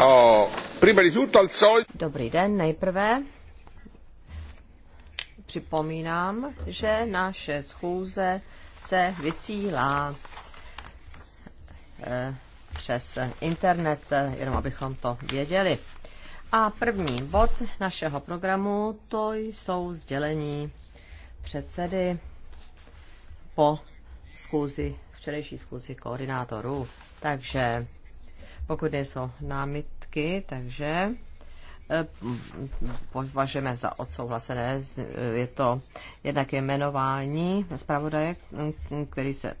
Oh, Dobrý den, nejprve připomínám, že naše schůze se vysílá eh, přes internet, jenom abychom to věděli. A první bod našeho programu, to jsou sdělení předsedy po schůzi, včerejší schůzi koordinátorů. Takže pokud nejsou námitky, takže eh, považujeme za odsouhlasené. Je to jednak jmenování zpravodaje, který se,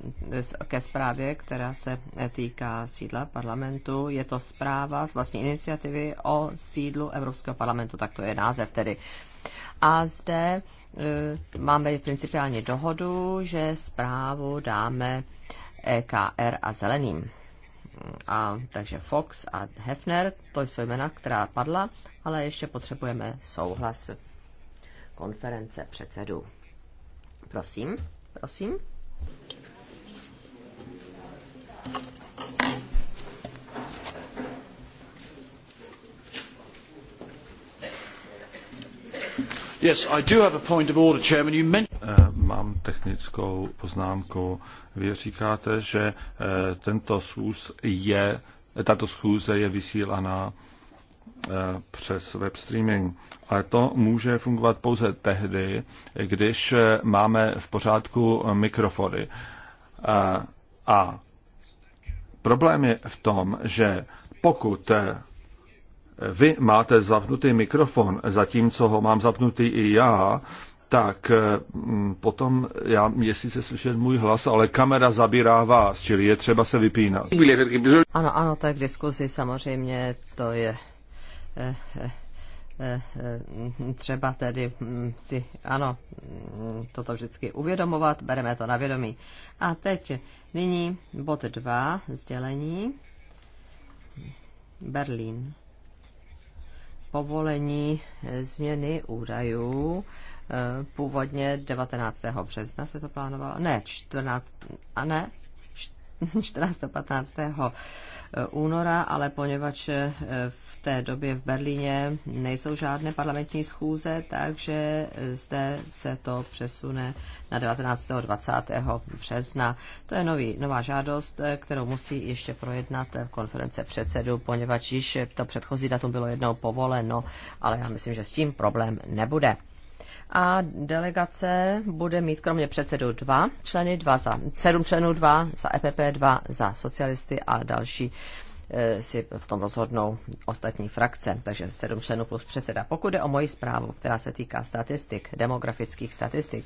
ke zprávě, která se týká sídla parlamentu. Je to zpráva z vlastní iniciativy o sídlu Evropského parlamentu, tak to je název tedy. A zde eh, máme principiálně dohodu, že zprávu dáme EKR a zeleným. A, takže Fox a Hefner, to jsou jména, která padla, ale ještě potřebujeme souhlas konference předsedů. Prosím, prosím. Yes, I do have a point of order, Chairman. You eh, Mám technickou poznámku. Vy říkáte, že eh, tento schůz je, eh, tato schůze je vysílaná přes web streaming. Ale to může fungovat pouze tehdy, když máme v pořádku mikrofony. A, a problém je v tom, že pokud vy máte zapnutý mikrofon, zatímco ho mám zapnutý i já, tak mm, potom já, jestli se slyšet můj hlas, ale kamera zabírá vás, čili je třeba se vypínat. Ano, ano, tak v diskuzi samozřejmě to je eh, eh, eh třeba tedy mm, si, ano, mm, toto vždycky uvědomovat, bereme to na vědomí. A teď nyní bod dva, sdělení. Berlín povolení změny údajů. Eh, původně 19. března se to plánovalo. Ne, 14. A ne, 14. 15. Eh, února, ale poněvadž eh, v té době v Berlíně nejsou žádné parlamentní schůze, takže eh, zde se to přesune na 19. 20. března. To je nový, nová žádost, kterou musí ještě projednat konference předsedu, poněvadž již to předchozí datum bylo jednou povoleno, ale já myslím, že s tím problém nebude a delegace bude mít kromě předsedu dva členy, dva za, sedm členů, dva za EPP, dva za socialisty a další eh, si v tom rozhodnou ostatní frakce, takže sedm členů plus předseda. Pokud jde o moji zprávu, která se týká statistik, demografických statistik,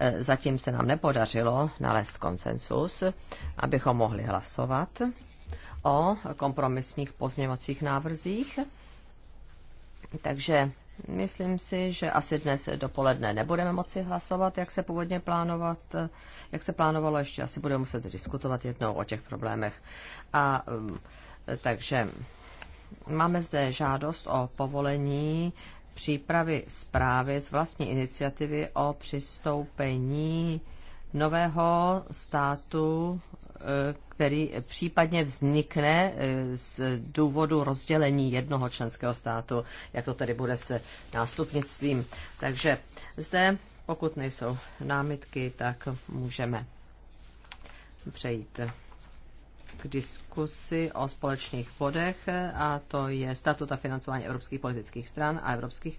eh, zatím se nám nepodařilo nalézt konsensus, abychom mohli hlasovat o kompromisních pozměňovacích návrzích. Takže Myslím si, že asi dnes dopoledne nebudeme moci hlasovat, jak se původně plánovat, jak se plánovalo, ještě asi budeme muset diskutovat jednou o těch problémech. A um, takže máme zde žádost o povolení přípravy zprávy z vlastní iniciativy o přistoupení nového státu Eh, který případně vznikne eh, z důvodu rozdělení jednoho členského státu, jak to tedy bude s nástupnictvím. Takže zde, pokud nejsou námitky, tak můžeme přejít k diskusi o společných bodech, a to je statut a financování evropských politických stran a evropských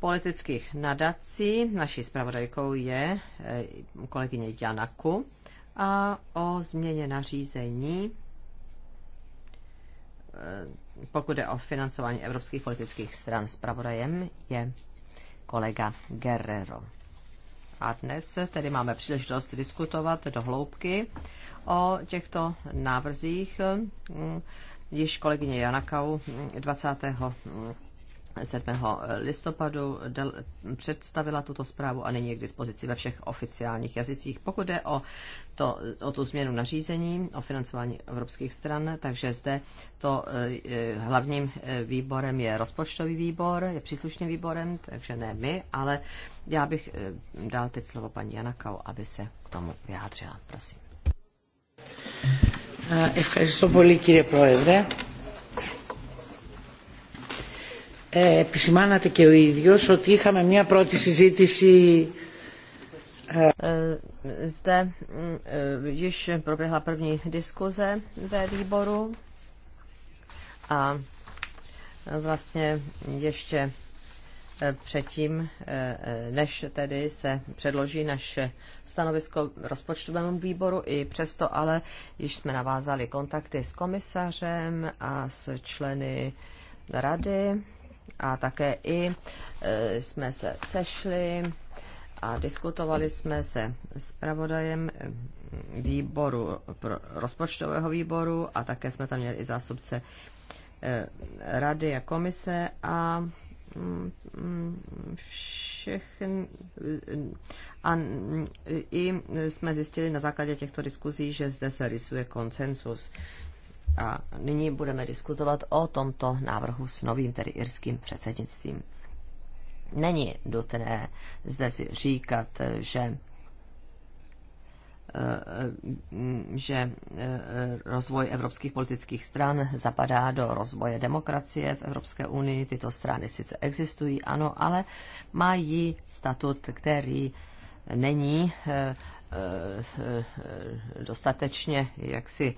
politických nadací. Naší zpravodajkou je eh, kolegyně Janaku a o změně nařízení, eh, pokud je o financování evropských politických stran. Spravodajem je kolega Guerrero. A dnes tedy máme příležitost diskutovat do hloubky o těchto návrzích. Již kolegyně Janakau 20. 7. listopadu del, představila tuto zprávu a nyní je k dispozici ve všech oficiálních jazycích. Pokud jde o, to, o tu změnu nařízení, o financování evropských stran, takže zde to e, hlavním e, výborem je rozpočtový výbor, je příslušným výborem, takže ne my, ale já bych e, dal teď slovo paní Janakau, aby se k tomu vyjádřila. Prosím. Děkuji, πολύ κύριε ε, επισημάνατε και ο ίδιος ότι είχαμε μια πρώτη συζήτηση Zde mm, již proběhla první diskuze ve výboru a vlastně ještě e, předtím, e, e, než tedy se předloží naše stanovisko rozpočtovému výboru, i přesto ale již jsme navázali kontakty s komisařem a s členy rady a také i e, jsme se sešli a diskutovali jsme se s pravodajem e, výboru, rozpočtového výboru a také jsme tam měli i zástupce e, rady a komise a mm, mm, všechny a mm, i jsme zjistili na základě těchto diskuzí, že zde se rysuje konsensus a nyní budeme diskutovat o tomto návrhu s novým, tedy irským předsednictvím. Není nutné zde si říkat, že eh, že eh, rozvoj evropských politických stran zapadá do rozvoje demokracie v Evropské unii. Tyto strany sice existují, ano, ale mají statut, který není eh, dostatečně jaksi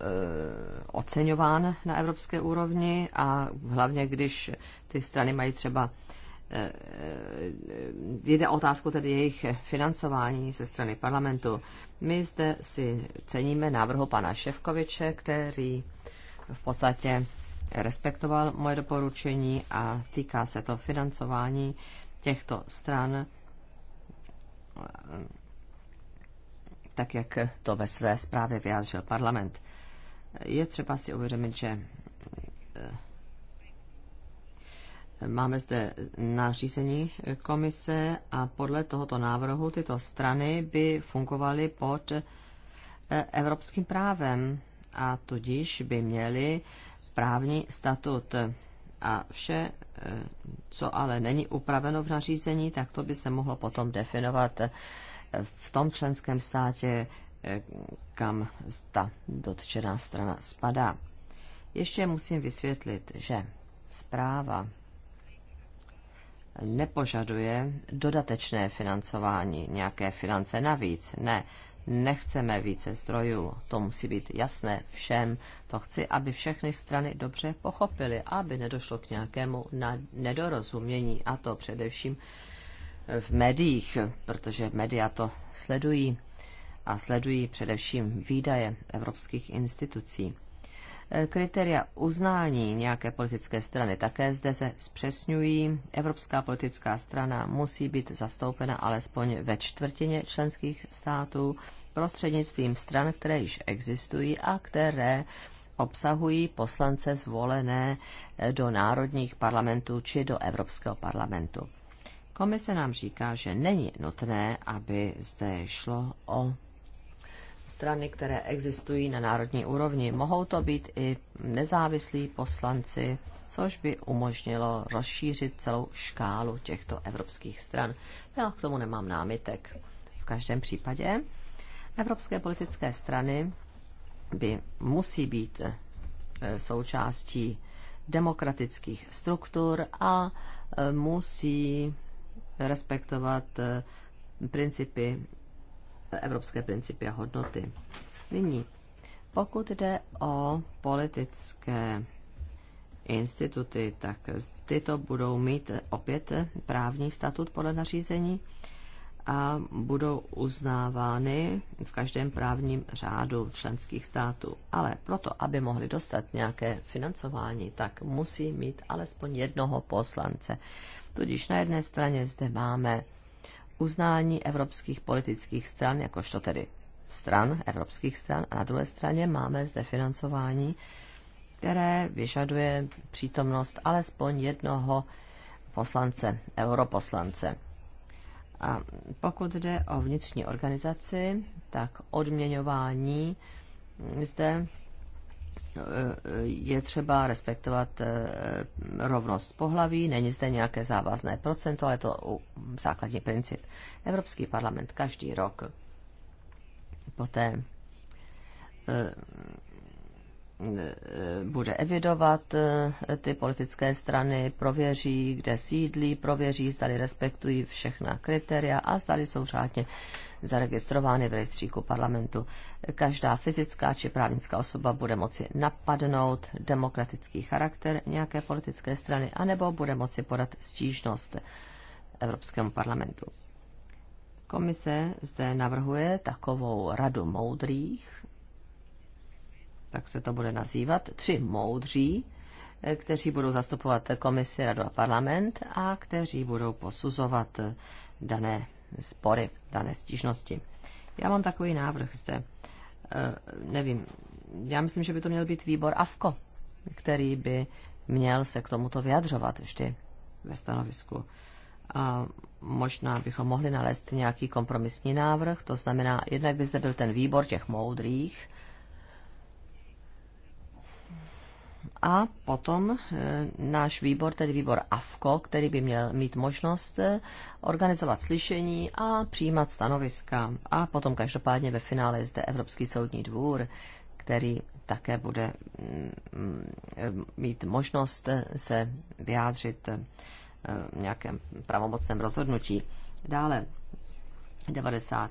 Eh, oceňován na evropské úrovni a hlavně, když ty strany mají třeba eh, eh, jde otázku tedy jejich financování ze strany parlamentu. My zde si ceníme návrhu pana Ševkoviče, který v podstatě respektoval moje doporučení a týká se to financování těchto stran tak jak to ve své zprávě vyjádřil parlament je třeba si uvědomit, že eh, Máme zde nařízení komise a podle tohoto návrhu tyto strany by fungovaly pod eh, evropským právem a tudíž by měly právní statut. A vše, eh, co ale není upraveno v nařízení, tak to by se mohlo potom definovat v tom členském státě, Eh, kam ta dotčená strana spadá. Ještě musím vysvětlit, že zpráva nepožaduje dodatečné financování, nějaké finance navíc. Ne, nechceme více zdrojů, to musí být jasné všem. To chci, aby všechny strany dobře pochopily, aby nedošlo k nějakému nedorozumění, a to především v médiích, protože média to sledují a sledují především výdaje evropských institucí. E, kritéria uznání nějaké politické strany také zde se zpřesňují. Evropská politická strana musí být zastoupena alespoň ve čtvrtině členských států prostřednictvím stran, které již existují a které obsahují poslance zvolené e, do národních parlamentů či do Evropského parlamentu. Komise nám říká, že není nutné, aby zde šlo o strany, které existují na národní úrovni. Mohou to být i nezávislí poslanci, což by umožnilo rozšířit celou škálu těchto evropských stran. Já k tomu nemám námitek. V každém případě evropské politické strany by musí být eh, součástí demokratických struktur a eh, musí respektovat eh, principy evropské principy a hodnoty. Nyní, pokud jde o politické instituty, tak tyto budou mít opět právní statut podle nařízení a budou uznávány v každém právním řádu členských států. Ale proto, aby mohli dostat nějaké financování, tak musí mít alespoň jednoho poslance. Tudíž na jedné straně zde máme uznání evropských politických stran, jakožto tedy stran, evropských stran, a na druhé straně máme zde financování, které vyžaduje přítomnost alespoň jednoho poslance, europoslance. A pokud jde o vnitřní organizaci, tak odměňování zde je třeba respektovat eh, rovnost pohlaví, není zde nějaké závazné procento, ale to základní princip. Evropský parlament každý rok poté eh, bude evidovat eh, ty politické strany, prověří, kde sídlí, prověří, zdali respektují všechna kritéria a zdali jsou řádně zaregistrovány v rejstříku parlamentu. Každá fyzická či právnická osoba bude moci napadnout demokratický charakter nějaké politické strany anebo bude moci podat stížnost Evropskému parlamentu. Komise zde navrhuje takovou radu moudrých, tak se to bude nazývat, tři moudří, eh, kteří budou zastupovat komisi, radu a parlament a kteří budou posuzovat dané spory, dané stížnosti. Já mám takový návrh zde. Eh, nevím, já myslím, že by to měl být výbor AFKO, který by měl se k tomuto vyjadřovat vždy ve stanovisku. A možná bychom mohli nalézt nějaký kompromisní návrh, to znamená, jednak by zde byl ten výbor těch moudrých, A potom e, náš výbor, tedy výbor AFKO, který by měl mít možnost e, organizovat slyšení a přijímat stanoviska. A potom každopádně ve finále je zde Evropský soudní dvůr, který také bude mm, e, mít možnost se vyjádřit v nějakém pravomocném rozhodnutí. Dále 90%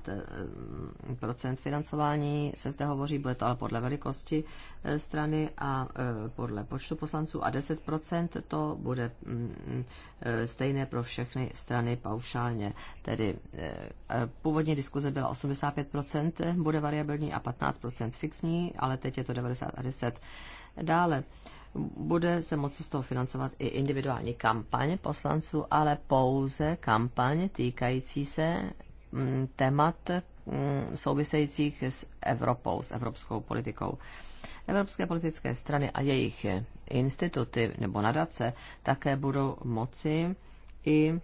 eh, financování se zde hovoří, bude to ale podle velikosti eh, strany a eh, podle počtu poslanců a 10% to bude mm, stejné pro všechny strany paušálně. Tedy původně diskuze byla 85% bude variabilní a 15% fixní, ale teď je to 90 a 10. Dále bude se moci z toho financovat i individuální kampaň poslanců, ale pouze kampaň týkající se Mm, témat mm, souvisejících s Evropou, s evropskou politikou. Evropské politické strany a jejich instituty nebo nadace také budou moci i e,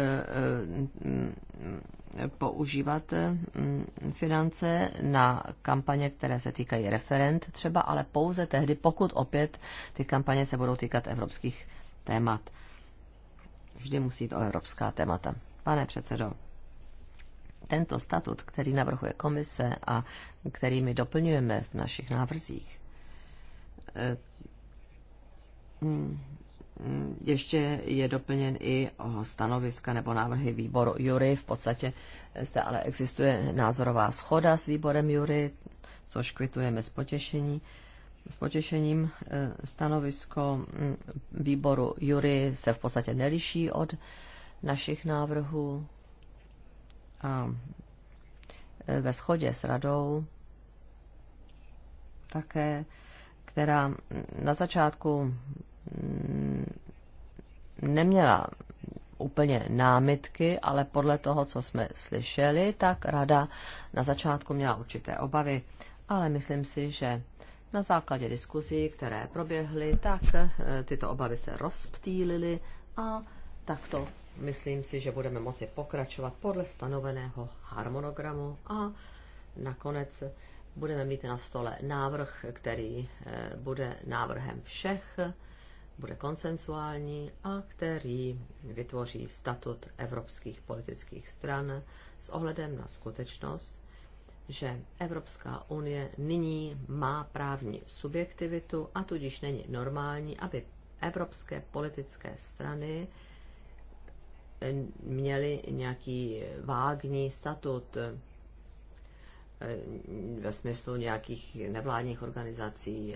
e, mm, používat finance na kampaně, které se týkají referent třeba, ale pouze tehdy, pokud opět ty kampaně se budou týkat evropských témat. Vždy musí to o evropská témata. Pane předsedo, tento statut, který navrhuje komise a který my doplňujeme v našich návrzích, eh, mm, ještě je doplněn i o stanoviska nebo návrhy výboru Jury. V podstatě zde ale existuje názorová schoda s výborem Jury, což kvitujeme s potěšení. S potěšením eh, stanovisko mm, výboru Jury se v podstatě neliší od našich návrhů a e, ve shodě s radou také, která na začátku mm, neměla úplně námitky, ale podle toho, co jsme slyšeli, tak rada na začátku měla určité obavy. Ale myslím si, že na základě diskuzí, které proběhly, tak e, tyto obavy se rozptýlily a tak to myslím si, že budeme moci pokračovat podle stanoveného harmonogramu a nakonec budeme mít na stole návrh, který eh, bude návrhem všech, bude konsensuální a který vytvoří statut evropských politických stran s ohledem na skutečnost, že Evropská unie nyní má právní subjektivitu a tudíž není normální, aby evropské politické strany měli nějaký vágní statut eh, ve smyslu nějakých nevládních organizací,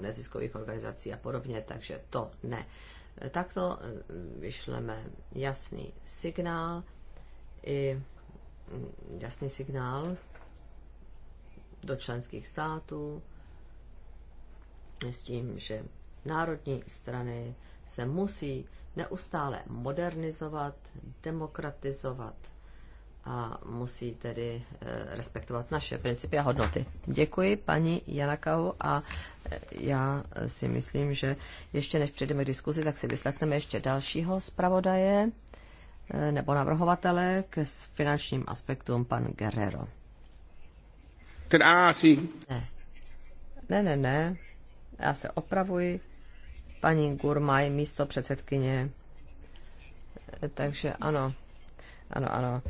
neziskových organizací a podobně, takže to ne. Takto eh, vyšleme jasný signál i mm, jasný signál do členských států s tím, že národní strany se musí neustále modernizovat, demokratizovat a musí tedy eh, respektovat naše principy a hodnoty. Děkuji paní Janakau a eh, já si myslím, že ještě než přejdeme k diskuzi, tak si vyslechneme ještě dalšího zpravodaje eh, nebo navrhovatele k finančním aspektům pan Guerrero. Ten asi. Ne. ne, ne, ne, já se opravuji paní Gurmaj, místo předsedkyně. Takže ano, ano, ano.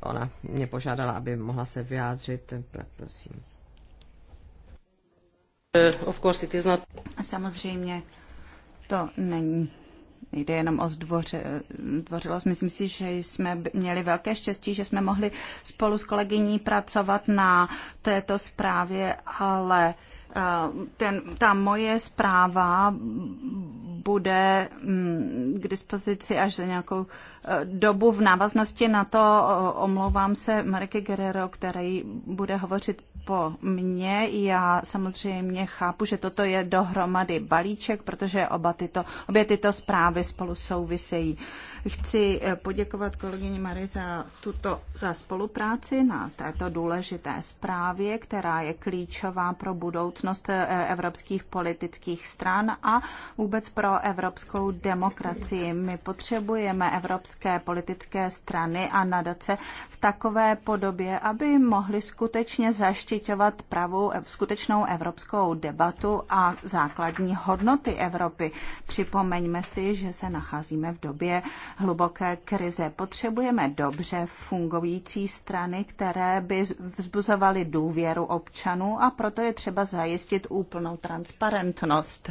Ona mě požádala, aby mohla se vyjádřit. Prosím. Uh, of course it is not. Samozřejmě to není Jde jenom o zdvoře, zdvořilost. Myslím si, že jsme měli velké štěstí, že jsme mohli spolu s kolegyní pracovat na této zprávě, ale uh, Eh, ten, ta moje zpráva bude mm, k dispozici až za nějakou eh, dobu v návaznosti na to omlouvám se Marike Guerrero, který bude hovořit po mně. Já samozřejmě chápu, že toto je dohromady balíček, protože oba tyto, obě tyto zprávy spolu souvisejí. Chci eh, poděkovat kolegyni Mary za, tuto, za spolupráci na této důležité zprávě, která je klíčová pro budoucnost eh, evropských politických stran a vůbec pro evropskou demokracii. My potřebujeme evropské politické strany a nadace v takové podobě, aby mohly skutečně zaštít zaštiťovat pravou skutečnou evropskou debatu a základní hodnoty Evropy. Připomeňme si, že se nacházíme v době hluboké krize. Potřebujeme dobře fungující strany, které by vzbuzovaly důvěru občanů a proto je třeba zajistit úplnou transparentnost.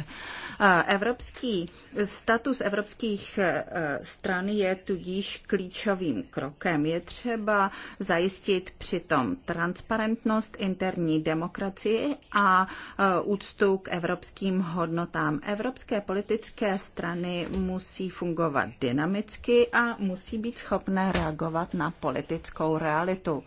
E, evropský status evropských e, stran je tudíž klíčovým krokem. Je třeba zajistit přitom transparentnost, interní demokracii a eh, úctu k evropským hodnotám. Evropské politické strany musí fungovat dynamicky a musí být schopné reagovat na politickou realitu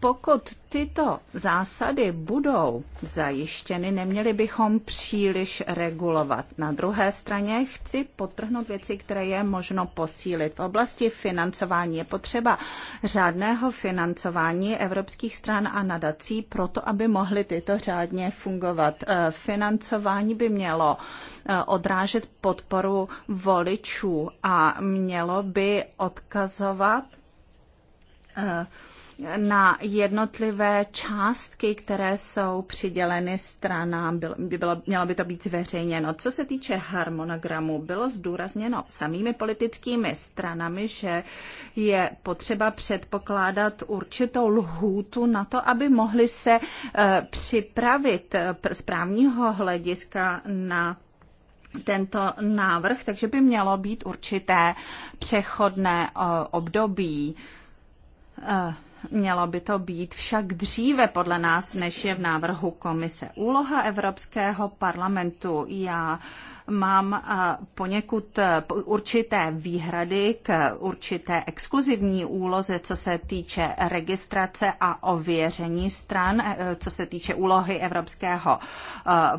pokud tyto zásady budou zajištěny, neměli bychom příliš regulovat. Na druhé straně chci potrhnout věci, které je možno posílit. V oblasti financování je potřeba řádného financování evropských stran a nadací proto, aby mohly tyto řádně fungovat. Eh, financování by mělo eh, odrážet podporu voličů a mělo by odkazovat eh, na jednotlivé částky, které jsou přiděleny stranám. Bylo, by bylo, mělo by to být zveřejněno. Co se týče harmonogramu, bylo zdůrazněno samými politickými stranami, že je potřeba předpokládat určitou lhůtu na to, aby mohli se eh, připravit eh, z právního hlediska na tento návrh, takže by mělo být určité přechodné eh, období. Uh Mělo by to být však dříve podle nás, než je v návrhu komise. Úloha Evropského parlamentu. Já mám eh, poněkud eh, určité výhrady k určité exkluzivní úloze, co se týče registrace a ověření stran, eh, co se týče úlohy Evropského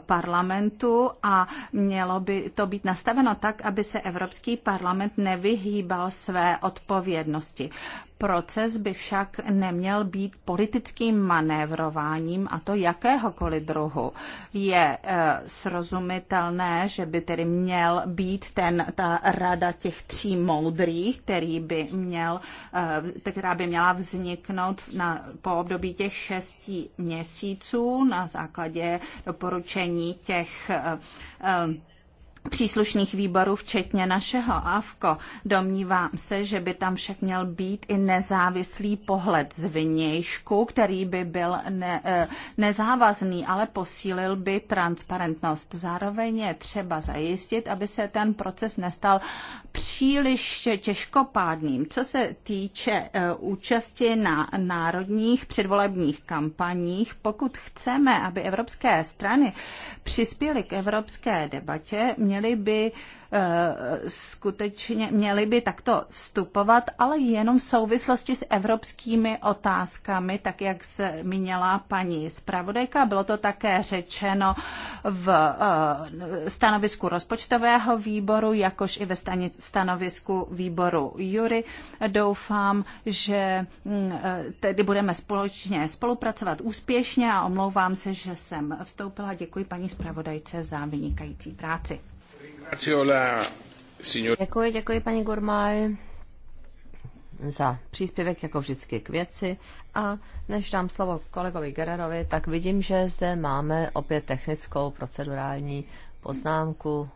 parlamentu a mělo by to být nastaveno tak, aby se Evropský parlament nevyhýbal své odpovědnosti. Proces by však neměl být politickým manévrováním a to jakéhokoliv druhu. Je e, srozumitelné, že by tedy měl být ten, ta rada těch tří moudrých, který by měl, e, která by měla vzniknout na, po období těch šesti měsíců na základě doporučení těch e, e, příslušných výborů, včetně našeho AVKO. Domnívám se, že by tam však měl být i nezávislý pohled z vnějšku, který by byl ne, eh, nezávazný, ale posílil by transparentnost. Zároveň je třeba zajistit, aby se ten proces nestal příliš těžkopádným. Co se týče eh, účasti na národních předvolebních kampaních, pokud chceme, aby evropské strany přispěly k evropské debatě, mě měli by eh, skutečně, měli by takto vstupovat, ale jenom v souvislosti s evropskými otázkami, tak jak zmínila paní zpravodajka. Bylo to také řečeno v eh, stanovisku rozpočtového výboru, jakož i ve stanovisku výboru Jury. Doufám, že mm, eh, tedy budeme společně spolupracovat úspěšně a omlouvám se, že jsem vstoupila. Děkuji paní zpravodajce za vynikající práci. Děkuji, děkuji paní Gurmaj za příspěvek jako vždycky k věci. A než dám slovo kolegovi Gererovi, tak vidím, že zde máme opět technickou procedurální poznámku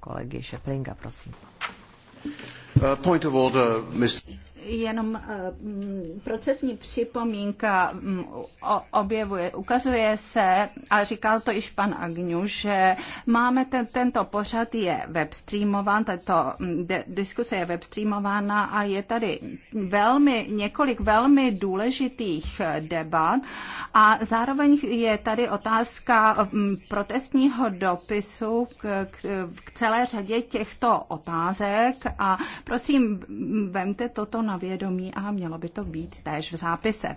kolegy Šeplinga, prosím. Uh, point of order, Mr jenom eh, mm, procesní připomínka mm, objevuje, ukazuje se, a říkal to již pan Agňu, že máme ten, tento pořad je webstreamován, tato mm, diskuse je webstreamována a je tady velmi, několik velmi důležitých eh, debat a zároveň je tady otázka protestního dopisu k, k, k celé řadě těchto otázek a prosím, vemte toto na vědomí a mělo by to být též v zápise.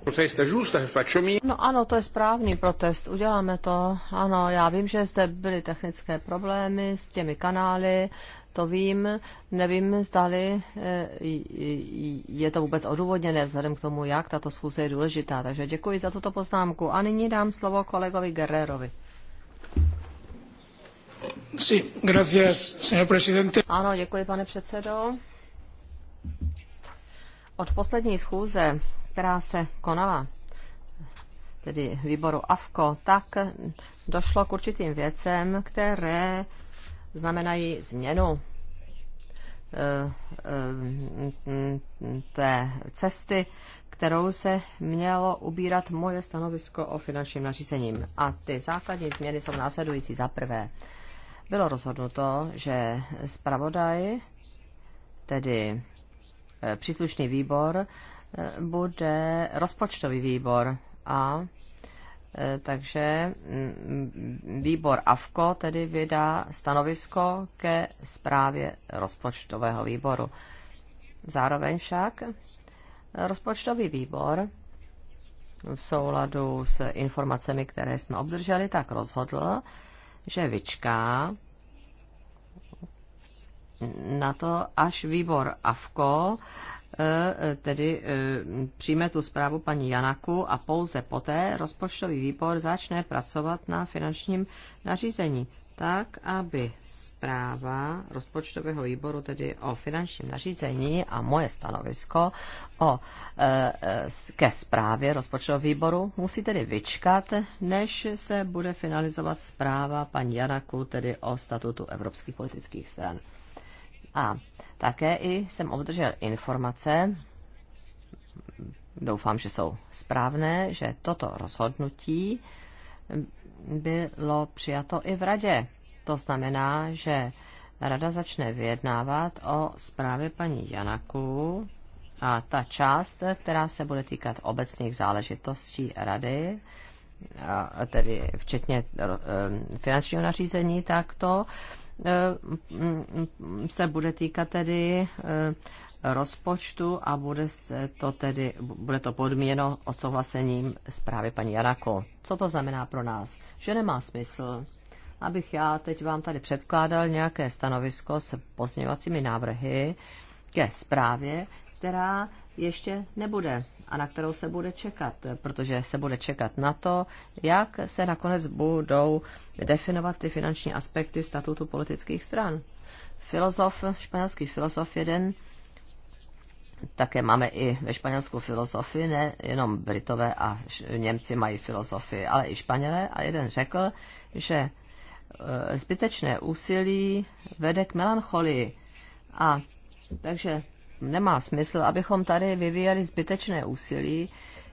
No ano, to je správný protest, uděláme to. Ano, já vím, že zde byly technické problémy s těmi kanály, to vím, nevím, zdali eh, je to vůbec odůvodněné vzhledem k tomu, jak tato schůze je důležitá. Takže děkuji za tuto poznámku. A nyní dám slovo kolegovi Guerrerovi. Sí, gracias, señor presidente. Ano, děkuji, pane předsedo. Od poslední schůze, která se konala, tedy výboru AFKO, tak došlo k určitým věcem, které znamenají změnu eh, eh, té cesty, kterou se mělo ubírat moje stanovisko o finančním nařízením. A ty základní změny jsou následující. Za prvé, bylo rozhodnuto, že zpravodaj, tedy Eh, příslušný výbor eh, bude rozpočtový výbor a eh, takže mm, výbor AFKO tedy vydá stanovisko ke zprávě rozpočtového výboru. Zároveň však rozpočtový výbor v souladu s informacemi, které jsme obdrželi, tak rozhodl, že vyčká na to, až výbor AFKO eh, tedy eh, přijme tu zprávu paní Janaku a pouze poté rozpočtový výbor začne pracovat na finančním nařízení tak, aby zpráva rozpočtového výboru, tedy o finančním nařízení a moje stanovisko o, e, ke zprávě rozpočtového výboru musí tedy vyčkat, než se bude finalizovat zpráva paní Janaku, tedy o statutu evropských politických stran. A také i jsem obdržel informace, doufám, že jsou správné, že toto rozhodnutí bylo přijato i v radě. To znamená, že rada začne vyjednávat o zprávě paní Janaku a ta část, která se bude týkat obecných záležitostí rady, tedy včetně eh, finančního nařízení, tak to se bude týkat tedy eh, rozpočtu a bude, se to tedy, bude to podmíněno odsouhlasením zprávy paní Janako. Co to znamená pro nás? Že nemá smysl, abych já teď vám tady předkládal nějaké stanovisko s pozměňovacími návrhy ke zprávě, která ještě nebude a na kterou se bude čekat, protože se bude čekat na to, jak se nakonec budou definovat ty finanční aspekty statutu politických stran. Filozof, španělský filozof jeden, také máme i ve Španělsku filozofii, ne jenom Britové a Němci mají filozofii, ale i Španělé. A jeden řekl, že e, zbytečné úsilí vede k melancholii. A takže nemá smysl, abychom tady vyvíjeli zbytečné úsilí,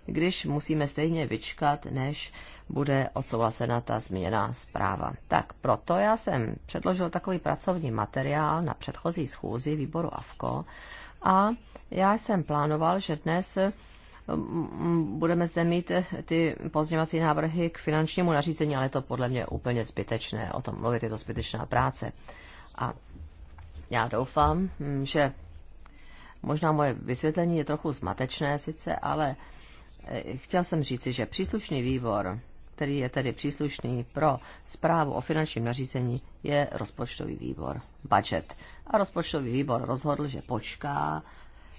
když musíme stejně vyčkat, než bude odsouhlasena ta změna zpráva. Tak proto já jsem předložil takový pracovní materiál na předchozí schůzi výboru AFKO a já jsem plánoval, že dnes mm, mm, budeme zde mít ty pozměňovací návrhy k finančnímu nařízení, ale je to podle mě úplně zbytečné. O tom mluvit je to zbytečná práce. A já doufám, mm, že Možná moje vysvětlení je trochu zmatečné sice, ale eh, chtěl jsem říci, že příslušný výbor, který je tedy příslušný pro zprávu o finančním nařízení, je rozpočtový výbor, budget. A rozpočtový výbor rozhodl, že počká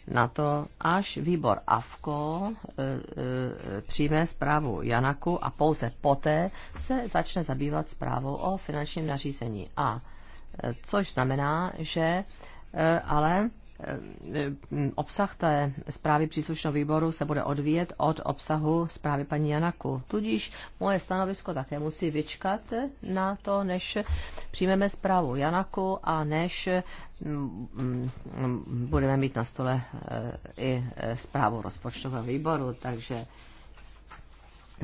na to, až výbor AFKO e, eh, e, eh, přijme zprávu Janaku a pouze poté se začne zabývat zprávou o finančním nařízení. A což znamená, že e, ale Eh, obsah té zprávy příslušného výboru se bude odvíjet od obsahu zprávy paní Janaku. Tudíž moje stanovisko také musí vyčkat na to, než přijmeme zprávu Janaku a než mm, mm, budeme mít na stole eh, i eh, zprávu rozpočtového výboru. Takže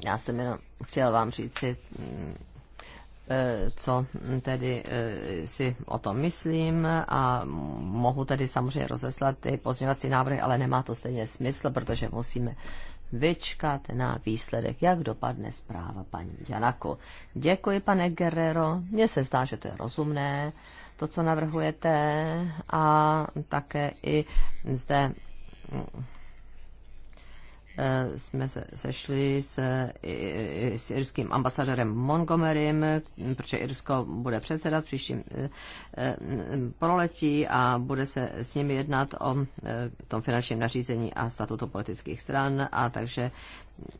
já jsem jenom chtěl vám říct. Mm, Eh, co tedy eh, si o tom myslím a mohu tedy samozřejmě rozeslat ty pozměňovací návrhy, ale nemá to stejně smysl, protože musíme vyčkat na výsledek, jak dopadne zpráva paní Janaku. Děkuji, pane Guerrero. Mně se zdá, že to je rozumné, to, co navrhujete a také i zde mm, Eh, jsme se sešli s, s irským ambasadorem Montgomerym, protože Irsko bude předsedat příštím eh, eh, proletí a bude se s nimi jednat o tom finančním nařízení a statutu politických stran a takže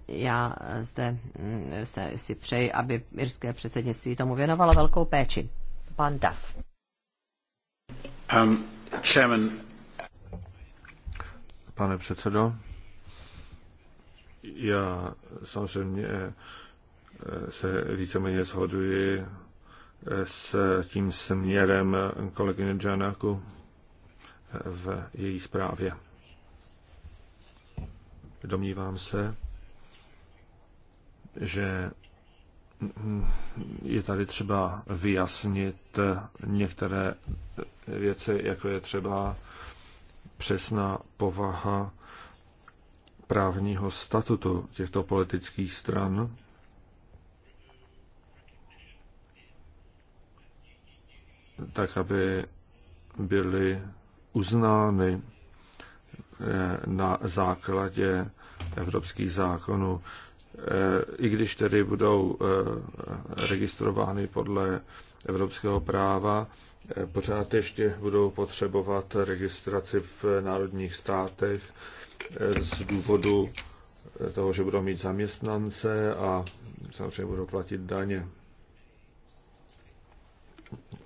já zde mm, se, si přeji, aby irské předsednictví tomu věnovalo velkou péči. Pan Duff. Um, chairman. Pane předsedo, já samozřejmě eh, se víceméně shoduji eh, s tím směrem kolegyně Janaku eh, v její zprávě. Domnívám se, že je tady třeba vyjasnit některé věci, jako je třeba přesná povaha právního statutu těchto politických stran. tak aby byly uznány eh, na základě evropských zákonů, eh, i když tedy budou eh, registrovány podle evropského práva, pořád ještě budou potřebovat registraci v národních státech z důvodu toho, že budou mít zaměstnance a samozřejmě budou platit daně.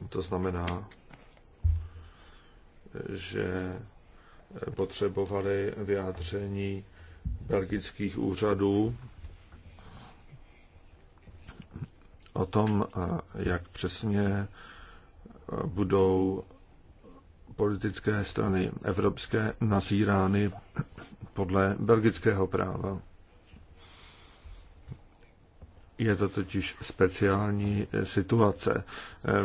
To znamená, že potřebovali vyjádření belgických úřadů o tom, jak přesně budou politické strany evropské nazírány podle belgického práva. Je to totiž speciální situace,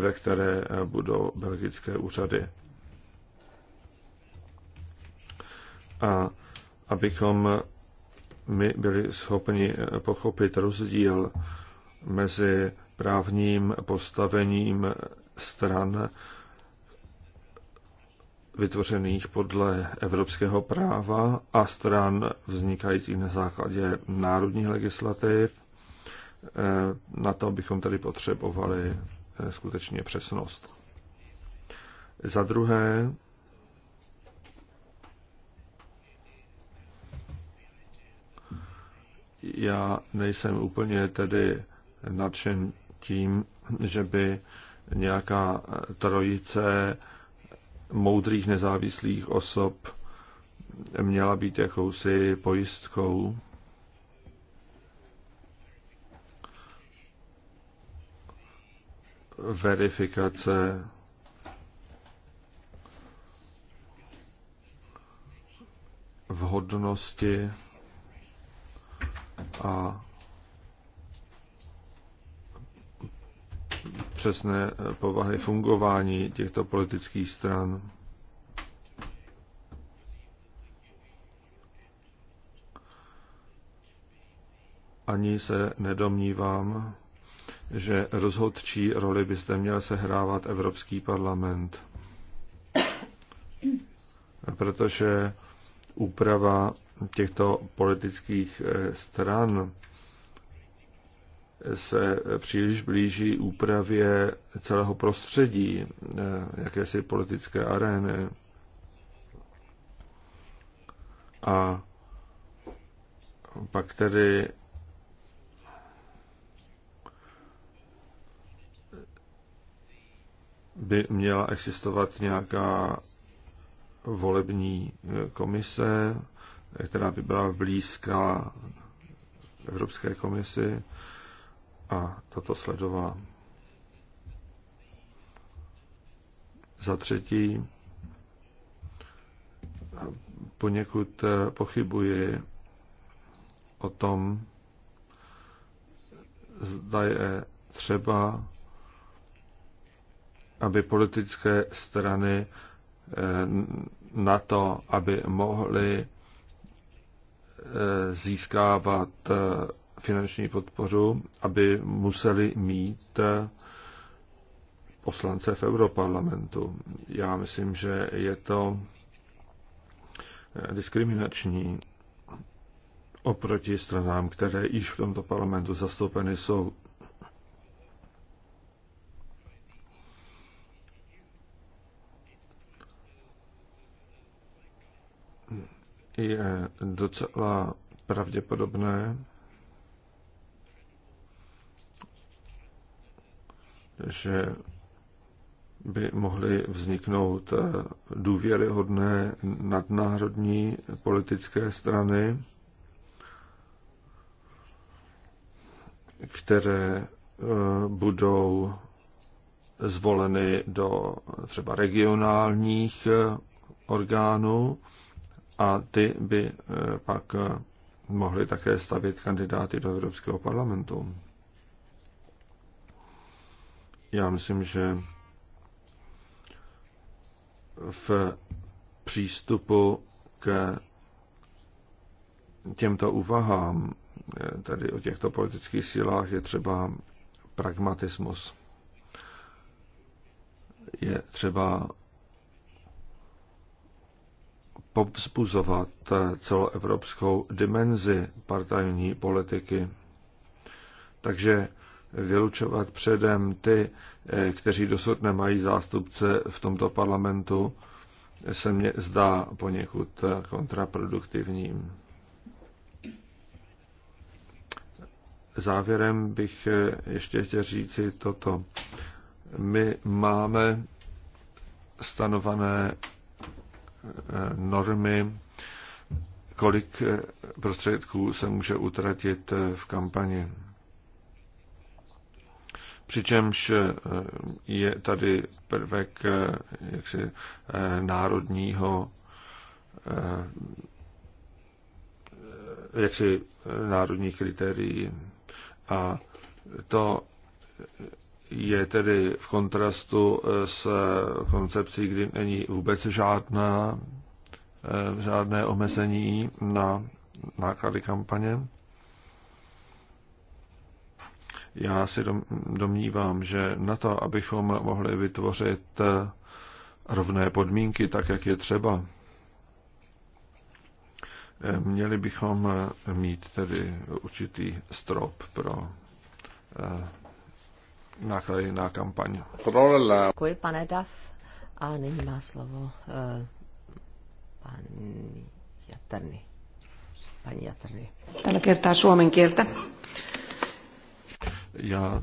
ve které budou belgické úřady. A abychom my byli schopni pochopit rozdíl mezi právním postavením stran vytvořených podle evropského práva a stran vznikajících na základě národních legislativ. Eh, na to bychom tady potřebovali eh, skutečně přesnost. Za druhé, já nejsem úplně tedy nadšen tím, že by nějaká trojice moudrých nezávislých osob měla být jakousi pojistkou. verifikace vhodnosti a přesné eh, povahy fungování těchto politických stran. Ani se nedomnívám, že rozhodčí roli byste měl sehrávat Evropský parlament, protože úprava těchto politických eh, stran se příliš blíží úpravě celého prostředí, eh, jakési politické arény. A pak tedy by měla existovat nějaká volební eh, komise, která by byla blízká Evropské komisi a toto sledová Za třetí, poněkud pochybuji o tom, zda je třeba, aby politické strany eh, na to, aby mohly eh, získávat eh, finanční podporu, aby museli mít eh, poslance v Europarlamentu. Já myslím, že je to eh, diskriminační oproti stranám, které již v tomto parlamentu zastoupeny jsou. Je docela pravděpodobné, že by mohly vzniknout eh, důvěryhodné nadnárodní politické strany, které eh, budou zvoleny do třeba regionálních eh, orgánů a ty by pak mohly také stavět kandidáty do Evropského parlamentu. Já myslím, že v přístupu k těmto úvahám, eh, tedy o těchto politických silách, je třeba pragmatismus. Je třeba povzbuzovat eh, celoevropskou dimenzi partajní politiky. Takže vylučovat předem ty, eh, kteří dosud nemají zástupce v tomto parlamentu, se mně zdá poněkud eh, kontraproduktivním. Závěrem bych eh, ještě chtěl říci toto. My máme stanovené normy, kolik prostředků se může utratit v kampani přičemž eh, je tady prvek eh, jaksi, eh, národního jaksi národní kritérií a to je tedy v kontrastu s koncepcí, kdy není vůbec žádná, žádné omezení na náklady kampaně. Já si domnívám, že na to, abychom mohli vytvořit eh, rovné podmínky, tak jak je třeba, eh, měli bychom eh, mít tedy určitý strop pro náklady na kampaň. Děkuji, pane Daf A nyní má slovo pan Jatrny. Pani Jatrny. Tällä kertaa suomen kieltä. Já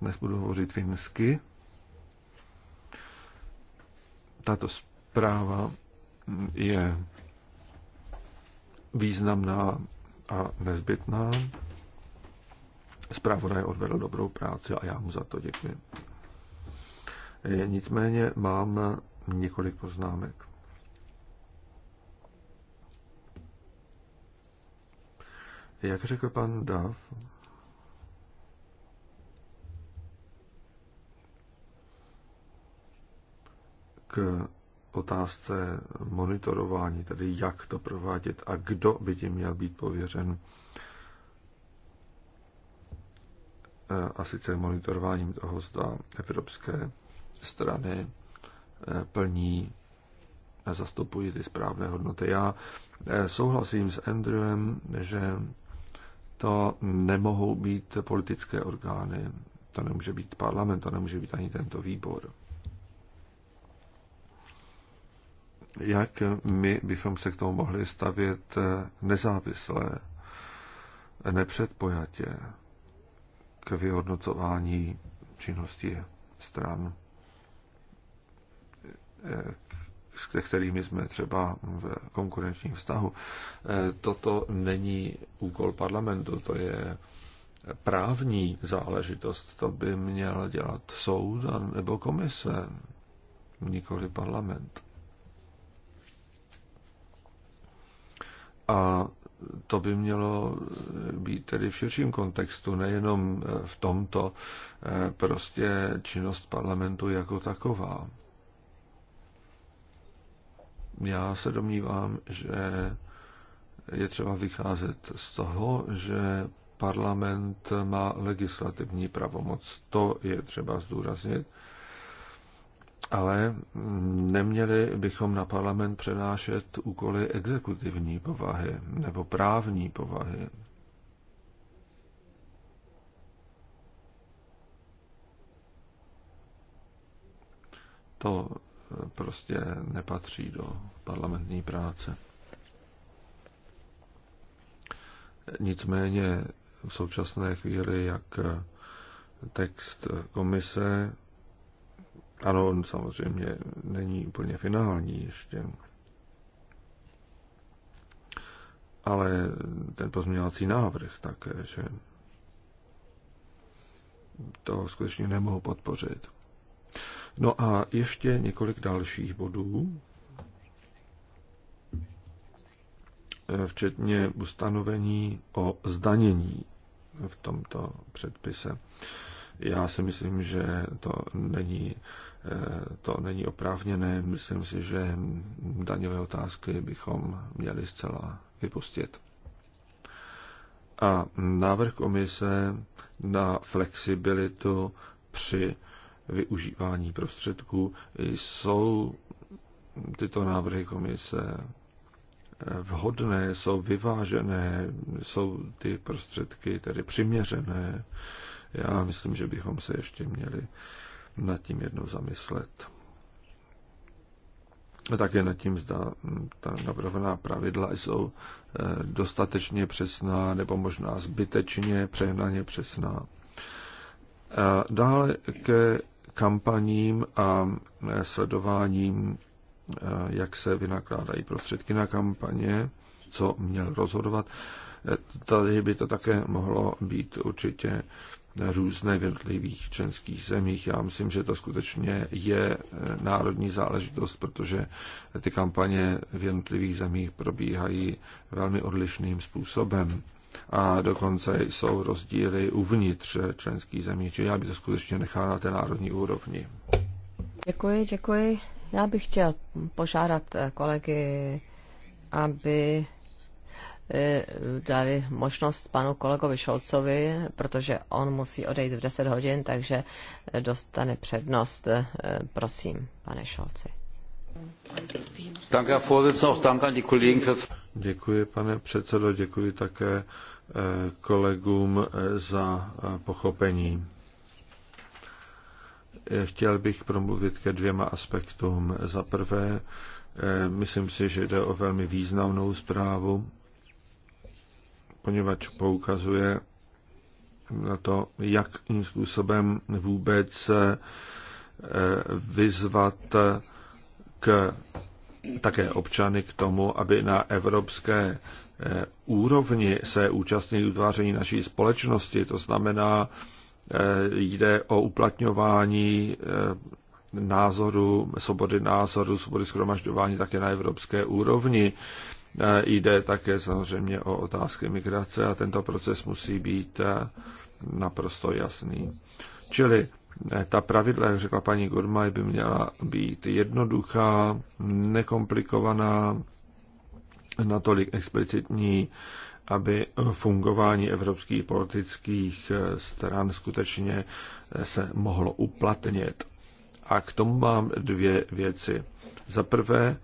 dnes budu hovořit finsky. Tato zpráva je významná a nezbytná. Zpravodaj odvedl dobrou práci a já mu za to děkuji. E, nicméně mám několik poznámek. Jak řekl pan Dav, k otázce monitorování, tedy jak to provádět a kdo by tím měl být pověřen. E, a sice monitorováním toho, zda evropské strany e, plní a zastupují ty správné hodnoty. Já e, souhlasím s Andrewem, že to nemohou být politické orgány, to nemůže být parlament, to nemůže být ani tento výbor. jak my bychom se k tomu mohli stavět nezávisle, nepředpojatě k vyhodnocování činnosti stran, s kterými jsme třeba v konkurenčním vztahu. Toto není úkol parlamentu, to je právní záležitost. To by měl dělat soud nebo komise, nikoli parlament. A to by mělo být tedy v širším kontextu, nejenom eh, v tomto, eh, prostě činnost parlamentu jako taková. Já se domnívám, že je třeba vycházet z toho, že parlament má legislativní pravomoc. To je třeba zdůraznit ale neměli bychom na parlament přenášet úkoly exekutivní povahy nebo právní povahy. To prostě nepatří do parlamentní práce. Nicméně v současné chvíli, jak text komise ano, on samozřejmě není úplně finální ještě. Ale ten pozměňovací návrh také, že to skutečně nemohu podpořit. No a ještě několik dalších bodů, včetně ustanovení o zdanění v tomto předpise. Já si myslím, že to není to není oprávněné. Myslím si, že daňové otázky bychom měli zcela vypustit. A návrh komise na flexibilitu při využívání prostředků jsou tyto návrhy komise vhodné, jsou vyvážené, jsou ty prostředky tedy přiměřené. Já myslím, že bychom se ještě měli nad tím jednou zamyslet. Také nad tím, zda ta navrhovaná pravidla jsou eh, dostatečně přesná nebo možná zbytečně přehnaně přesná. A dále ke kampaním a eh, sledováním, eh, jak se vynakládají prostředky na kampaně, co měl rozhodovat. Tady by to také mohlo být určitě různé v jednotlivých členských zemích. Já myslím, že to skutečně je eh, národní záležitost, protože ty kampaně v jednotlivých zemích probíhají velmi odlišným způsobem a dokonce jsou rozdíly uvnitř členských zemí, čili já bych to skutečně nechal na té národní úrovni. Děkuji, děkuji. Já bych chtěl požádat eh, kolegy, aby E, dali možnost panu kolegovi Šolcovi, protože on musí odejít v 10 hodin, takže dostane přednost. E, prosím, pane Šolci. Děkuji, pane předsedo, děkuji také e, kolegům za pochopení. Chtěl bych promluvit ke dvěma aspektům. Za prvé, myslím si, že jde o velmi významnou zprávu poněvadž poukazuje na to, jakým způsobem vůbec eh, vyzvat k také občany k tomu, aby na evropské eh, úrovni se účastnili utváření naší společnosti. To znamená, eh, jde o uplatňování názoru, svobody názoru, svobody schromažďování také na evropské úrovni. Jde také samozřejmě o otázky migrace a tento proces musí být eh, naprosto jasný. Čili eh, ta pravidla, jak řekla paní Gurmaj, by měla být jednoduchá, nekomplikovaná, natolik explicitní, aby fungování evropských politických eh, stran skutečně se mohlo uplatnit. A k tomu mám dvě věci. Za prvé,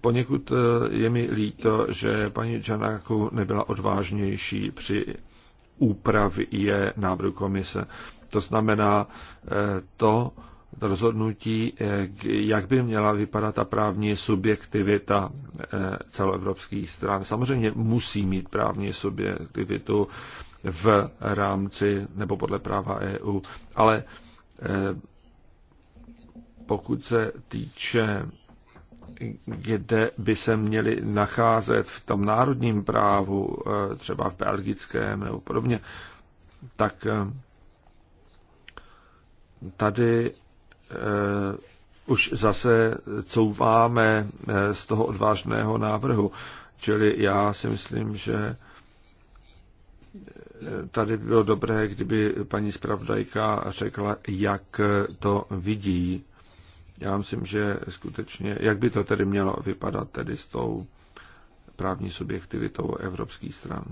poněkud eh, je mi líto, že paní Čanáku nebyla odvážnější při úpravě návrhu komise. To znamená eh, to rozhodnutí, eh, jak by měla vypadat ta právní subjektivita celoevropských stran. Samozřejmě musí mít právní subjektivitu v rámci nebo podle práva EU, ale pokud se týče kde by se měly nacházet v tom národním právu, eh, třeba v belgickém nebo podobně, tak eh, tady eh, už zase couváme z toho odvážného návrhu. Čili já si myslím, že tady by bylo dobré, kdyby paní zpravodajka řekla, jak to vidí. Já myslím, že skutečně, jak by to tedy mělo vypadat tedy s tou právní subjektivitou evropských stran.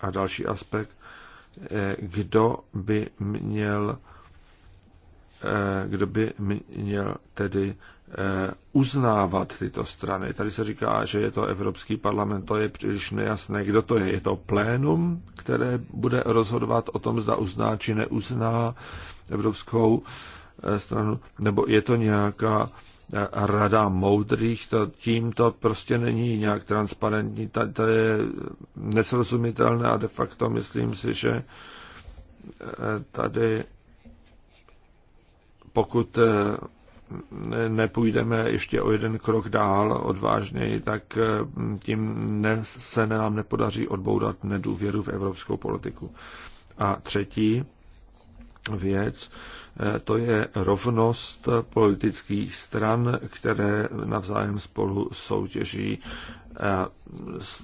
A další aspekt, eh, kdo by měl eh, kdo by měl tedy eh, uznávat tyto strany. Tady se říká, že je to Evropský parlament, to je příliš nejasné, kdo to je. Je to plénum, které bude rozhodovat o tom, zda uzná či neuzná Evropskou Eh, stranu, nebo je to nějaká eh, rada moudrých, to, tím to prostě není nějak transparentní, to je nesrozumitelné a de facto myslím si, že eh, tady pokud nepůjdeme ještě o jeden krok dál odvážněji, tak tím ne, se nám nepodaří odboudat nedůvěru v evropskou politiku. A třetí věc, to je rovnost politických stran, které navzájem spolu soutěží.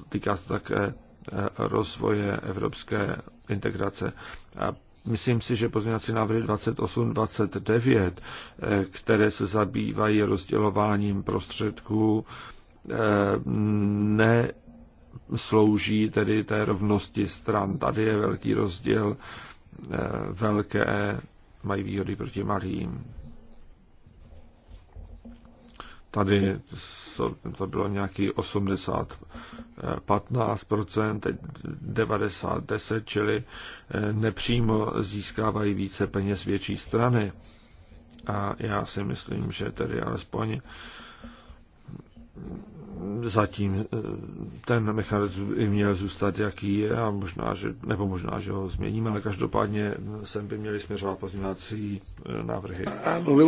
Týká se také rozvoje evropské integrace. Myslím si, že pozměňovací návrhy 28, 29, které se zabývají rozdělováním prostředků, eh, ne slouží tedy té rovnosti stran. Tady je velký rozdíl eh, velké mají výhody proti malým. Tady to bylo nějaký 80, 15%, teď 90, 10, čili eh, nepřímo získávají více peněz větší strany. A já si myslím, že tedy alespoň zatím eh, ten mechanismus by měl zůstat, jaký je, a možná, že, nebo možná, že ho změníme, ale každopádně sem by měli směřovat pozměňovací eh, návrhy.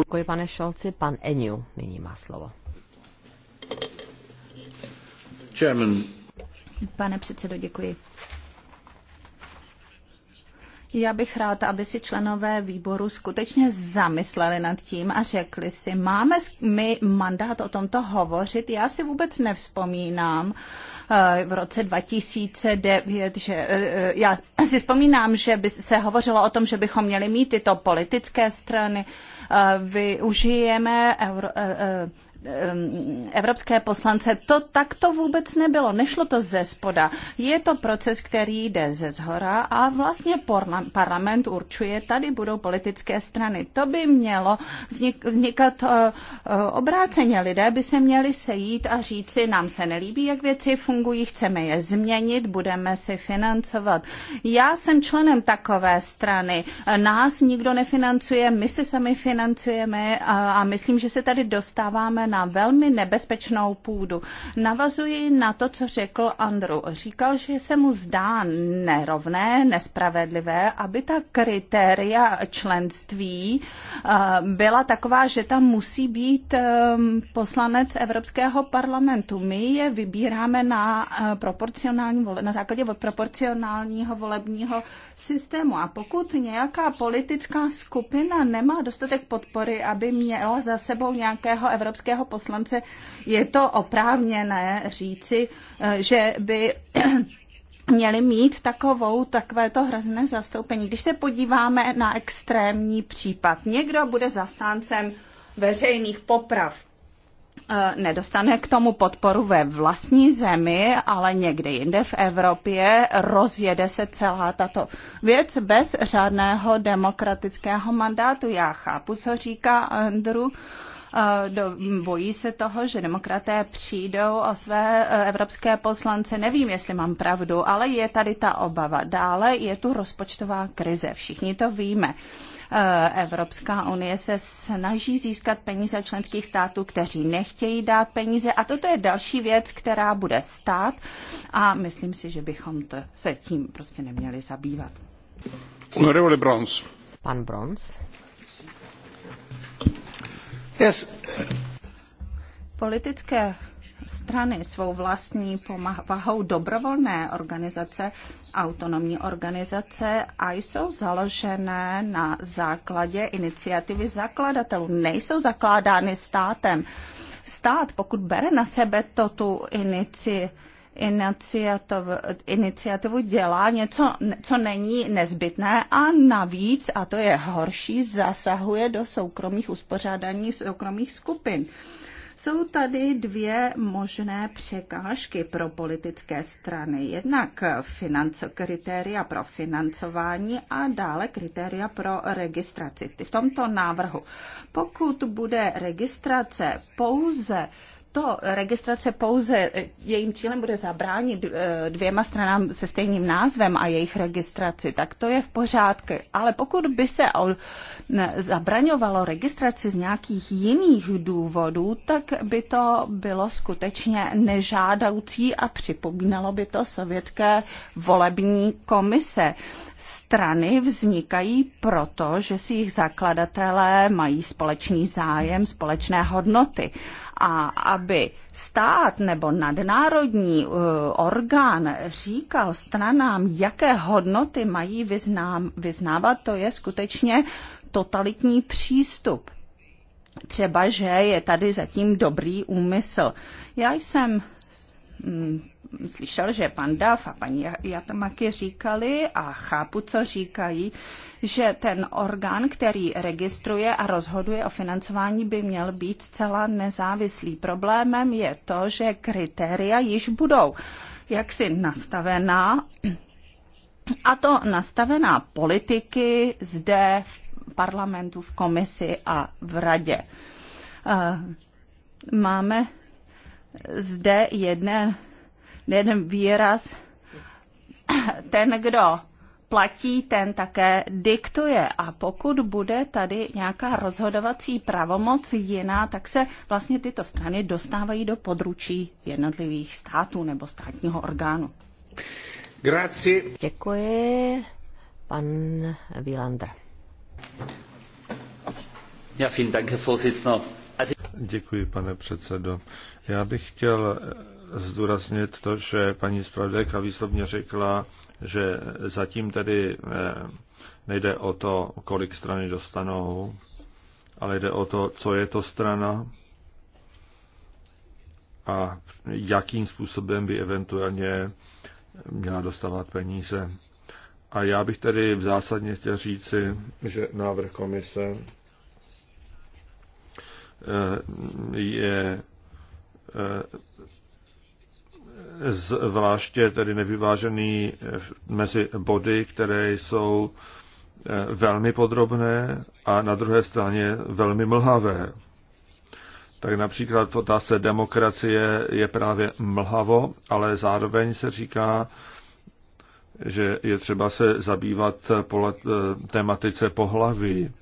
Děkuji, pane Šolci. Pan Eniu nyní má slovo. Chairman. Pane předsedo, děkuji. Já bych ráda, aby si členové výboru skutečně zamysleli nad tím a řekli si, máme my mandát o tomto hovořit? Já si vůbec nevzpomínám eh, v roce 2009, že eh, eh, já si vzpomínám, že by se hovořilo o tom, že bychom měli mít tyto politické strany, využijeme euro, evropské poslance. To tak to vůbec nebylo, nešlo to ze spoda. Je to proces, který jde ze zhora a vlastně parlament určuje, tady budou politické strany. To by mělo vznikat eh, eh, obráceně. Lidé by se měli sejít a říci, nám se nelíbí, jak věci fungují, chceme je změnit, budeme si financovat. Já jsem členem takové strany. Nás nikdo nefinancuje, my se sami financujeme a myslím, že se tady dostáváme na velmi nebezpečnou půdu. Navazuji na to, co řekl Andru. Říkal, že se mu zdá nerovné, nespravedlivé, aby ta kritéria členství eh, byla taková, že tam musí být eh, poslanec Evropského parlamentu. My je vybíráme na, eh, proporcionální, na základě proporcionálního volebního systému. A pokud nějaká politická skupina nemá dostatek podpory, aby měla za sebou nějakého evropského evropského poslance je to oprávněné říci, eh, že by měli mít takovou, takovéto hrozné zastoupení. Když se podíváme na extrémní případ, někdo bude zastáncem veřejných poprav, eh, nedostane k tomu podporu ve vlastní zemi, ale někde jinde v Evropě rozjede se celá tato věc bez řádného demokratického mandátu. Já chápu, co říká Andrew do, bojí se toho, že demokraté přijdou o své e, evropské poslance. Nevím, jestli mám pravdu, ale je tady ta obava. Dále je tu rozpočtová krize. Všichni to víme. E, Evropská unie se snaží získat peníze členských států, kteří nechtějí dát peníze. A toto je další věc, která bude stát. A myslím si, že bychom to, se tím prostě neměli zabývat. Pan Bronz. Politické strany svou vlastní povahou dobrovolné organizace, autonomní organizace a jsou založené na základě iniciativy zakladatelů. Nejsou zakládány státem. Stát, pokud bere na sebe to tu iniciativu, iniciativu, iniciativu dělá něco, co není nezbytné a navíc, a to je horší, zasahuje do soukromých uspořádání soukromých skupin. Jsou tady dvě možné překážky pro politické strany. Jednak financo, kritéria pro financování a dále kritéria pro registraci. V tomto návrhu, pokud bude registrace pouze to registrace pouze, eh, jejím cílem bude zabránit eh, dvěma stranám se stejným názvem a jejich registraci, tak to je v pořádku. Ale pokud by se zabraňovalo registraci z nějakých jiných důvodů, tak by to bylo skutečně nežádoucí a připomínalo by to sovětské volební komise strany vznikají proto, že si jejich zakladatelé mají společný zájem, společné hodnoty. A aby stát nebo nadnárodní eh, orgán říkal stranám, jaké hodnoty mají vyznám, vyznávat, to je skutečně totalitní přístup. Třeba, že je tady zatím dobrý úmysl. Já jsem mm, slyšel, že pan Dav a paní Jatamaky říkali a chápu, co říkají, že ten orgán, který registruje a rozhoduje o financování, by měl být zcela nezávislý. Problémem je to, že kritéria již budou jaksi nastavená a to nastavená politiky zde v parlamentu, v komisi a v radě. Eh, máme zde jedné jeden výraz, ten, kdo platí, ten také diktuje. A pokud bude tady nějaká rozhodovací pravomoc jiná, tak se vlastně tyto strany dostávají do područí jednotlivých států nebo státního orgánu. Grazie. Děkuji. Pan Vilandr. Ja, vielen Dank, Herr Vorsitzender. Děkuji, pane předsedo. Já bych chtěl zdůraznit to, že paní zpravodajka výslovně řekla, že zatím tedy eh, nejde o to, kolik strany dostanou, ale jde o to, co je to strana a jakým způsobem by eventuálně měla dostávat peníze. A já bych tedy v zásadně chtěl říci, že návrh komise eh, je eh, zvláště tedy nevyvážený eh, mezi body, které jsou eh, velmi podrobné a na druhé straně velmi mlhavé. Tak například v otázce demokracie je právě mlhavo, ale zároveň se říká, že je třeba se zabývat po, eh, tematice pohlaví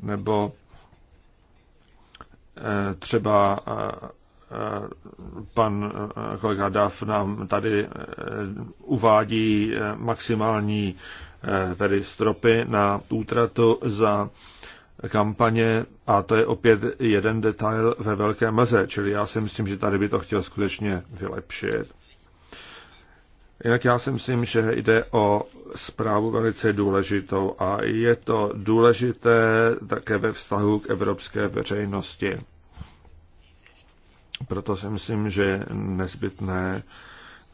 nebo třeba pan eh, kolega Dav nám tady eh, uvádí eh, maximální tedy stropy na útratu za kampaně a to je opět jeden detail ve velké meze, čili já si myslím, že tady by to chtěl skutečně vylepšit. Jinak já si myslím, že jde o zprávu velice důležitou a je to důležité také ve vztahu k evropské veřejnosti. Proto si myslím, že je nezbytné,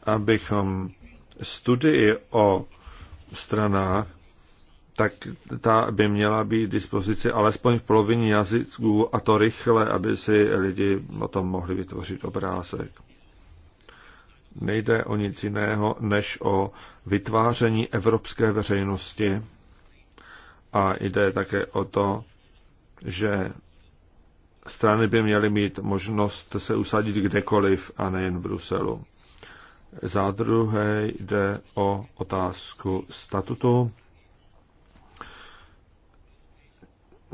abychom studii o stranách, tak ta by měla být dispozici alespoň v polovině jazyků a to rychle, aby si lidi o tom mohli vytvořit obrázek. Nejde o nic jiného, než o vytváření evropské veřejnosti a jde také o to, že strany by měly mít možnost se usadit kdekoliv a nejen v Bruselu. Za druhé jde o otázku statutu.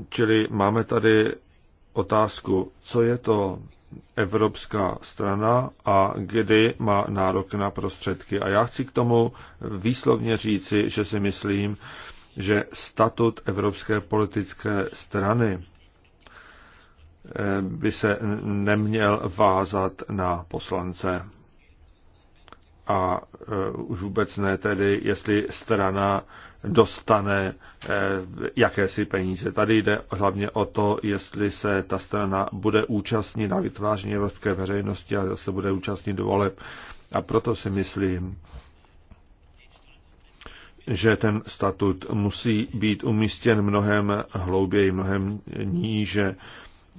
Čili máme tady otázku, co je to evropská strana a kdy má nárok na prostředky. A já chci k tomu výslovně říci, že si myslím, že statut Evropské politické strany by se neměl vázat na poslance. A e, už vůbec ne tedy, jestli strana dostane e, jakési peníze. Tady jde hlavně o to, jestli se ta strana bude účastnit na vytváření evropské veřejnosti a se bude účastnit voleb. A proto si myslím, že ten statut musí být umístěn mnohem hlouběji, mnohem níže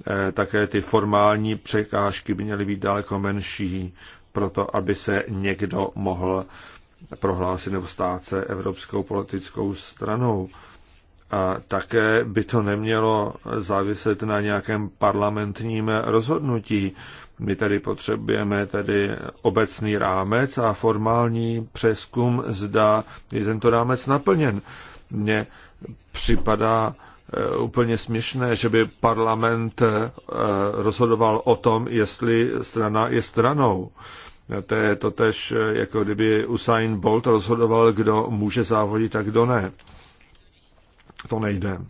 Eh, také ty formální překážky by měly být daleko menší, proto aby se někdo mohl prohlásit nebo stát se evropskou politickou stranou. A také by to nemělo záviset na nějakém parlamentním rozhodnutí. My tady potřebujeme tedy obecný rámec a formální přeskum, zda je tento rámec naplněn. Mně připadá Eh, úplně směšné, že by parlament eh, rozhodoval o tom, jestli strana je stranou. Eh, to je to tež, jako kdyby Usain Bolt rozhodoval, kdo může závodit a kdo ne. To nejde.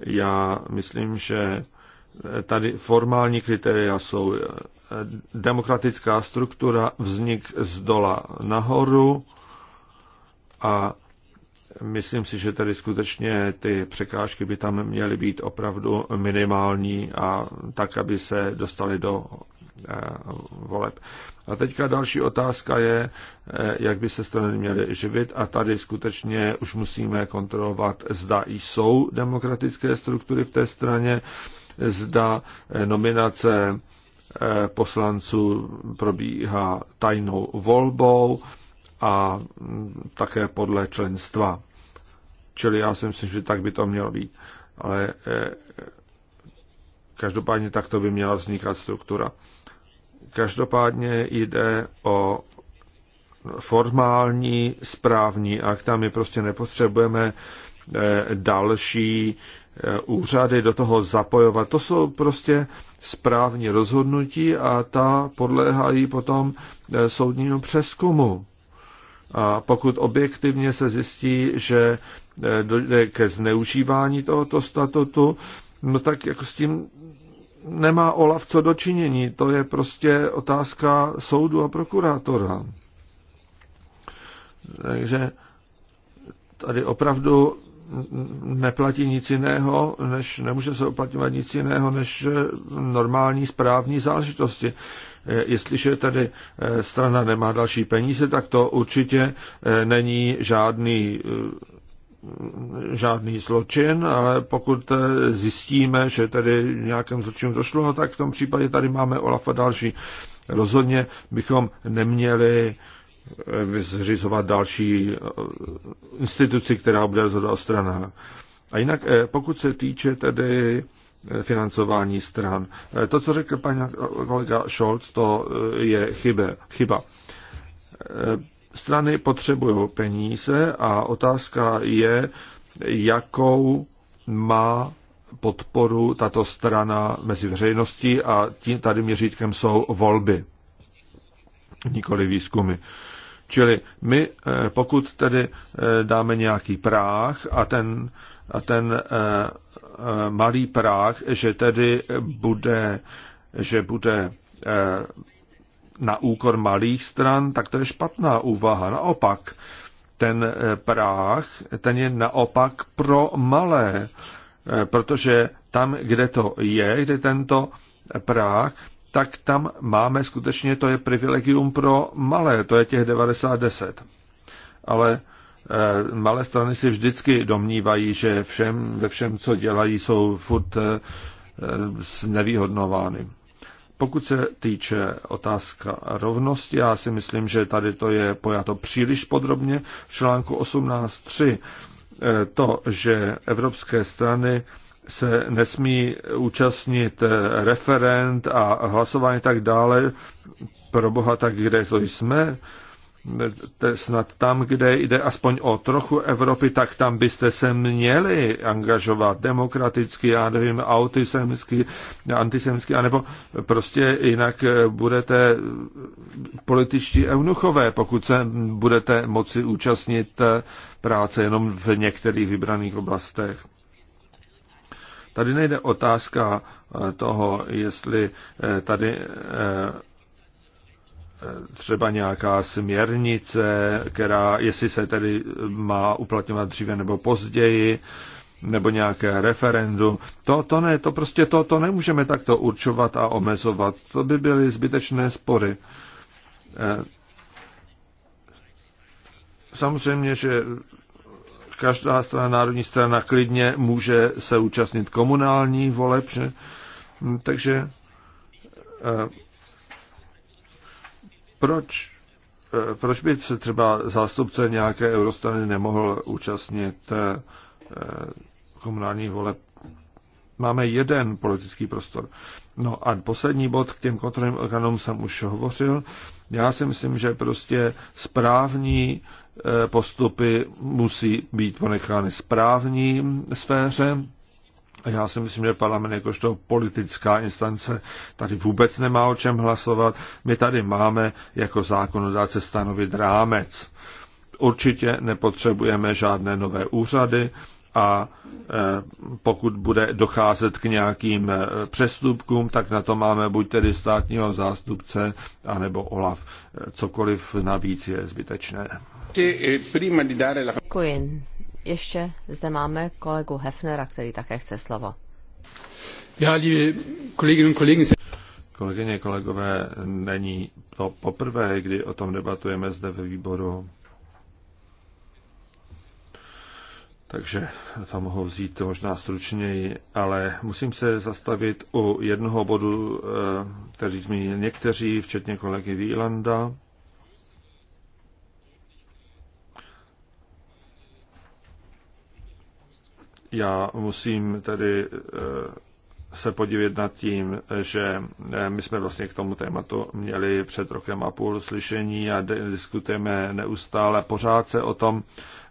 Já myslím, že tady formální kritéria jsou demokratická struktura, vznik z dola nahoru a Myslím si, že tady skutečně ty překážky by tam měly být opravdu minimální a tak, aby se dostali do eh, voleb. A teďka další otázka je, eh, jak by se strany měly živit a tady skutečně už musíme kontrolovat, zda jsou demokratické struktury v té straně, zda eh, nominace poslanců probíhá tajnou volbou, a také podle členstva. Čili já si myslím, že tak by to mělo být. Ale eh, každopádně takto by měla vznikat struktura. Každopádně jde o formální správní akt a my prostě nepotřebujeme eh, další eh, úřady do toho zapojovat. To jsou prostě správní rozhodnutí a ta podléhají potom soudnímu přeskumu. A pokud objektivně se zjistí, že eh, dojde ke zneužívání tohoto statutu, no tak jako s tím nemá Olaf co dočinění. To je prostě otázka soudu a prokurátora. Takže tady opravdu neplatí nic jiného, než nemůže se uplatňovat nic jiného než eh, normální správní záležitosti. Eh, jestliže tedy eh, strana nemá další peníze, tak to určitě eh, není žádný žádný zločin, ale pokud zjistíme, že tedy nějakém zločinu došlo, tak v tom případě tady máme Olafa další. Rozhodně bychom neměli zřizovat další instituci, která bude rozhodovat strana. A jinak, pokud se týče tedy financování stran. Eh, to, co řekl paní kolega Scholz, to eh, je chybe, chyba. Eh, strany potřebují peníze a otázka je, jakou má podporu tato strana mezi veřejností a tím tady měřítkem jsou volby, nikoli výzkumy. Čili my, pokud tedy dáme nějaký práh a ten, a ten Eh, malý práh, že tedy bude, že bude eh, na úkor malých stran, tak to je špatná úvaha. Naopak, ten eh, práh, ten je naopak pro malé, protože tam, kde to je, kde tento práh, tak tam máme skutečně, to je privilegium pro malé, to je těch 90-10. Ale Eh, malé strany si vždycky domnívají, že všem, ve všem, co dělají, jsou furt znevýhodnovány. Eh, Pokud se týče otázka rovnosti, já si myslím, že tady to je pojato příliš podrobně. V článku 18.3 eh, to, že evropské strany se nesmí účastnit referent a hlasování tak dále, pro boha tak, kde to jsme, snad tam, kde jde aspoň o trochu Evropy, tak tam byste se měli angažovat demokraticky, já nevím, autisemsky, antisemsky, anebo prostě jinak budete političtí eunuchové, pokud se budete moci účastnit práce jenom v některých vybraných oblastech. Tady nejde otázka toho, jestli tady eh, třeba nějaká směrnice, která, jestli se tedy má uplatňovat dříve nebo později, nebo nějaké referendum. To, to ne, to prostě to, to nemůžeme takto určovat a omezovat. To by byly zbytečné spory. Eh, samozřejmě, že každá strana, národní strana klidně může se účastnit komunální voleb, že? Hm, takže eh, proč, eh, proč by se třeba zástupce nějaké eurostany nemohl účastnit eh, komunálních voleb? Máme jeden politický prostor. No a poslední bod k těm kontrolním orgánům jsem už hovořil. Já si myslím, že prostě správní eh, postupy musí být ponechány správním sféře a já si myslím, že parlament jakožto politická instance tady vůbec nemá o čem hlasovat. My tady máme jako zákonodáce stanovit rámec. Určitě nepotřebujeme žádné nové úřady a e, pokud bude docházet k nějakým e, přestupkům, tak na to máme buď tedy státního zástupce, anebo OLAF. E, cokoliv navíc je zbytečné. Děkuji ještě zde máme kolegu Hefnera, který také chce slovo. Já, liebe kolegyně, kolegyně. Kolegyně, kolegové, není to poprvé, kdy o tom debatujeme zde ve výboru. takže to mohu vzít to možná stručněji, ale musím se zastavit u jednoho bodu, eh, který zmínili někteří, včetně kolegy Výlanda, já musím tedy eh, se podívat nad tím, že eh, my jsme vlastně k tomu tématu měli před rokem a půl slyšení a diskutujeme neustále. Pořád se o tom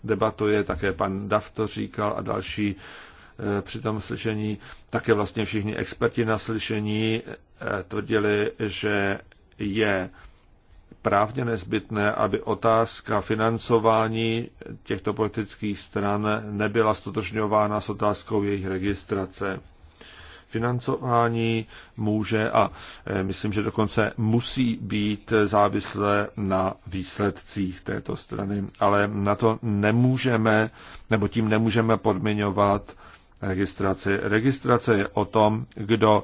debatuje, také pan Dav to říkal a další eh, při tom slyšení. Také vlastně všichni experti na slyšení tvrdili, že je právně nezbytné, aby otázka financování těchto politických stran nebyla stotožňována s otázkou jejich registrace. Financování může a e, myslím, že dokonce musí být závislé na výsledcích této strany, ale na to nemůžeme, nebo tím nemůžeme podmiňovat registraci. Registrace je o tom, kdo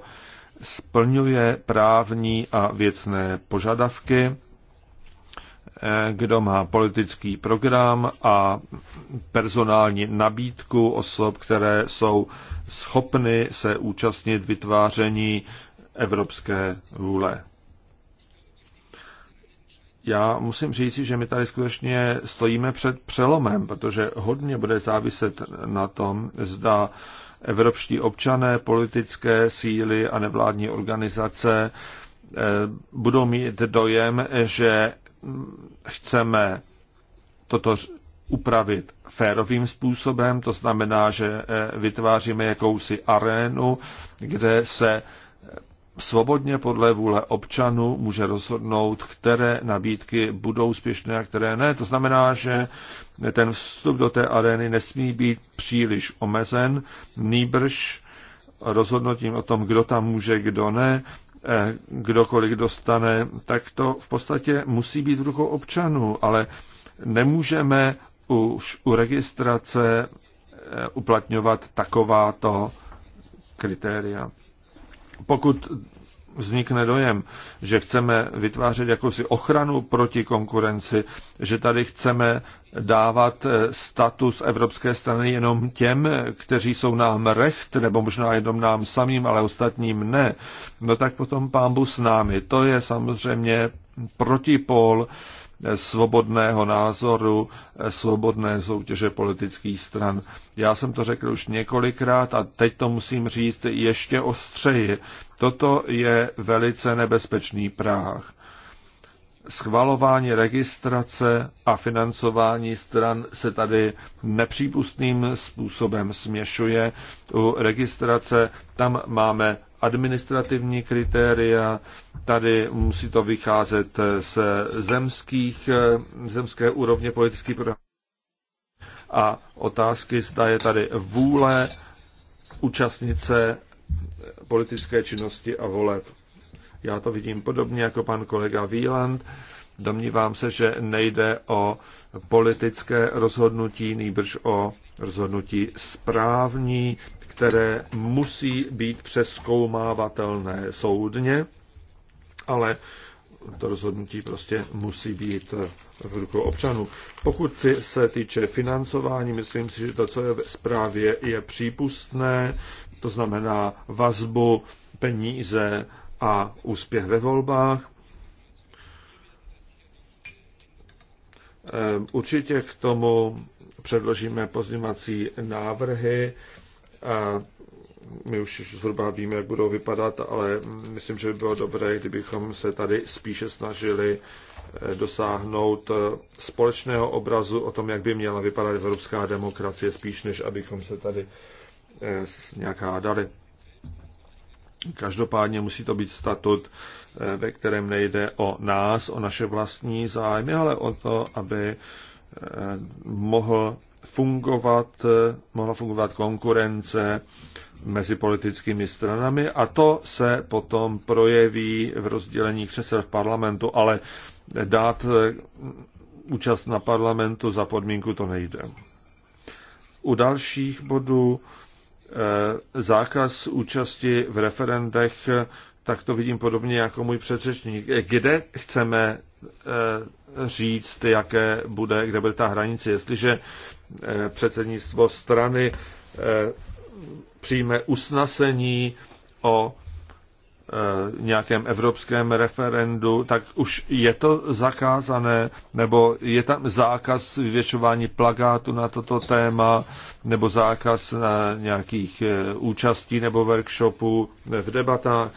splňuje právní a věcné požadavky kdo má politický program a personální nabídku osob, které jsou schopny se účastnit vytváření evropské vůle. Já musím říct, že my tady skutečně stojíme před přelomem, protože hodně bude záviset na tom, zda evropští občané, politické síly a nevládní organizace eh, budou mít dojem, že chceme toto upravit férovým způsobem, to znamená, že eh, vytváříme jakousi arénu, kde se eh, svobodně podle vůle občanů může rozhodnout, které nabídky budou úspěšné a které ne. To znamená, že ten vstup do té arény nesmí být příliš omezen, nýbrž rozhodnutím o tom, kdo tam může, kdo ne, Eh, kdokoliv dostane, tak to v podstatě musí být v rukou občanů, ale nemůžeme už u registrace eh, uplatňovat takováto kritéria. Pokud vznikne dojem, že chceme vytvářet jakousi ochranu proti konkurenci, že tady chceme dávat eh, status evropské strany jenom těm, kteří jsou nám recht, nebo možná jenom nám samým, ale ostatním ne, no tak potom pámbu s námi. To je samozřejmě protipol svobodného názoru, svobodné soutěže politických stran. Já jsem to řekl už několikrát a teď to musím říct ještě ostřeji. Toto je velice nebezpečný práh. Schvalování registrace a financování stran se tady nepřípustným způsobem směšuje. U registrace tam máme administrativní kritéria, tady musí to vycházet z zemských, zemské úrovně politických program. A otázky, zda je tady vůle účastnice politické činnosti a voleb. Já to vidím podobně jako pan kolega Wieland. Domnívám se, že nejde o politické rozhodnutí, nejbrž o rozhodnutí správní, které musí být přeskoumávatelné soudně, ale to rozhodnutí prostě musí být v rukou občanů. Pokud se týče financování, myslím si, že to, co je ve zprávě, je přípustné, to znamená vazbu, peníze a úspěch ve volbách. Ehm, určitě k tomu předložíme pozměňovací návrhy a my už zhruba víme, jak budou vypadat, ale myslím, že by bylo dobré, kdybychom se tady spíše snažili eh, dosáhnout eh, společného obrazu o tom, jak by měla vypadat evropská demokracie, spíš než abychom se tady eh, nějak hádali. Každopádně musí to být statut, ve kterém nejde o nás, o naše vlastní zájmy, ale o to, aby mohl fungovat, mohla fungovat konkurence mezi politickými stranami a to se potom projeví v rozdělení křesel v parlamentu, ale dát účast na parlamentu za podmínku to nejde. U dalších bodů eh, zákaz účasti v referendech tak to vidím podobně jako můj předřečník. Kde chceme eh, říct, jaké bude, kde bude ta hranice, jestliže eh, předsednictvo strany eh, přijme usnesení o nějakém evropském referendu, tak už je to zakázané, nebo je tam zákaz vyvěšování plagátu na toto téma, nebo zákaz na nějakých účastí nebo workshopů v debatách.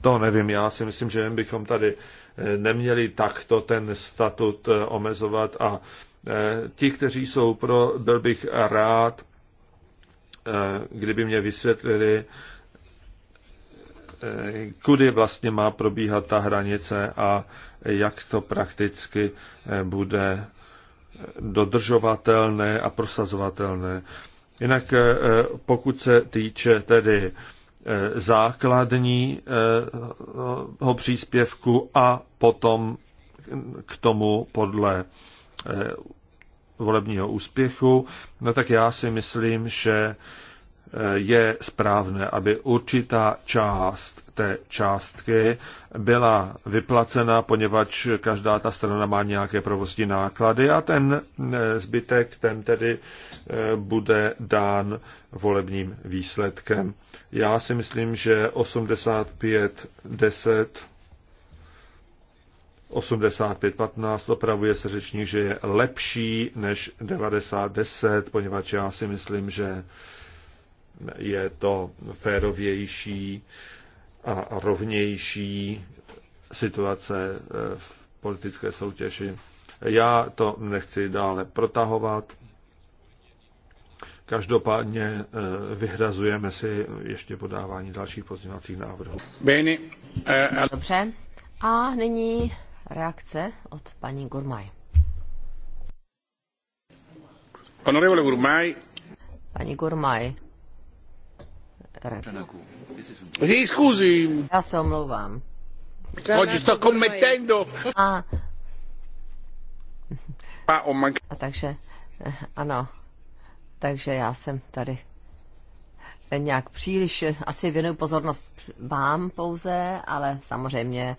To nevím, já si myslím, že bychom tady eh, neměli takto ten statut eh, omezovat a eh, ti, kteří jsou pro, byl bych rád, kdyby mě vysvětlili, kudy vlastně má probíhat ta hranice a jak to prakticky bude dodržovatelné a prosazovatelné. Jinak pokud se týče tedy Eh, základního příspěvku a potom k tomu podle eh, volebního úspěchu, no tak já si myslím, že je správné, aby určitá část té částky byla vyplacena, poněvadž každá ta strana má nějaké provozní náklady a ten eh, zbytek, ten tedy eh, bude dán volebním výsledkem. Já si myslím, že 85 10 85-15 opravuje se řečník, že je lepší než 90-10, poněvadž já si myslím, že je to férovější a rovnější situace eh, v politické soutěži. Já to nechci dále protahovat. Každopádně eh, vyhrazujeme si ještě podávání dalších pozměňovacích návrhů. Eh, Dobře. A nyní reakce od paní Gurmaj. Honorable Gurmaj. Paní Gurmaj, Karak. Scusi. Já se omlouvám. Oggi sto commettendo. A... Ah, a takže, eh, ano, takže já jsem tady eh, nějak příliš, eh, asi věnuju pozornost vám pouze, ale samozřejmě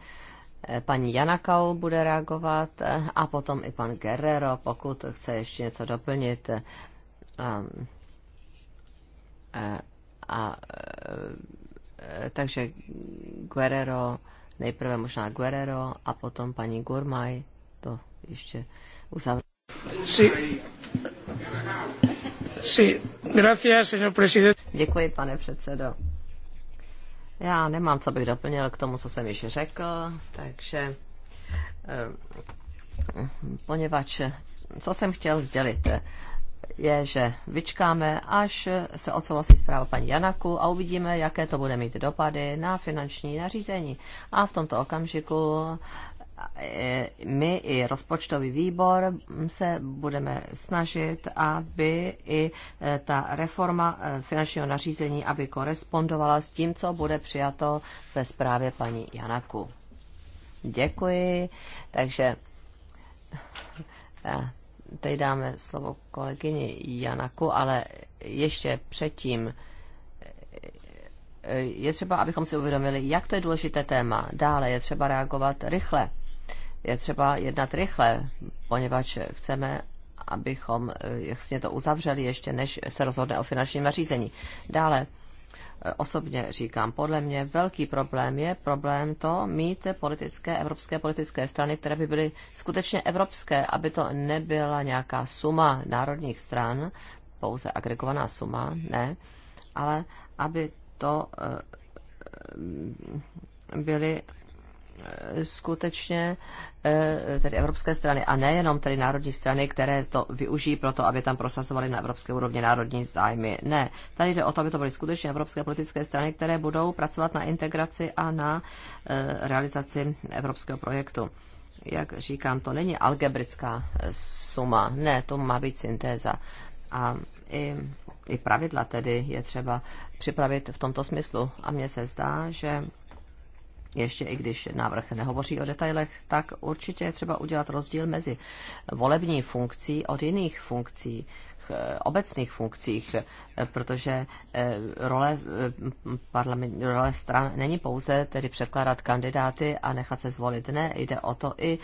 paní Janakau bude reagovat a potom i pan Guerrero, pokud chce ještě něco doplnit. Um, uh, a e, e, takže Guerrero, nejprve možná Guerrero a potom paní Gurmaj to ještě uzavře. Sí. Sí. Gracias, señor presidente. Děkuji, pane předsedo. Já nemám, co bych doplnil k tomu, co jsem již řekl, takže e, poněvadž, co jsem chtěl sdělit, je, že vyčkáme, až se odsouhlasí zpráva paní Janaku a uvidíme, jaké to bude mít dopady na finanční nařízení. A v tomto okamžiku eh, my i rozpočtový výbor se budeme snažit, aby i eh, ta reforma eh, finančního nařízení, aby korespondovala s tím, co bude přijato ve zprávě paní Janaku. Děkuji. Takže teď dáme slovo kolegyni Janaku, ale ještě předtím eh, je třeba, abychom si uvědomili, jak to je důležité téma. Dále je třeba reagovat rychle. Je třeba jednat rychle, poněvadž chceme, abychom eh, jasně to uzavřeli ještě, než se rozhodne o finančním nařízení. Dále Eh, osobně říkám, podle mě velký problém je problém to mít politické, evropské politické strany, které by byly skutečně evropské, aby to nebyla nějaká suma národních stran, pouze agregovaná suma, ne, ale aby to eh, eh, byly skutečně eh, tedy evropské strany a nejenom tedy národní strany, které to využijí pro to, aby tam prosazovaly na evropské úrovni národní zájmy. Ne, tady jde o to, aby to byly skutečně evropské politické strany, které budou pracovat na integraci a na eh, realizaci evropského projektu. Jak říkám, to není algebrická eh, suma, ne, to má být syntéza. A i, i pravidla tedy je třeba připravit v tomto smyslu. A mně se zdá, že ještě i když návrh nehovoří o detailech, tak určitě je třeba udělat rozdíl mezi volební funkcí od jiných funkcí, Eh, obecných funkcích, eh, protože eh, role, parlament, role stran není pouze tedy předkládat kandidáty a nechat se zvolit. Ne, jde o to i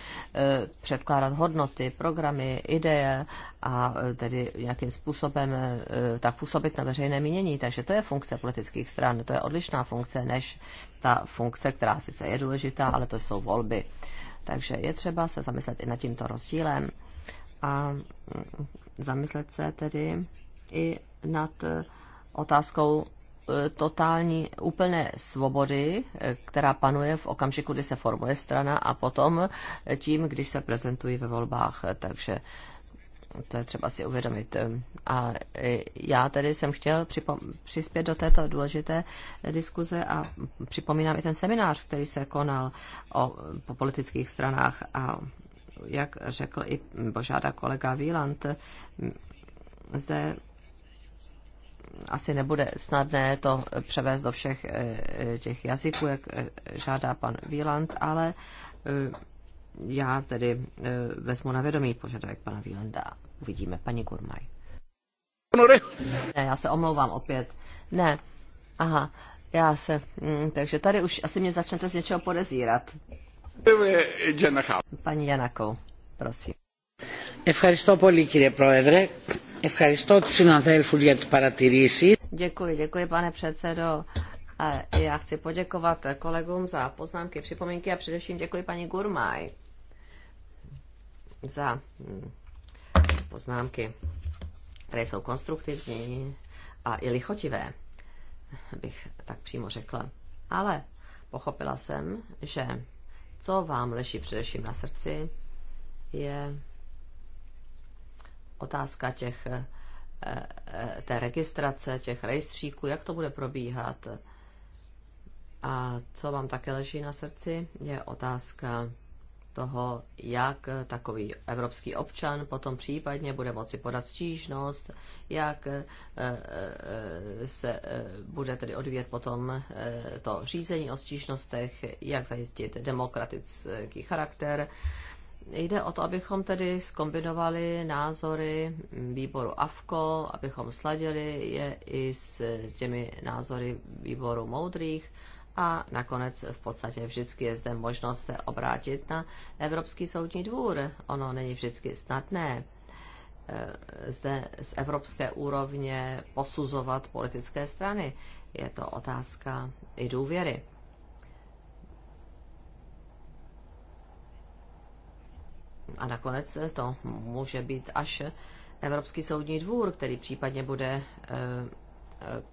předkládat hodnoty, programy, ideje a tedy nějakým způsobem tak působit na veřejné mínění. Takže to je funkce politických stran, to je odlišná funkce než ta funkce, která sice je důležitá, ale to jsou volby. Takže je třeba se zamyslet i nad tímto rozdílem a zamyslet se tedy i nad eh, otázkou eh, totální úplné svobody, eh, která panuje v okamžiku, kdy se formuje strana a potom tím, když se prezentují ve volbách. Takže to je třeba si uvědomit. A já tedy jsem chtěl přispět do této důležité diskuze a připomínám i ten seminář, který se konal o, po politických stranách a jak řekl i božáda kolega Wieland, zde asi nebude snadné to převést do všech eh, těch jazyků, jak eh, žádá pan Wieland, ale eh, já tedy vezmu na vědomí požadavek pana Wielanda. Uvidíme. Paní Kurmaj. Ne, já se omlouvám opět. Ne. Aha, já se... Mm, takže tady už asi mě začnete z něčeho podezírat prosím. Děkuji, děkuji pane předsedající Já chci poděkovat kolegům za poznámky, připomínky a především děkuji paní Gurmaj za hm, poznámky, které jsou konstruktivní a i lichotivé, bych tak přímo řekla. Ale pochopila jsem, že co vám leží především na srdci, je otázka těch, eh, eh, té registrace, těch rejstříků, jak to bude probíhat. A co vám také leží na srdci, je otázka toho, jak takový evropský občan potom případně bude moci podat stížnost, jak eh, eh, se eh, bude tedy odvíjet potom to řízení o stížnostech, jak zajistit demokratický charakter. Jde o to, abychom tedy skombinovali názory výboru AFKO, abychom sladili je i s těmi názory výboru moudrých, a nakonec v podstatě vždycky je zde možnost se obrátit na Evropský soudní dvůr. Ono není vždycky snadné eh, zde z evropské úrovně posuzovat politické strany. Je to otázka i důvěry. A nakonec to může být až Evropský soudní dvůr, který případně bude eh, eh,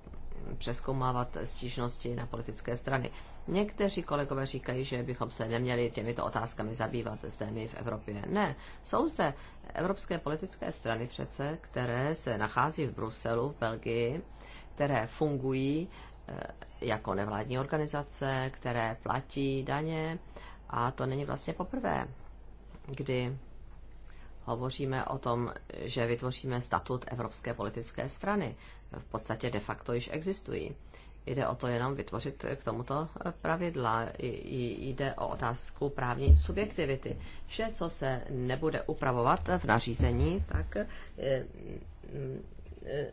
přeskoumávat stížnosti na politické strany. Někteří kolegové říkají, že bychom se neměli těmito otázkami zabývat zde my v Evropě. Ne, jsou zde evropské politické strany přece, které se nachází v Bruselu, v Belgii, které fungují eh, jako nevládní organizace, které platí daně a to není vlastně poprvé, kdy hovoříme o tom, že vytvoříme statut Evropské politické strany v podstatě de facto již existují. Jde o to jenom vytvořit k tomuto pravidla. Jde o otázku právní subjektivity. Vše, co se nebude upravovat v nařízení, tak eh, eh,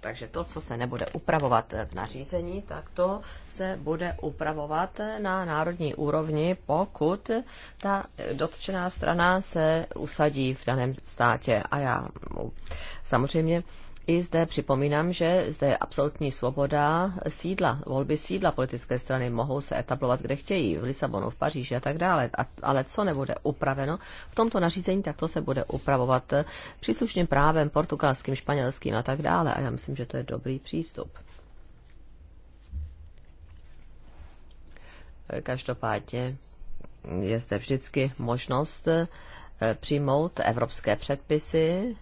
takže to, co se nebude upravovat v nařízení, tak to se bude upravovat na národní úrovni, pokud ta dotčená strana se usadí v daném státě. A já samozřejmě i zde připomínám, že zde je absolutní svoboda sídla, volby sídla politické strany mohou se etablovat, kde chtějí, v Lisabonu, v Paříži a tak dále. A, ale co nebude upraveno v tomto nařízení, tak to se bude upravovat příslušným právem, portugalským, španělským a tak dále. A já myslím, že to je dobrý přístup. Každopádně je zde vždycky možnost eh, přijmout evropské předpisy,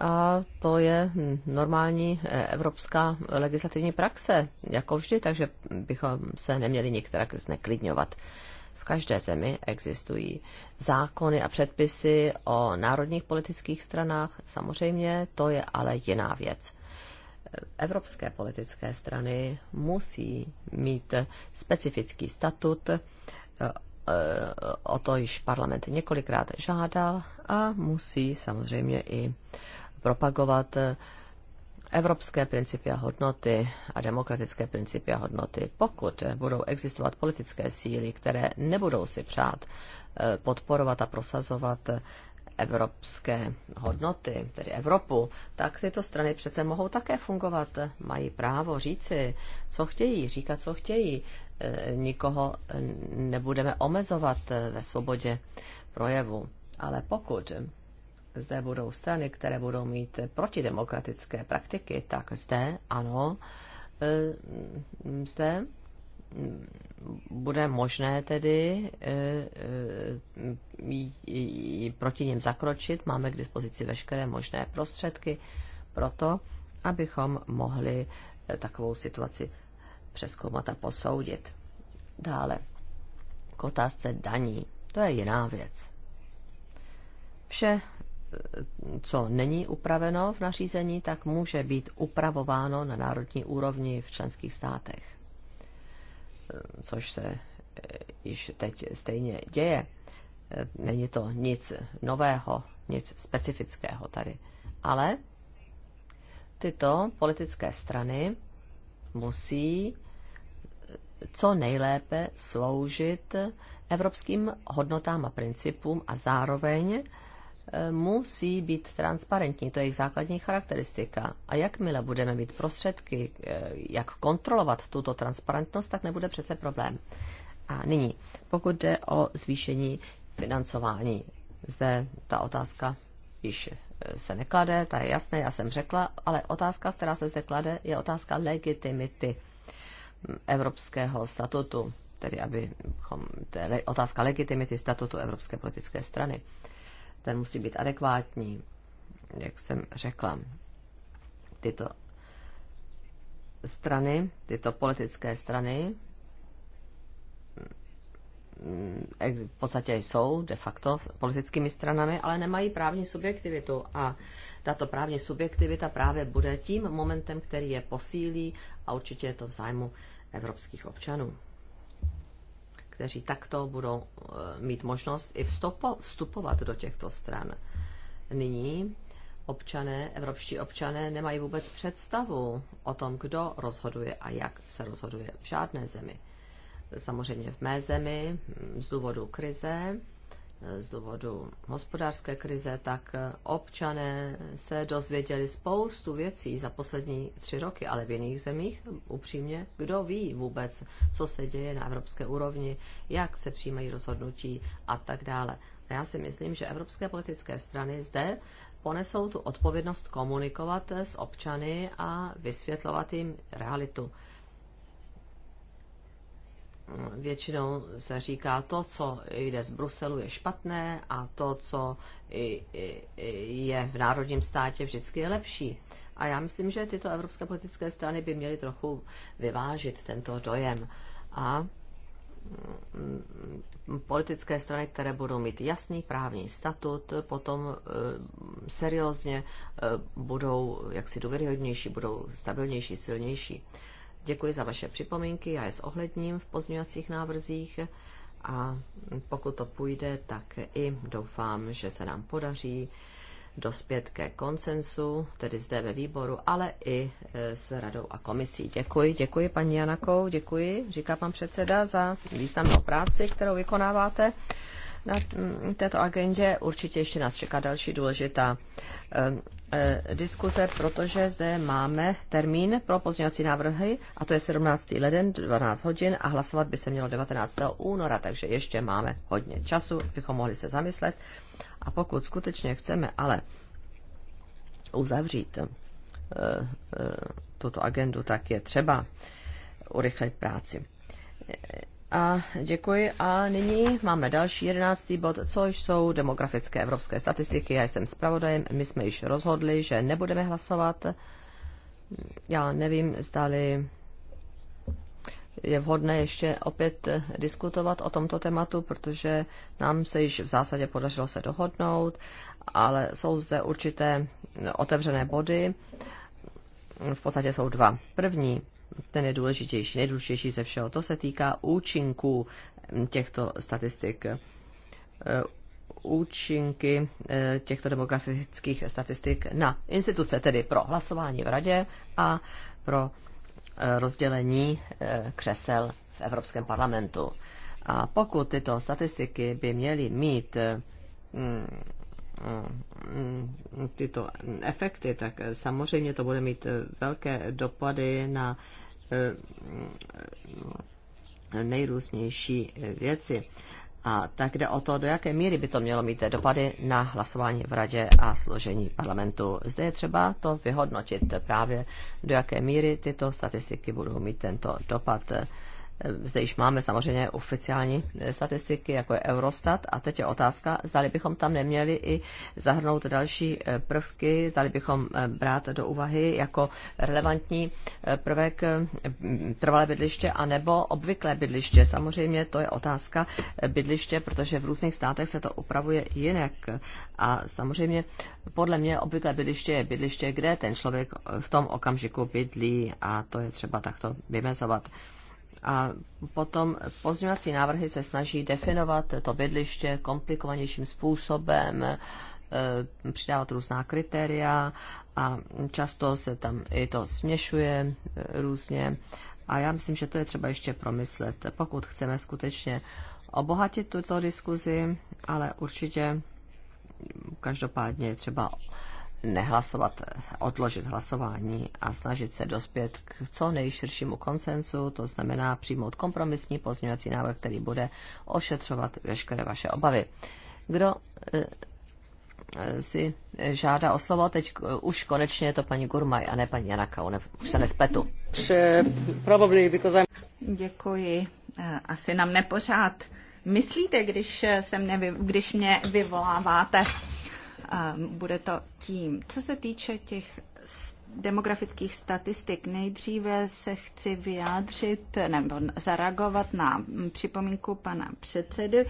a to je hm, normální eh, evropská legislativní praxe, jako vždy, takže bychom se neměli některak zneklidňovat. V každé zemi existují zákony a předpisy o národních politických stranách, samozřejmě to je ale jiná věc. Evropské politické strany musí mít specifický statut, eh, eh, o to již parlament několikrát žádal a musí samozřejmě i propagovat eh, evropské principy a hodnoty a demokratické principy a hodnoty. Pokud eh, budou existovat politické síly, které nebudou si přát eh, podporovat a prosazovat evropské hodnoty, tedy Evropu, tak tyto strany přece mohou také fungovat. Mají právo říci, co chtějí, říkat, co chtějí. Nikoho nebudeme omezovat ve svobodě projevu. Ale pokud zde budou strany, které budou mít protidemokratické praktiky, tak zde ano, e, zde bude možné tedy e, e, proti ním zakročit. Máme k dispozici veškeré možné prostředky pro to, abychom mohli takovou situaci přeskoumat a posoudit. Dále k otázce daní. To je jiná věc. Vše co není upraveno v nařízení, tak může být upravováno na národní úrovni v členských státech, což se eh, již teď stejně děje. Eh, není to nic nového, nic specifického tady. Ale tyto politické strany musí co nejlépe sloužit evropským hodnotám a principům a zároveň musí být transparentní, to je jejich základní charakteristika. A jakmile budeme mít prostředky, eh, jak kontrolovat tuto transparentnost, tak nebude přece problém. A nyní, pokud jde o zvýšení financování, zde ta otázka již eh, se neklade, ta je jasné, já jsem řekla, ale otázka, která se zde klade, je otázka legitimity Evropského statutu, tedy aby otázka legitimity statutu Evropské politické strany ten musí být adekvátní, jak jsem řekla. Tyto strany, tyto politické strany v podstatě jsou de facto politickými stranami, ale nemají právní subjektivitu. A tato právní subjektivita právě bude tím momentem, který je posílí a určitě je to v zájmu evropských občanů kteří takto budou eh, mít možnost i vstupovat do těchto stran. Nyní občané, evropští občané nemají vůbec představu o tom, kdo rozhoduje a jak se rozhoduje v žádné zemi. Samozřejmě v mé zemi hm, z důvodu krize Eh, z důvodu hospodářské krize, tak eh, občané se dozvěděli spoustu věcí za poslední tři roky, ale v jiných zemích, upřímně, kdo ví vůbec, co se děje na evropské úrovni, jak se přijímají rozhodnutí a tak dále. A já si myslím, že evropské politické strany zde ponesou tu odpovědnost komunikovat s občany a vysvětlovat jim realitu většinou se říká, to, co jde z Bruselu, je špatné a to, co je v národním státě, vždycky je lepší. A já myslím, že tyto evropské politické strany by měly trochu vyvážit tento dojem. A mm, politické strany, které budou mít jasný právní statut, potom e, seriózně e, budou jaksi důvěryhodnější, budou stabilnější, silnější. Děkuji za vaše připomínky, já je zohledním v pozměňovacích návrzích a pokud to půjde, tak i doufám, že se nám podaří dospět ke konsensu, tedy zde ve výboru, ale i e, s radou a komisí. Děkuji, děkuji paní Janakou, děkuji, říká pan předseda, za významnou práci, kterou vykonáváte na této agendě. Určitě ještě nás čeká další důležitá Eh, eh, diskuze, protože zde máme termín pro pozměňovací návrhy a to je 17. leden 12 hodin a hlasovat by se mělo 19. února, takže ještě máme hodně času, bychom mohli se zamyslet. A pokud skutečně chceme ale uzavřít eh, tuto agendu, tak je třeba urychlit práci. A děkuji. A nyní máme další jedenáctý bod, což jsou demografické evropské statistiky. Já jsem zpravodajem, my jsme již rozhodli, že nebudeme hlasovat. Já nevím, zdali je vhodné ještě opět diskutovat o tomto tématu, protože nám se již v zásadě podařilo se dohodnout, ale jsou zde určité otevřené body. V podstatě jsou dva. První ten je důležitější, nejdůležitější ze všeho. To se týká účinků mm, těchto statistik. E, účinky e, těchto demografických statistik na instituce, tedy pro hlasování v radě a pro e, rozdělení křesel v Evropském parlamentu. A pokud tyto statistiky by měly mít mm, Eh, tyto efekty, tak samozřejmě to bude mít velké dopady na eh, nejrůznější věci. A tak jde o to, do jaké míry by to mělo mít dopady na hlasování v radě a složení parlamentu. Zde je třeba to vyhodnotit právě, do jaké míry tyto statistiky budou mít tento dopad. Zde již máme samozřejmě oficiální eh, statistiky, jako je Eurostat. A teď je otázka, zdali bychom tam neměli i zahrnout další eh, prvky, zdali bychom eh, brát do úvahy jako relevantní prvek trvalé bydliště a nebo obvyklé bydliště. Samozřejmě to je otázka bydliště, protože v různých státech se to upravuje jinak. A samozřejmě podle mě obvyklé bydliště je bydliště, kde ten člověk v tom okamžiku bydlí a to je třeba takto vymezovat. A potom pozměňovací návrhy se snaží definovat to bydliště komplikovanějším způsobem, e, přidávat různá kritéria a často se tam i to směšuje e, různě. A já myslím, že to je třeba ještě promyslet, pokud chceme skutečně obohatit tuto diskuzi, ale určitě každopádně třeba nehlasovat, odložit hlasování a snažit se dospět k co nejširšímu konsensu, to znamená přijmout kompromisní pozměňovací návrh, který bude ošetřovat veškeré vaše obavy. Kdo eh, eh, si žádá o slovo, teď eh, už konečně je to paní Gurmaj a ne paní Janaka, už se nespletu. Děkuji. Asi nám nepořád myslíte, když, se mne, když mě vyvoláváte bude to tím. Co se týče těch demografických statistik. Nejdříve se chci vyjádřit nebo zareagovat na připomínku pana předsedy.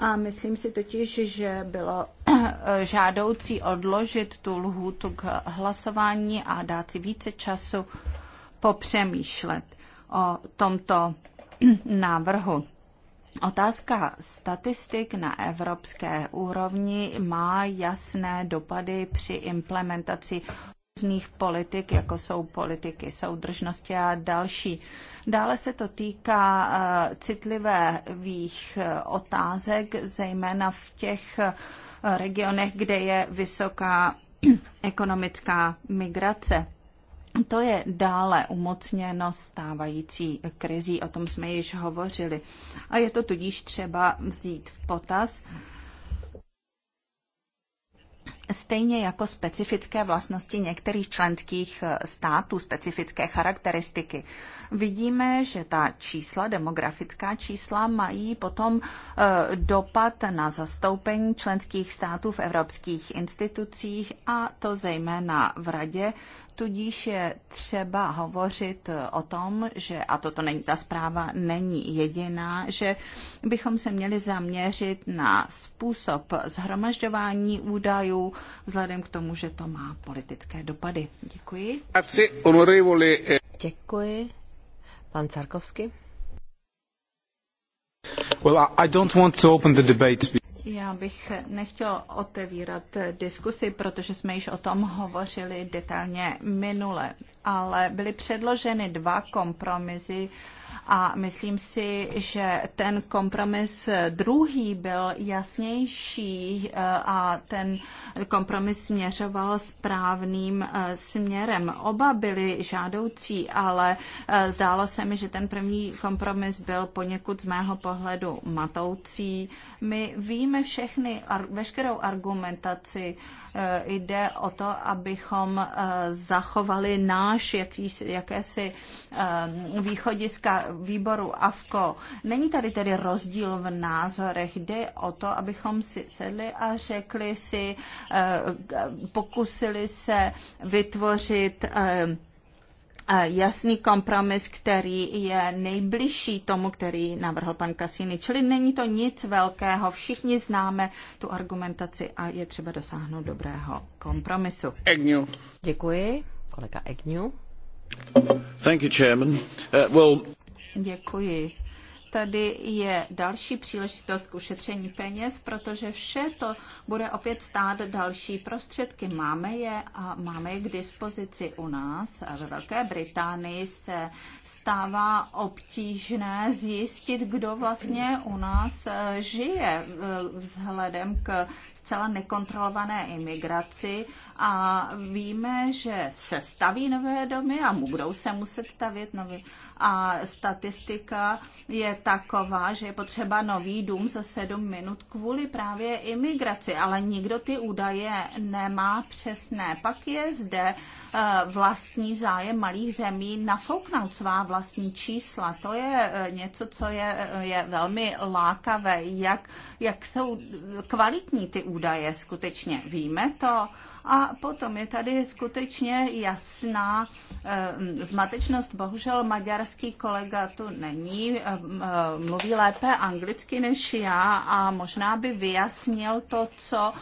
A myslím si totiž, že bylo žádoucí odložit tu lhůtu k hlasování a dát si více času popřemýšlet o tomto návrhu. Otázka statistik na evropské úrovni má jasné dopady při implementaci různých politik, jako jsou politiky soudržnosti a další. Dále se to týká eh, citlivých eh, otázek, zejména v těch eh, regionech, kde je vysoká ekonomická migrace. To je dále umocněno stávající krizí, o tom jsme již hovořili. A je to tudíž třeba vzít v potaz. Stejně jako specifické vlastnosti některých členských států, specifické charakteristiky, vidíme, že ta čísla, demografická čísla, mají potom eh, dopad na zastoupení členských států v evropských institucích a to zejména v Radě, Tudíž je třeba hovořit o tom, že, a toto není ta zpráva, není jediná, že bychom se měli zaměřit na způsob zhromažďování údajů, vzhledem k tomu, že to má politické dopady. Děkuji. Eh. Děkuji. Pan Carkovsky. Well, I don't want to open the debate já bych nechtěla otevírat diskusi, protože jsme již o tom hovořili detailně minule, ale byly předloženy dva kompromisy a myslím si, že ten kompromis druhý byl jasnější eh, a ten kompromis směřoval správným eh, směrem. Oba byly žádoucí, ale eh, zdálo se mi, že ten první kompromis byl poněkud z mého pohledu matoucí. My víme všechny, veškerou argumentaci, Eh, jde o to, abychom eh, zachovali náš jaký, jakési eh, východiska výboru AFKO. Není tady tedy rozdíl v názorech. Jde o to, abychom si sedli a řekli si, pokusili se vytvořit jasný kompromis, který je nejbližší tomu, který navrhl pan Cassini. Čili není to nic velkého, všichni známe tu argumentaci a je třeba dosáhnout dobrého kompromisu. Agnew. Děkuji, kolega Agnew. Thank you, Chairman. Uh, well... Děkuji tady je další příležitost k ušetření peněz, protože vše to bude opět stát další prostředky. Máme je a máme je k dispozici u nás. Ve Velké Británii se stává obtížné zjistit, kdo vlastně u nás eh, žije eh, vzhledem k zcela nekontrolované imigraci a víme, že se staví nové domy a budou se muset stavět nové a statistika je taková, že je potřeba nový dům za sedm minut kvůli právě imigraci, ale nikdo ty údaje nemá přesné. Pak je zde Eh, vlastní zájem malých zemí nafouknout svá vlastní čísla. To je eh, něco, co je, eh, je velmi lákavé, jak, jak jsou kvalitní ty údaje skutečně. Víme to. A potom je tady skutečně jasná zmatečnost. Bohužel maďarský kolega tu není, mluví lépe anglicky než já a možná by vyjasnil to, co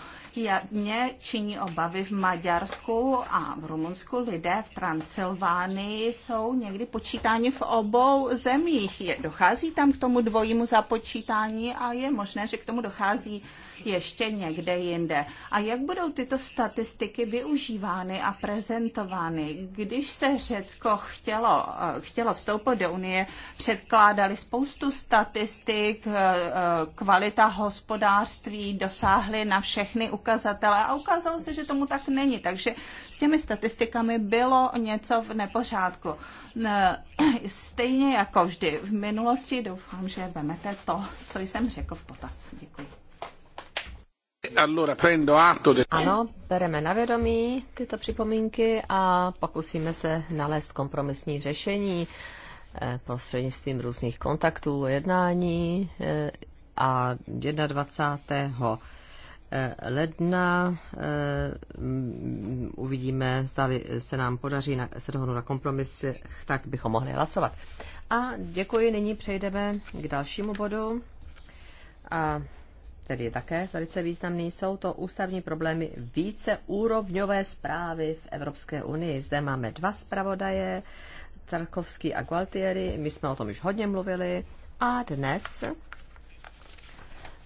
mě činí obavy v Maďarsku a v Rumunsku. Lidé v Transylvánii jsou někdy počítáni v obou zemích. Je, dochází tam k tomu dvojímu započítání a je možné, že k tomu dochází ještě někde jinde. A jak budou tyto statistiky využívány a prezentovány? Když se Řecko chtělo, eh, chtělo vstoupit do Unie, předkládali spoustu statistik, eh, eh, kvalita hospodářství, dosáhly na všechny ukazatele a ukázalo se, že tomu tak není. Takže s těmi statistikami bylo něco v nepořádku. Stejně jako vždy v minulosti doufám, že vemete to, co jsem řekl v potaz. Děkuji. Ano, bereme na vědomí tyto připomínky a pokusíme se nalézt kompromisní řešení eh, prostřednictvím různých kontaktů, jednání eh, a 21. Eh, ledna uvidíme, zda se nám podaří na, se dohodnout na kompromis, tak bychom mohli hlasovat. A děkuji, nyní přejdeme k dalšímu bodu. A který je také velice významný, jsou to ústavní problémy více úrovňové zprávy v Evropské unii. Zde máme dva zpravodaje, Tarkovský a Gualtieri, my jsme o tom už hodně mluvili a dnes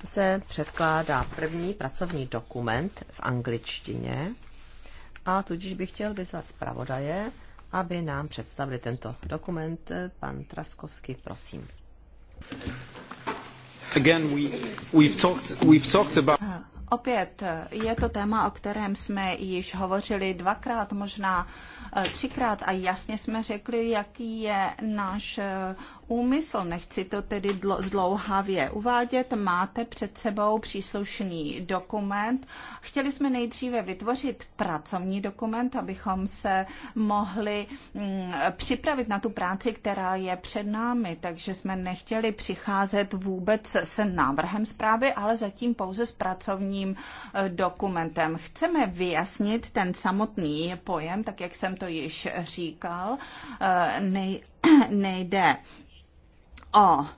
se předkládá první pracovní dokument v angličtině a tudíž bych chtěl vyzvat zpravodaje, aby nám představili tento dokument. Pan Traskovský, prosím. Again, we, we've talked, we've talked about... Eh, opět eh, je to téma, o kterém jsme již hovořili dvakrát, možná eh, třikrát a jasně jsme řekli, jaký je náš úmysl, nechci to tedy zdlouhavě uvádět, máte před sebou příslušný dokument. Chtěli jsme nejdříve vytvořit pracovní dokument, abychom se mohli mm, připravit na tu práci, která je před námi, takže jsme nechtěli přicházet vůbec se návrhem zprávy, ale zatím pouze s pracovním eh, dokumentem. Chceme vyjasnit ten samotný pojem, tak jak jsem to již říkal, eh, nej, nejde o e,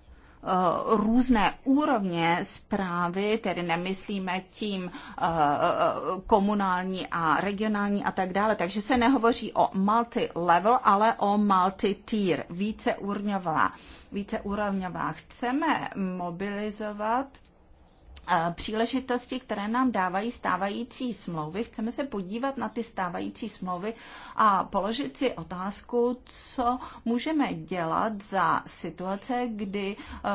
různé úrovně zprávy, tedy nemyslíme tím e, e, komunální a regionální a tak dále. Takže se nehovoří o multi-level, ale o multi-tier, víceúrovňová. Víceúrovňová. Chceme mobilizovat Eh, příležitosti, které nám dávají stávající smlouvy. Chceme se podívat na ty stávající smlouvy a položit si otázku, co můžeme dělat za situace, kdy uh,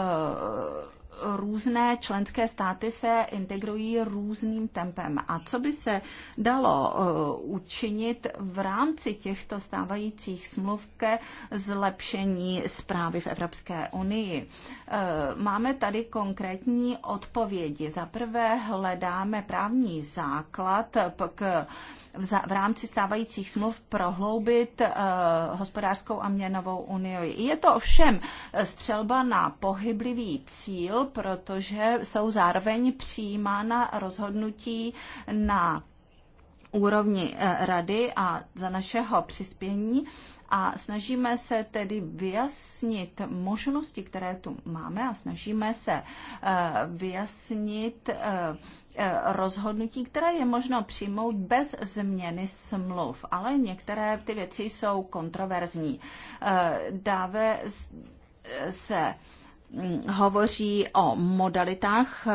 různé členské státy se integrují různým tempem. A co by se dalo uh, učinit v rámci těchto stávajících smluv ke zlepšení zprávy v Evropské unii? Uh, máme tady konkrétní odpovědi. Za prvé hledáme právní základ k v rámci stávajících smluv prohloubit eh, hospodářskou a měnovou unii. Je to ovšem eh, střelba na pohyblivý cíl, protože jsou zároveň přijímána rozhodnutí na úrovni eh, rady a za našeho přispění a snažíme se tedy vyjasnit možnosti, které tu máme a snažíme se eh, vyjasnit eh, eh, rozhodnutí, které je možno přijmout bez změny smluv, ale některé ty věci jsou kontroverzní. Dáve se Mm, hovoří o modalitách eh,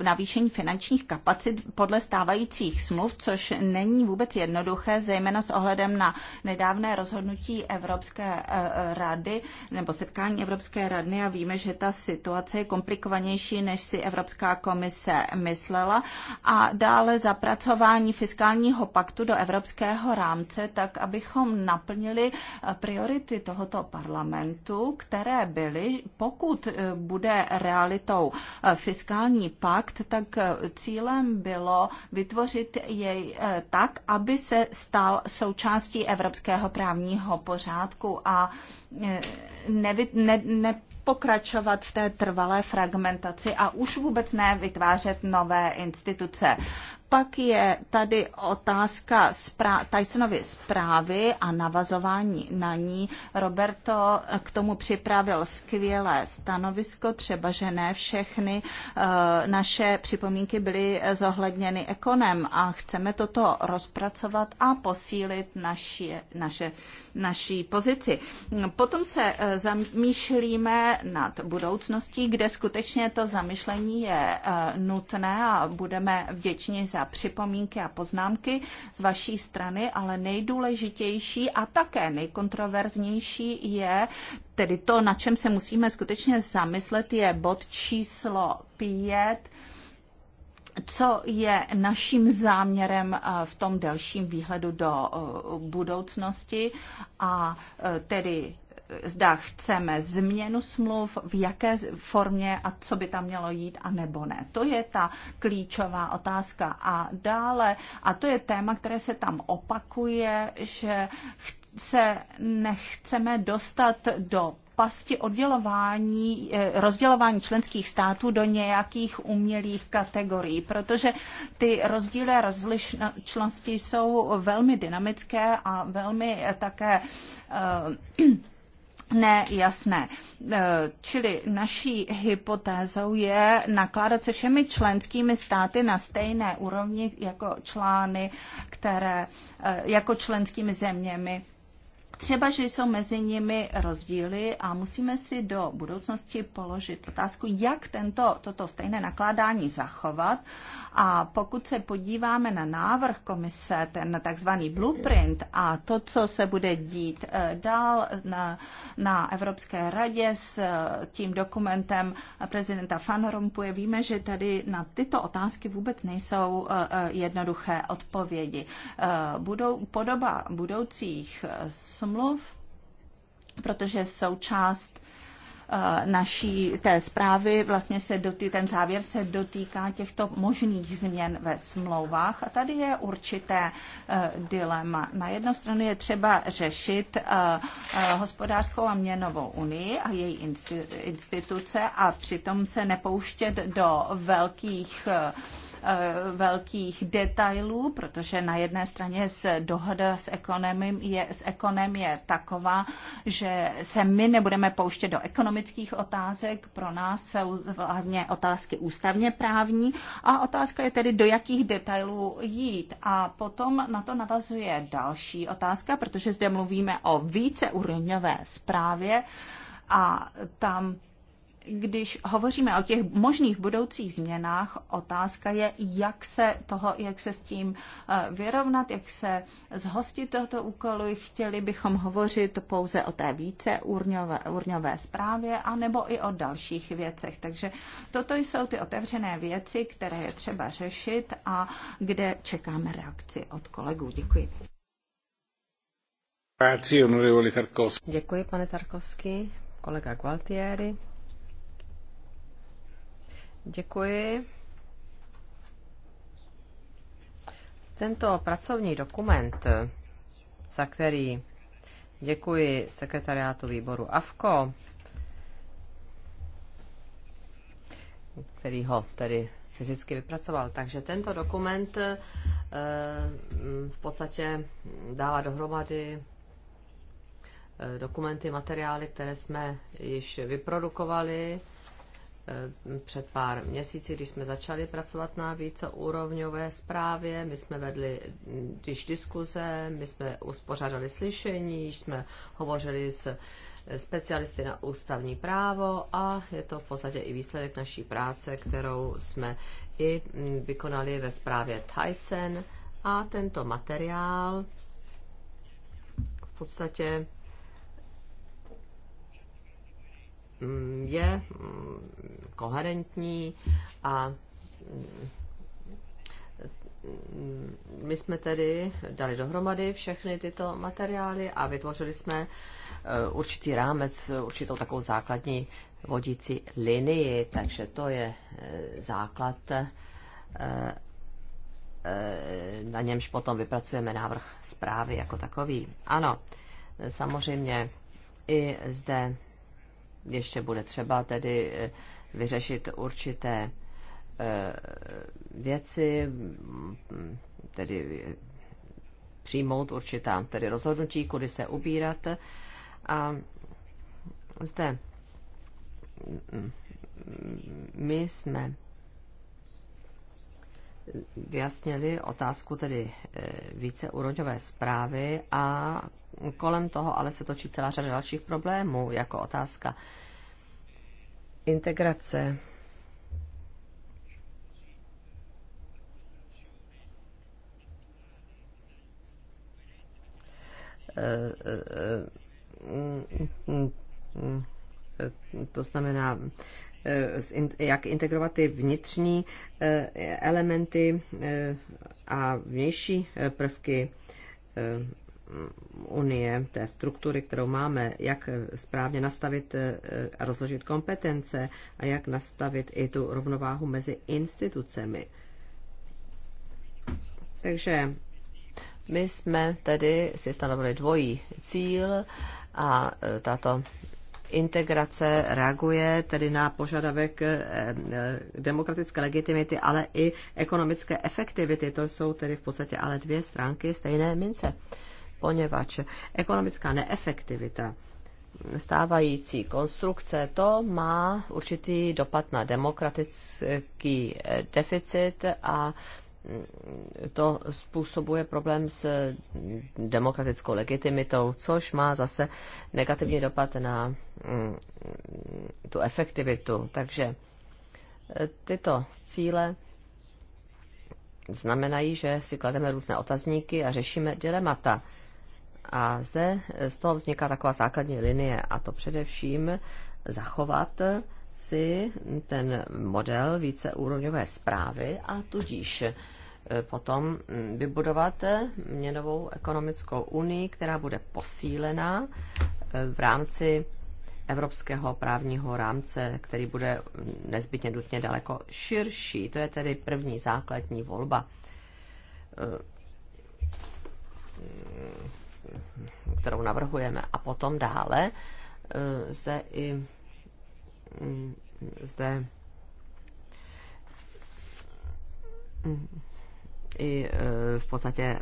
eh, navýšení finančních kapacit podle stávajících smluv, což není vůbec jednoduché, zejména s ohledem na nedávné rozhodnutí Evropské eh, rady nebo setkání Evropské rady a víme, že ta situace je komplikovanější, než si Evropská komise myslela a dále zapracování fiskálního paktu do evropského rámce, tak abychom naplnili priority tohoto parlamentu, které byly po pokud eh, bude realitou eh, fiskální pakt, tak eh, cílem bylo vytvořit jej tak, aby se stal součástí evropského právního pořádku a nevy, ne, ne, pokračovat v té trvalé fragmentaci a už vůbec ne vytvářet nové instituce. Pak je tady otázka zprá- Tysonovy zprávy a navazování na ní. Roberto k tomu připravil skvělé stanovisko, třeba že ne všechny eh, naše připomínky byly zohledněny ekonem a chceme toto rozpracovat a posílit naši, naše, naše naší pozici. Potom se eh, zamýšlíme nad budoucností, kde skutečně to zamyšlení je eh, nutné a budeme vděční za připomínky a poznámky z vaší strany, ale nejdůležitější a také nejkontroverznější je tedy to, na čem se musíme skutečně zamyslet, je bod číslo pět co je naším záměrem eh, v tom delším výhledu do eh, budoucnosti a eh, tedy zda chceme změnu smluv, v jaké formě a co by tam mělo jít a nebo ne. To je ta klíčová otázka. A dále, a to je téma, které se tam opakuje, že se nechceme dostat do pasti oddělování, eh, rozdělování členských států do nějakých umělých kategorií, protože ty rozdíly a rozlišnosti jsou velmi dynamické a velmi také uh, ne, jasné. Čili naší hypotézou je nakládat se všemi členskými státy na stejné úrovni jako člány, které, eh, jako členskými zeměmi Třeba, že jsou mezi nimi rozdíly a musíme si do budoucnosti položit otázku, jak tento, toto stejné nakládání zachovat. A pokud se podíváme na návrh komise, ten takzvaný blueprint a to, co se bude dít eh, dál na, na Evropské radě s eh, tím dokumentem prezidenta Van Rompuje, víme, že tady na tyto otázky vůbec nejsou eh, jednoduché odpovědi. Budou, podoba budoucích omluv, protože součást eh, naší té zprávy, vlastně se dotý, ten závěr se dotýká těchto možných změn ve smlouvách a tady je určité uh, dilema. Na jednu stranu je třeba řešit uh, uh, hospodářskou a měnovou unii a její instituce a přitom se nepouštět do velkých uh, Eh, velkých detailů, protože na jedné straně z dohoda s ekonomem je, s ekonem je taková, že se my nebudeme pouštět do ekonomických otázek, pro nás jsou hlavně otázky ústavně právní a otázka je tedy, do jakých detailů jít. A potom na to navazuje další otázka, protože zde mluvíme o víceúrovňové zprávě a tam když hovoříme o těch možných budoucích změnách, otázka je, jak se, toho, jak se s tím eh, vyrovnat, jak se zhostit tohoto úkolu. Chtěli bychom hovořit pouze o té více urňové, urňové zprávě, anebo i o dalších věcech. Takže toto jsou ty otevřené věci, které je třeba řešit a kde čekáme reakci od kolegů. Děkuji. Děkuji, pane Tarkovský. Kolega Gualtieri. Děkuji. Tento pracovní dokument, za který děkuji sekretariátu výboru AFKO, který ho tedy fyzicky vypracoval. Takže tento dokument eh, v podstatě dává dohromady eh, dokumenty, materiály, které jsme již vyprodukovali Eh, před pár měsíci, když jsme začali pracovat na víceúrovňové zprávě. My jsme vedli když diskuze, my jsme uspořádali slyšení, jsme hovořili s specialisty na ústavní právo a je to v podstatě i výsledek naší práce, kterou jsme i vykonali ve zprávě Tyson a tento materiál v podstatě Mm, je mm, koherentní a mm, my jsme tedy dali dohromady všechny tyto materiály a vytvořili jsme e, určitý rámec, určitou takovou základní vodící linii, takže to je e, základ, e, na němž potom vypracujeme návrh zprávy jako takový. Ano, samozřejmě i zde ještě bude třeba tedy eh, vyřešit určité eh, věci, mm, tedy eh, přijmout určitá tedy rozhodnutí, kudy se ubírat. A zde mm, mm, my jsme vyjasnili otázku tedy eh, více úroďové zprávy a kolem toho ale se točí celá řada dalších problémů, jako otázka integrace eh, eh, mm, mm, mm, to znamená Eh, jak integrovat ty vnitřní eh, elementy eh, a vnější prvky unie, té struktury, kterou máme, jak správně nastavit a rozložit kompetence a jak nastavit i tu rovnováhu mezi institucemi. Takže my jsme tedy si stanovili dvojí cíl a tato integrace reaguje tedy na požadavek eh, eh, demokratické legitimity, ale i ekonomické efektivity. To jsou tedy v podstatě ale dvě stránky stejné mince, poněvadž ekonomická neefektivita stávající konstrukce, to má určitý dopad na demokratický eh, deficit a to způsobuje problém s demokratickou legitimitou, což má zase negativní dopad na mm, tu efektivitu. Takže e, tyto cíle znamenají, že si klademe různé otazníky a řešíme dilemata. A zde z toho vzniká taková základní linie, a to především zachovat si ten model víceúrovňové zprávy a tudíž e, potom mm, vybudovat e, měnovou ekonomickou unii, která bude posílená e, v rámci evropského právního rámce, který bude mm, nezbytně nutně daleko širší. To je tedy první základní volba, mm, kterou navrhujeme. A potom dále zde i zde i e, v podstatě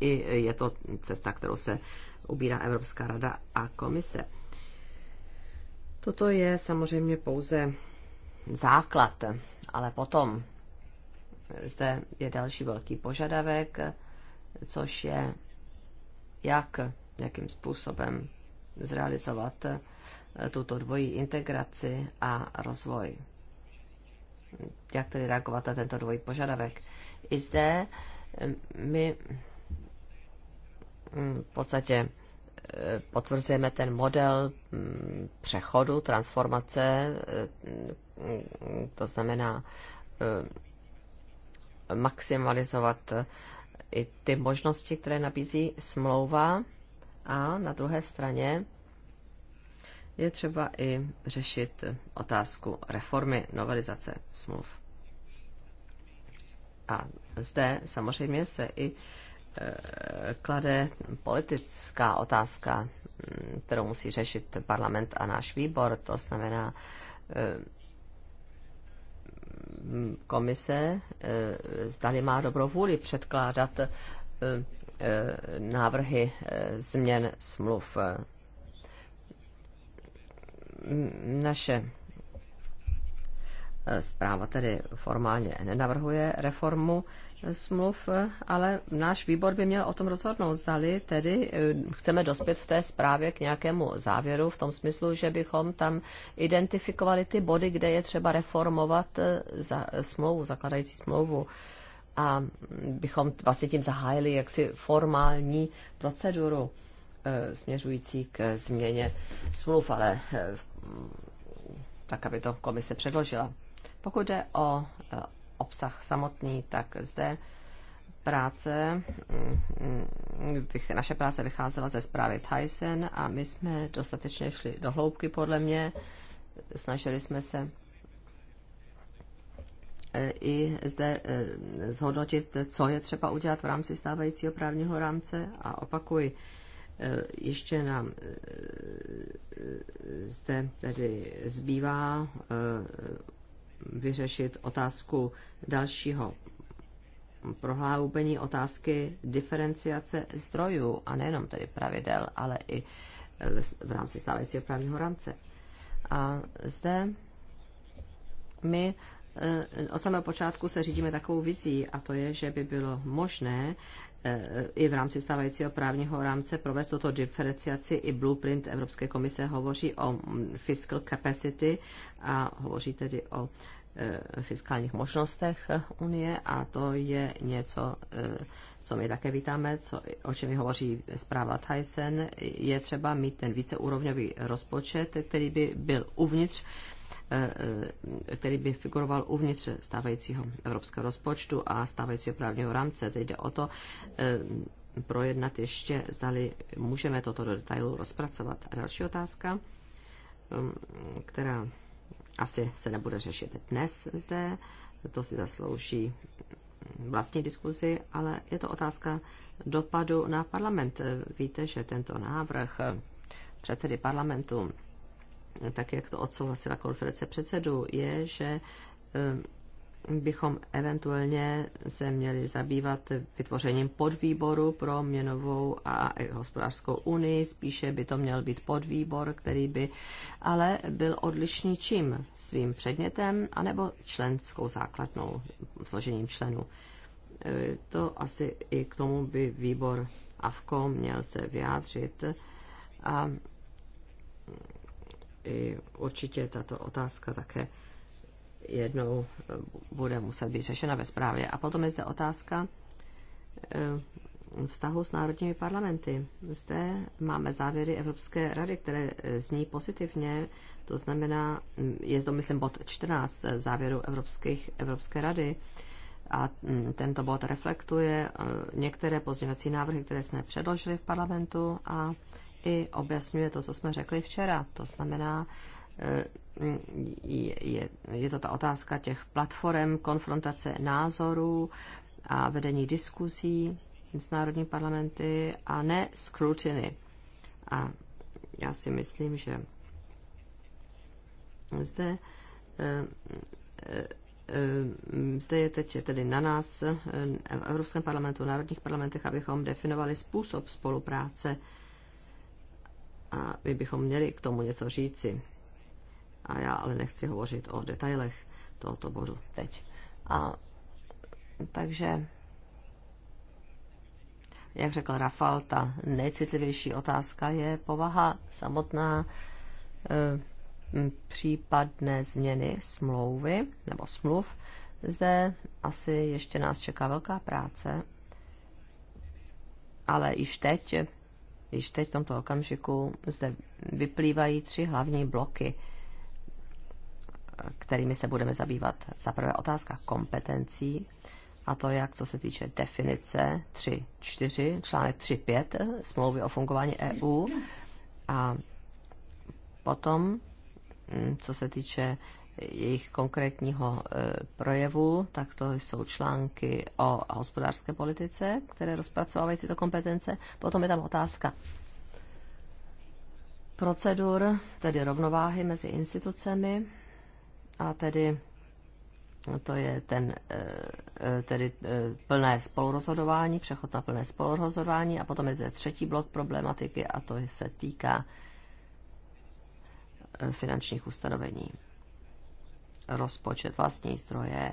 i je to cesta, kterou se ubírá Evropská rada a komise. Toto je samozřejmě pouze základ, ale potom zde je další velký požadavek, což je jak, jakým způsobem zrealizovat tuto dvojí integraci a rozvoj. Jak tedy reagovat na tento dvojí požadavek? I zde my v podstatě potvrzujeme ten model přechodu, transformace, to znamená maximalizovat i ty možnosti, které nabízí smlouva a na druhé straně je třeba i řešit otázku reformy, novelizace smluv. A zde samozřejmě se i e, klade politická otázka, kterou musí řešit parlament a náš výbor, to znamená e, komise, e, zdali má dobrou vůli předkládat návrhy změn smluv naše eh, zpráva tedy formálně nenavrhuje reformu eh, smluv, eh, ale náš výbor by měl o tom rozhodnout, zdali tedy chceme dospět v té zprávě k nějakému závěru v tom smyslu, že bychom tam identifikovali ty body, kde je třeba reformovat za, smlouvu, zakladající smlouvu a bychom vlastně tím zahájili jaksi formální proceduru Eh, směřující k změně smluv, ale eh, tak, aby to komise předložila. Pokud jde o eh, obsah samotný, tak zde práce, mm, mm, naše práce vycházela ze zprávy Tyson a my jsme dostatečně šli do hloubky, podle mě. Snažili jsme se i zde zhodnotit, co je třeba udělat v rámci stávajícího právního rámce a opakuji, Eh, ještě nám eh, eh, zde tedy zbývá vyřešit otázku dalšího prohlábení otázky diferenciace zdrojů a nejenom tedy pravidel, ale i v rámci stávajícího právního rámce. A zde my od samého počátku se řídíme takovou vizí a to je, že by bylo možné Eh, i v rámci stávajícího právního rámce provést toto diferenciaci. I blueprint Evropské komise hovoří o mm, fiscal capacity a hovoří tedy o eh, fiskálních možnostech Unie a to je něco, eh, co my také vítáme, co, o čem hovoří zpráva Tyson. Je třeba mít ten víceúrovňový rozpočet, který by byl uvnitř Eh, který by figuroval uvnitř stávajícího evropského rozpočtu a stávajícího právního rámce. Teď jde o to eh, projednat ještě, zdali můžeme toto do detailu rozpracovat. A další otázka, eh, která asi se nebude řešit dnes zde, to si zaslouží vlastní diskuzi, ale je to otázka dopadu na parlament. Víte, že tento návrh předsedy parlamentu tak jak to odsouhlasila konference předsedů, je, že eh, bychom eventuálně se měli zabývat vytvořením podvýboru pro měnovou a hospodářskou unii. Spíše by to měl být podvýbor, který by ale byl odlišný čím? Svým předmětem anebo členskou základnou složením členů. Eh, to asi i k tomu by výbor AFKO měl se vyjádřit. A i určitě tato otázka také jednou eh, bude muset být řešena ve zprávě. A potom je zde otázka eh, vztahu s národními parlamenty. Zde máme závěry Evropské rady, které eh, zní pozitivně, to znamená, mm, je to myslím bod 14 závěru Evropských, Evropské rady a mm, tento bod reflektuje některé pozměňovací návrhy, které jsme předložili v parlamentu a i objasňuje to, co jsme řekli včera. To znamená, eh, je, je, je to ta otázka těch platform, konfrontace názorů a vedení diskuzí s národní parlamenty a ne scrutiny. A já si myslím, že zde eh, eh, zde je teď tedy na nás v Evropském parlamentu, v národních parlamentech, abychom definovali způsob spolupráce a my bychom měli k tomu něco říci. A já ale nechci hovořit o detailech tohoto bodu teď. A takže, jak řekl Rafal, ta nejcitlivější otázka je povaha samotná e, případné změny smlouvy nebo smluv. Zde asi ještě nás čeká velká práce, ale již teď již teď v tomto okamžiku zde vyplývají tři hlavní bloky, kterými se budeme zabývat. Za prvé otázka kompetencí, a to jak co se týče definice 3.4, článek 3.5 smlouvy o fungování EU a potom, mm, co se týče jejich konkrétního e, projevu, tak to jsou články o hospodářské politice, které rozpracovávají tyto kompetence. Potom je tam otázka procedur, tedy rovnováhy mezi institucemi a tedy to je ten, e, e, tedy plné spolurozhodování, přechod na plné spolurozhodování a potom je zde třetí blok problematiky a to se týká finančních ustanovení rozpočet, vlastní zdroje.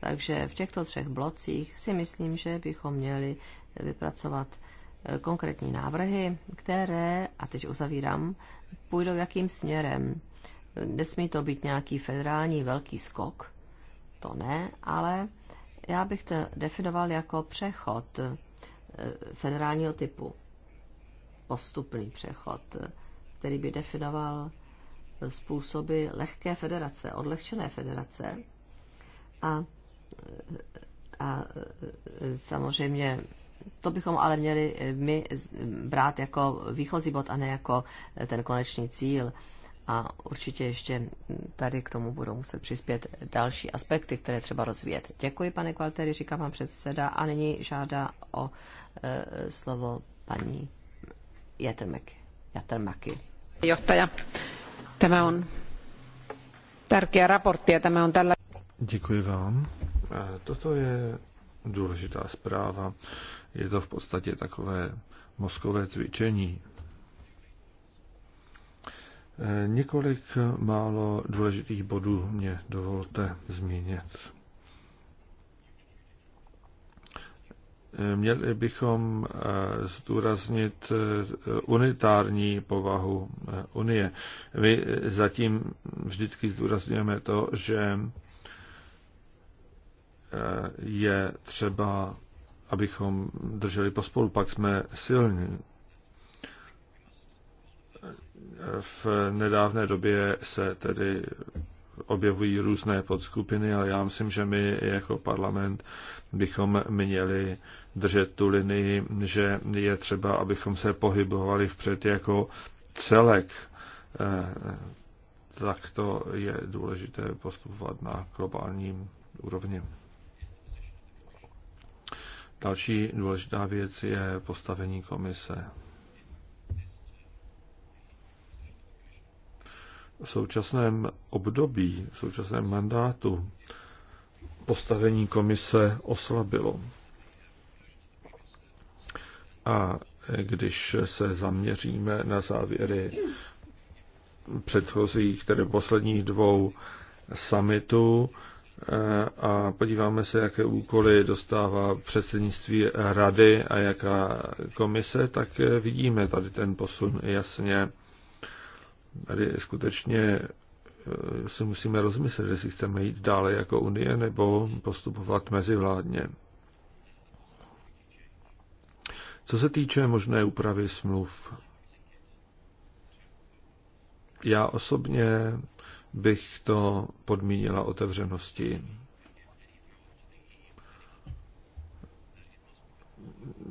Takže v těchto třech blocích si myslím, že bychom měli vypracovat eh, konkrétní návrhy, které, a teď uzavírám, půjdou jakým směrem. Nesmí to být nějaký federální velký skok, to ne, ale já bych to definoval jako přechod eh, federálního typu. Postupný přechod, eh, který by definoval způsoby lehké federace, odlehčené federace. A, a samozřejmě to bychom ale měli eh, my brát jako výchozí bod a ne jako eh, ten konečný cíl. A určitě ještě tady k tomu budou muset přispět další aspekty, které třeba rozvíjet. Děkuji, pane Kvalteri, říká vám předseda. A nyní žádá o e, slovo paní Jatermaky. Jatermaky. Johtaja. Tämä on tärkeä raportti ja tämä on tällä... Děkuji vám. E, toto je důležitá zpráva. Je to v podstatě takové mozkové cvičení. E, několik málo důležitých bodů mě dovolte zmínit. Měli bychom eh, zdůraznit eh, unitární povahu eh, Unie. My zatím vždycky zdůrazňujeme to, že je třeba, abychom drželi pospolu, pak jsme silní. V nedávné době se tedy objevují různé podskupiny, ale já myslím, že my jako parlament bychom měli držet tu linii, že je třeba, abychom se pohybovali vpřed jako celek. Eh, tak to je důležité postupovat na globálním úrovni. Další důležitá věc je postavení komise. v současném období, v současném mandátu postavení komise oslabilo. A když se zaměříme na závěry předchozích, tedy posledních dvou summitů, eh, a podíváme se, jaké úkoly dostává předsednictví rady a jaká komise, tak eh, vidíme tady ten posun jasně. Tady skutečně eh, si musíme rozmyslet, jestli chceme jít dále jako Unie nebo postupovat mezivládně. Co se týče možné úpravy smluv, já osobně bych to podmínila otevřeností.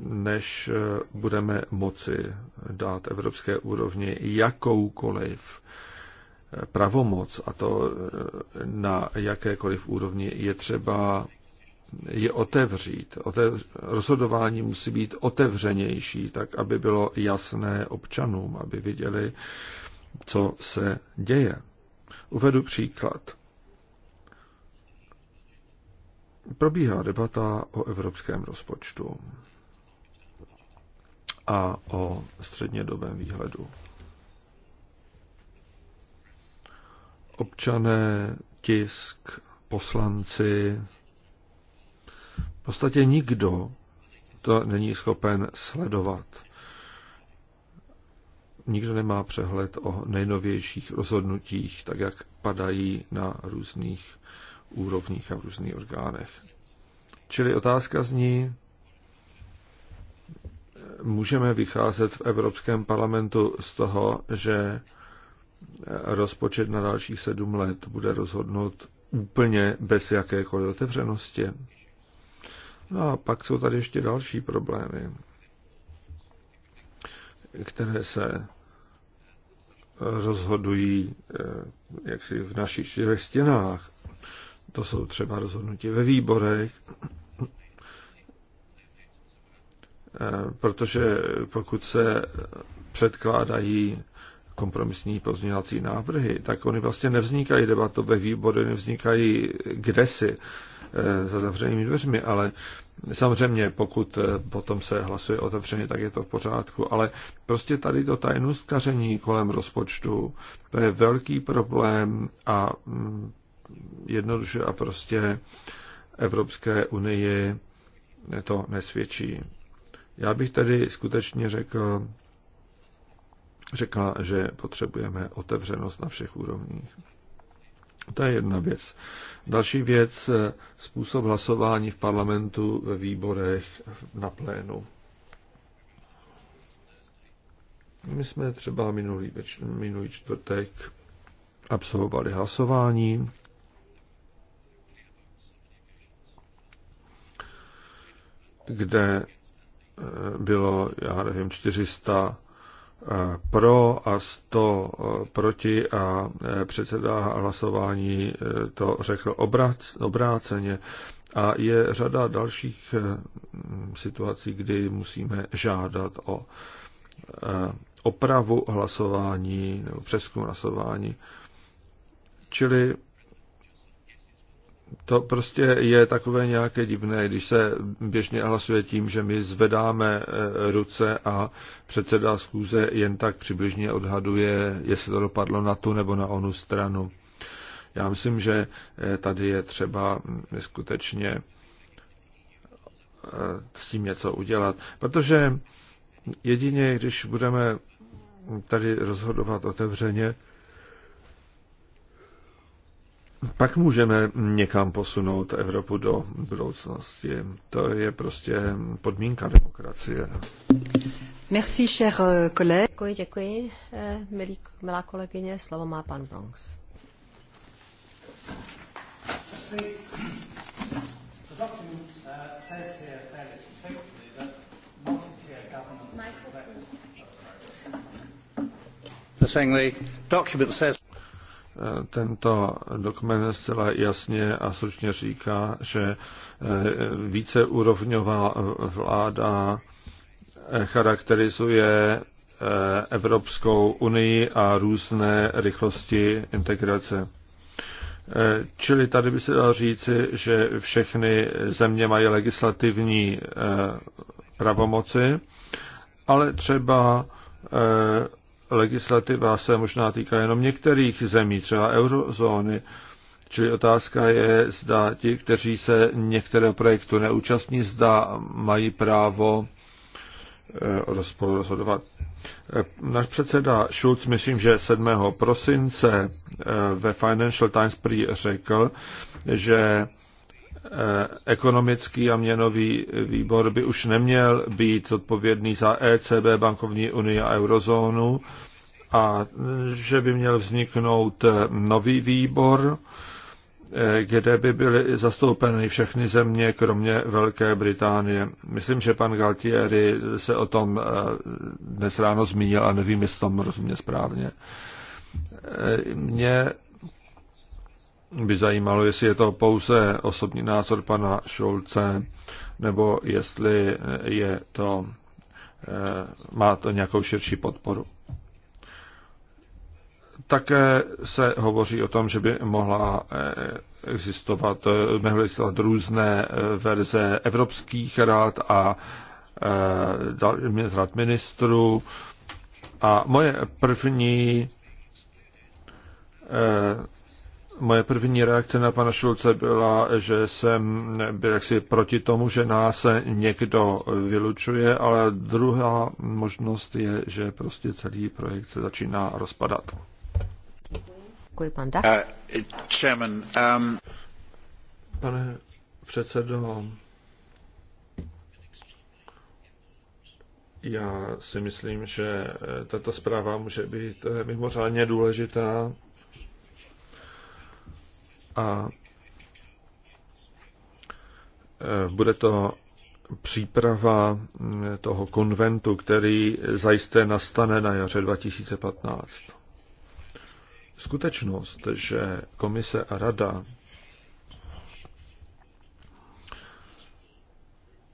než eh, budeme moci dát evropské úrovni jakoukoliv eh, pravomoc, a to eh, na jakékoliv úrovni, je třeba je otevřít. Otevř, rozhodování musí být otevřenější, tak aby bylo jasné občanům, aby viděli, co se děje. Uvedu příklad. Probíhá debata o evropském rozpočtu a o střednědobém výhledu. Občané, tisk, poslanci, v podstatě nikdo to není schopen sledovat. Nikdo nemá přehled o nejnovějších rozhodnutích, tak jak padají na různých úrovních a v různých orgánech. Čili otázka zní, můžeme vycházet v Evropském parlamentu z toho, že rozpočet na dalších sedm let bude rozhodnut úplně bez jakékoliv otevřenosti. No a pak jsou tady ještě další problémy, které se rozhodují eh, jaksi v našich čtyřech stěnách. To jsou třeba rozhodnutí ve výborech, Eh, protože pokud se předkládají kompromisní pozměňovací návrhy, tak oni vlastně nevznikají debatou ve výboru, nevznikají kdesi eh, za zavřenými dveřmi, ale samozřejmě pokud eh, potom se hlasuje otevřeně, tak je to v pořádku, ale prostě tady to tajnostkaření kolem rozpočtu, to je velký problém a mm, jednoduše a prostě Evropské unii to nesvědčí. Já bych tedy skutečně řekl, řekla, že potřebujeme otevřenost na všech úrovních. To je jedna věc. Další věc, způsob hlasování v parlamentu, ve výborech, na plénu. My jsme třeba minulý, več, minulý čtvrtek absolvovali hlasování. kde bylo, já nevím, 400 eh, pro a 100 eh, proti a eh, předseda hlasování to řekl obráceně. A je řada dalších situací, kdy musíme žádat o opravu hlasování nebo přeskum hlasování. Čili to prostě je takové nějaké divné, když se běžně hlasuje tím, že my zvedáme eh, ruce a předseda schůze jen tak přibližně odhaduje, jestli to dopadlo na tu nebo na onu stranu. Já myslím, že eh, tady je třeba mm, skutečně eh, s tím něco udělat, protože jedině, když budeme tady rozhodovat otevřeně, pak můžeme někam posunout Evropu do budoucnosti. To je prostě podmínka demokracie. Merci, cher eh, collègue. Děkuji, děkuji, eh, milí, milá kolegyně. Slovo má pan Bronx. Saying the document says tento dokument zcela jasně a slušně říká, že eh, více úrovňová vláda charakterizuje eh, Evropskou unii a různé rychlosti integrace. Eh, čili tady by se dalo říci, že všechny země mají legislativní pravomoci, ale třeba legislativa se možná týká jenom některých zemí, třeba eurozóny. Čili otázka je, zda ti, kteří se některého projektu neúčastní, zda mají právo eh, rozhodovat. Eh, náš předseda Schulz, myslím, že 7. prosince eh, ve Financial Times prý řekl, že Eh, ekonomický a měnový výbor by už neměl být odpovědný za ECB, bankovní unii a eurozónu a že by měl vzniknout nový výbor, eh, kde by byly zastoupeny všechny země, kromě Velké Británie. Myslím, že pan Galtieri se o tom eh, dnes ráno zmínil a nevím, jestli tomu rozumě správně. Mě by zajímalo, jestli je to pouze osobní názor pana Šulce, nebo jestli je to, eh, má to nějakou širší podporu. Také se hovoří o tom, že by mohla eh, existovat, eh, mohly existovat různé verze evropských rad a rad ministrů. A moje první Moje první reakce na pana Šulce byla, že jsem byl jaksi proti tomu, že nás někdo vylučuje, ale druhá možnost je, že prostě celý projekt se začíná rozpadat. Děkuji, pan Dach. Uh, chairman, um... Pane předsedo, já si myslím, že tato zpráva může být mimořádně důležitá a e, bude to příprava e, toho konventu, který zajisté nastane na jaře 2015. Skutečnost, že komise a rada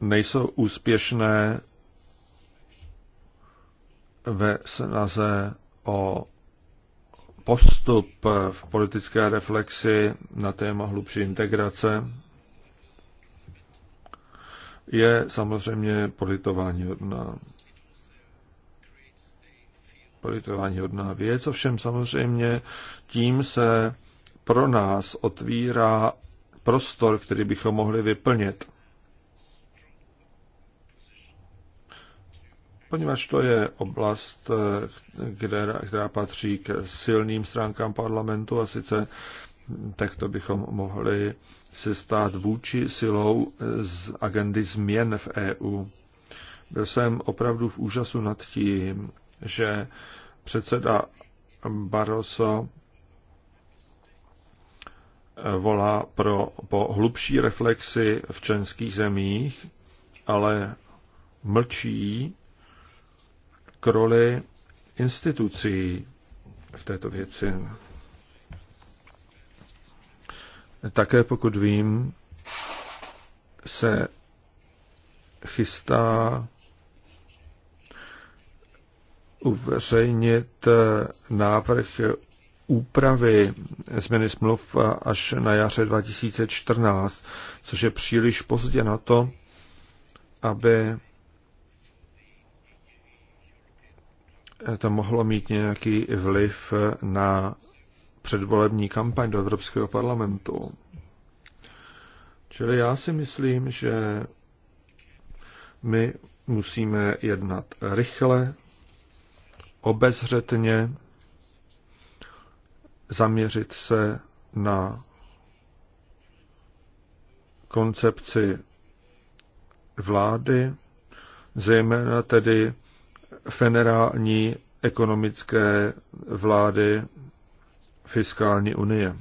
nejsou úspěšné ve snaze o postup v politické reflexi na téma hlubší integrace je samozřejmě politování hodná. Politování hodná věc, ovšem samozřejmě tím se pro nás otvírá prostor, který bychom mohli vyplnit. poněvadž to je oblast, eh, kde, která patří k silným stránkám parlamentu a sice hm, tak to bychom mohli se stát vůči silou eh, z agendy změn v EU. Byl jsem opravdu v úžasu nad tím, že předseda Barroso eh, volá pro, po hlubší reflexi v členských zemích, ale mlčí k roli institucí v této věci. Také pokud vím, se chystá uveřejnit návrh úpravy změny smluv až na jaře 2014, což je příliš pozdě na to, aby to mohlo mít nějaký vliv na předvolební kampaň do Evropského parlamentu. Čili já si myslím, že my musíme jednat rychle, obezřetně, zaměřit se na koncepci vlády, zejména tedy federální ekonomické vlády fiskální unie.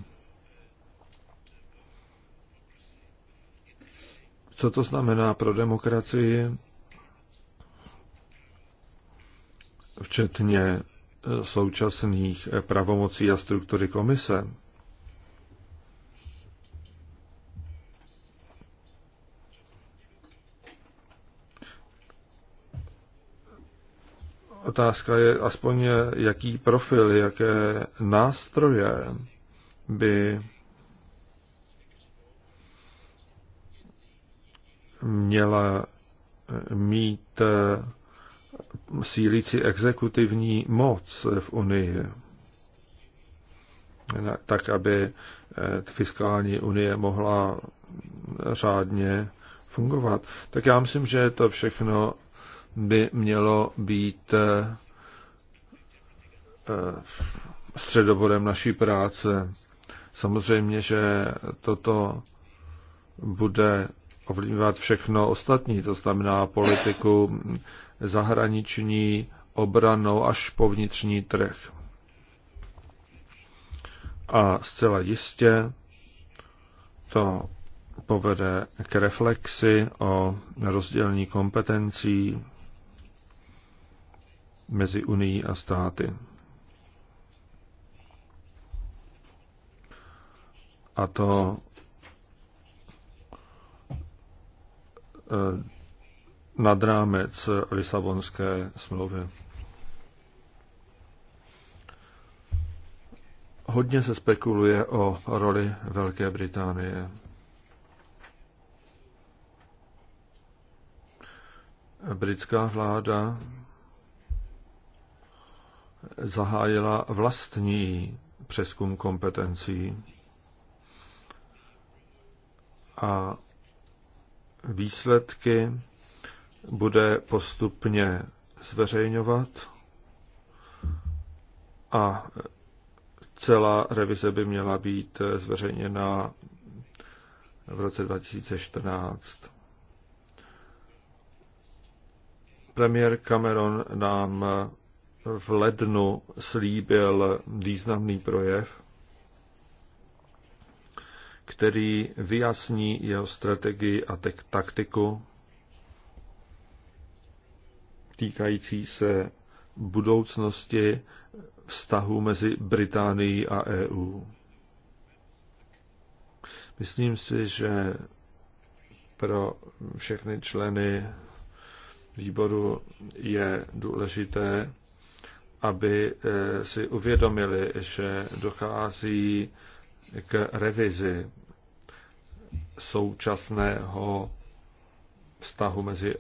Co to znamená pro demokracii, včetně současných pravomocí a struktury komise? Otázka je aspoň, jaký profil, jaké nástroje by měla mít eh, sílící exekutivní moc v Unii, tak aby eh, fiskální unie mohla řádně fungovat. Tak já myslím, že to všechno by mělo být eh, eh, středobodem naší práce. Samozřejmě, že toto bude ovlivňovat všechno ostatní, to znamená politiku zahraniční, obranou až po vnitřní trh. A zcela jistě to povede k reflexi o rozdělení kompetencí mezi Unii a státy. A to eh, nad rámec Lisabonské smlouvy. Hodně se spekuluje o roli Velké Británie. Britská vláda zahájila vlastní přeskum kompetencí a výsledky bude postupně zveřejňovat a celá revize by měla být zveřejněna v roce 2014. Premiér Cameron nám v lednu slíbil významný projev, který vyjasní jeho strategii a taktiku týkající se budoucnosti vztahu mezi Británií a EU. Myslím si, že pro všechny členy výboru je důležité, aby eh, si uvědomili, že dochází k revizi současného vztahu mezi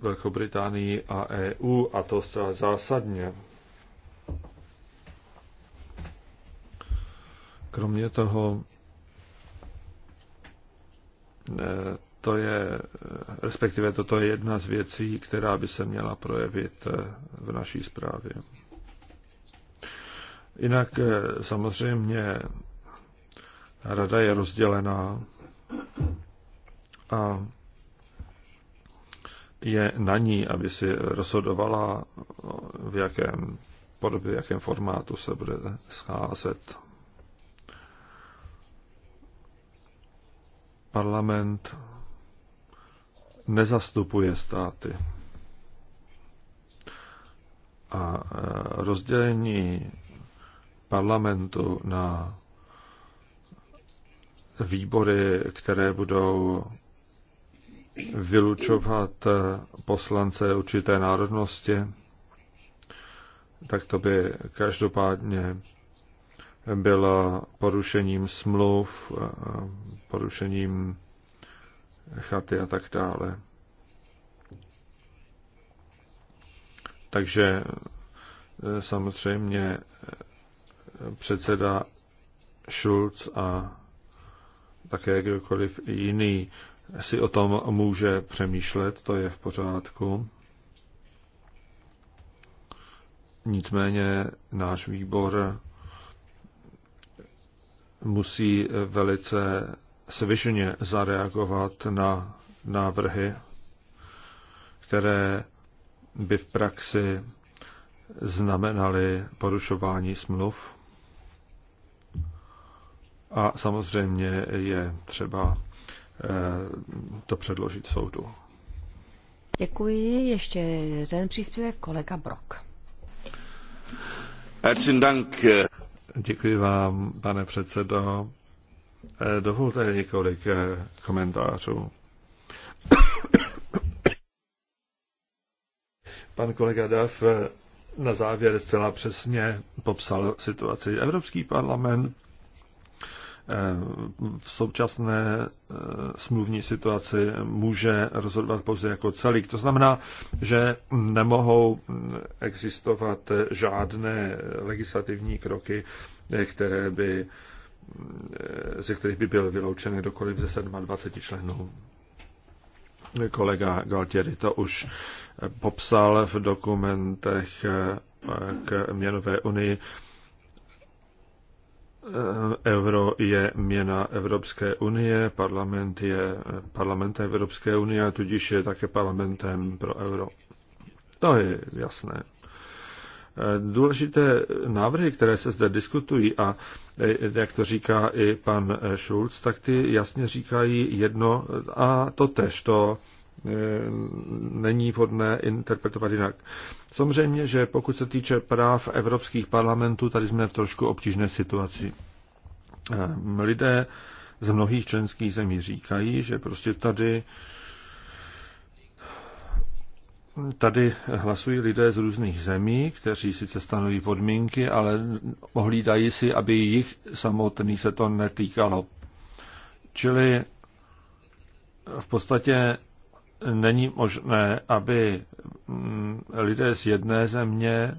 Velkou Británií a EU, a to zcela zásadně. Kromě toho eh, to je, eh, respektive toto je jedna z věcí, která by se měla projevit eh, v naší zprávě. Jinak eh, samozřejmě rada je rozdělená a je na ní, aby si rozhodovala, v jakém podobě, v jakém formátu se bude scházet. Parlament nezastupuje státy. A e, rozdělení parlamentu na výbory, které budou vylučovat poslance určité národnosti, tak to by každopádně bylo porušením smluv, e, porušením chaty a tak dále. Takže eh, samozřejmě eh, předseda Schulz a také kdokoliv jiný si o tom může přemýšlet, to je v pořádku. Nicméně náš výbor musí velice svižně zareagovat na návrhy, které by v praxi znamenaly porušování smluv. A samozřejmě je třeba eh, to předložit soudu. Děkuji. Ještě jeden příspěvek kolega Brok. Děkuji vám, pane předsedo. Eh, dovolte několik eh, komentářů. Pan kolega Dav eh, na závěr zcela přesně popsal situaci. Evropský parlament v současné smluvní situaci může rozhodovat pouze jako celý. To znamená, že nemohou mm, existovat žádné legislativní kroky, které by ze kterých by byl vyloučen kdokoliv ze 27 členů. Kolega Galtieri to už popsal v dokumentech k měnové unii. Euro je měna Evropské unie, parlament je parlament Evropské unie, a tudíž je také parlamentem pro euro. To je jasné důležité návrhy, které se zde diskutují a e, jak to říká i pan e, Schulz, tak ty jasně říkají jedno a to tež, to e, není vhodné interpretovat jinak. Samozřejmě, že pokud se týče práv evropských parlamentů, tady jsme v trošku obtížné situaci. Lidé z mnohých členských zemí říkají, že prostě tady Tady hlasují lidé z různých zemí, kteří sice stanoví podmínky, ale ohlídají si, aby jich samotný se to netýkalo. Čili v podstatě není možné, aby mm, lidé z jedné země eh,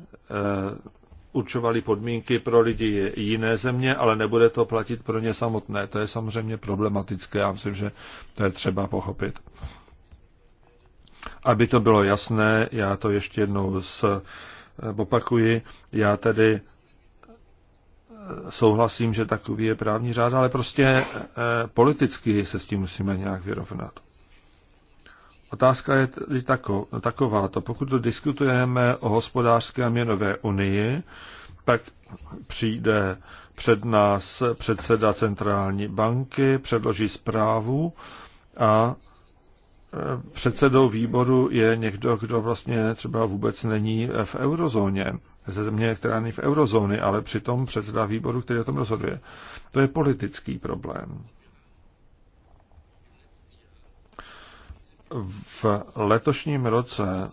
určovali podmínky pro lidi jiné země, ale nebude to platit pro ně samotné. To je samozřejmě problematické, a myslím, že to je třeba pochopit. Aby to bylo jasné, já to ještě jednou eh, opakuji, já tedy eh, souhlasím, že takový je právní řád, ale prostě eh, politicky se s tím musíme nějak vyrovnat. Otázka je tedy taková, to pokud to diskutujeme o hospodářské a měnové unii, pak přijde před nás předseda centrální banky, předloží zprávu a předsedou výboru je někdo, kdo vlastně třeba vůbec není v eurozóně, ze země, která není v eurozóně, ale přitom předseda výboru, který o tom rozhoduje. To je politický problém. V letošním roce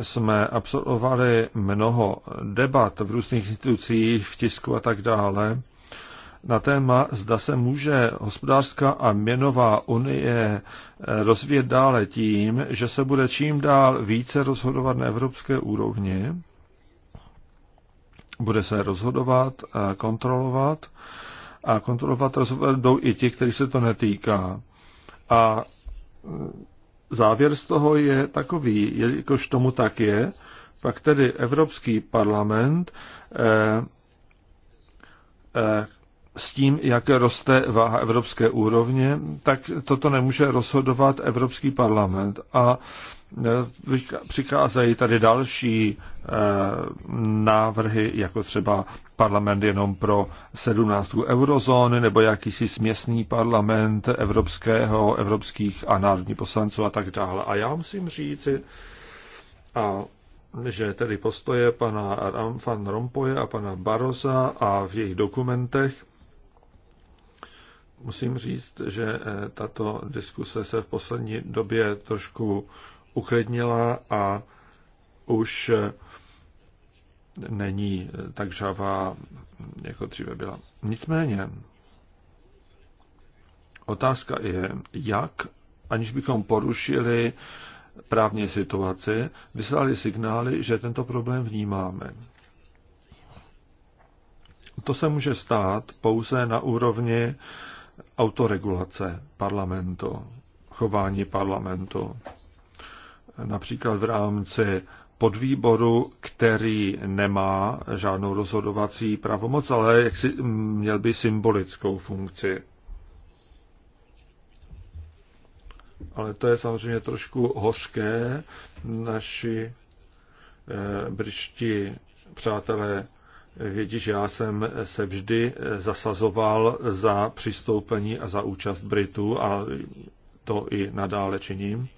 jsme absolvovali mnoho debat v různých institucích, v tisku a tak dále, na téma, zda se může hospodářská a měnová unie eh, rozvíjet dále tím, že se bude čím dál více rozhodovat na evropské úrovni, bude se rozhodovat, kontrolovat a kontrolovat rozhodou i ti, kteří se to netýká. A eh, závěr z toho je takový, jelikož tomu tak je, pak tedy Evropský parlament eh, eh, s tím, jak roste váha evropské úrovně, tak toto nemůže rozhodovat Evropský parlament. A e, přicházejí tady další e, návrhy, jako třeba parlament jenom pro 17 eurozóny, nebo jakýsi směsný parlament evropského, evropských a národní poslanců a tak dále. A já musím říct, a že tedy postoje pana Van Rompoje a pana Baroza a v jejich dokumentech Musím říct, že eh, tato diskuse se v poslední době trošku uklidnila a už eh, není eh, tak žavá, jako dříve byla. Nicméně, otázka je, jak, aniž bychom porušili právní situaci, vyslali signály, že tento problém vnímáme. To se může stát pouze na úrovni autoregulace parlamentu, chování parlamentu. Například v rámci podvýboru, který nemá žádnou rozhodovací pravomoc, ale jak si, měl by symbolickou funkci. Ale to je samozřejmě trošku hořké. Naši e, eh, přátelé Vědí, že já jsem se vždy zasazoval za přistoupení a za účast Britů a to i nadále činím.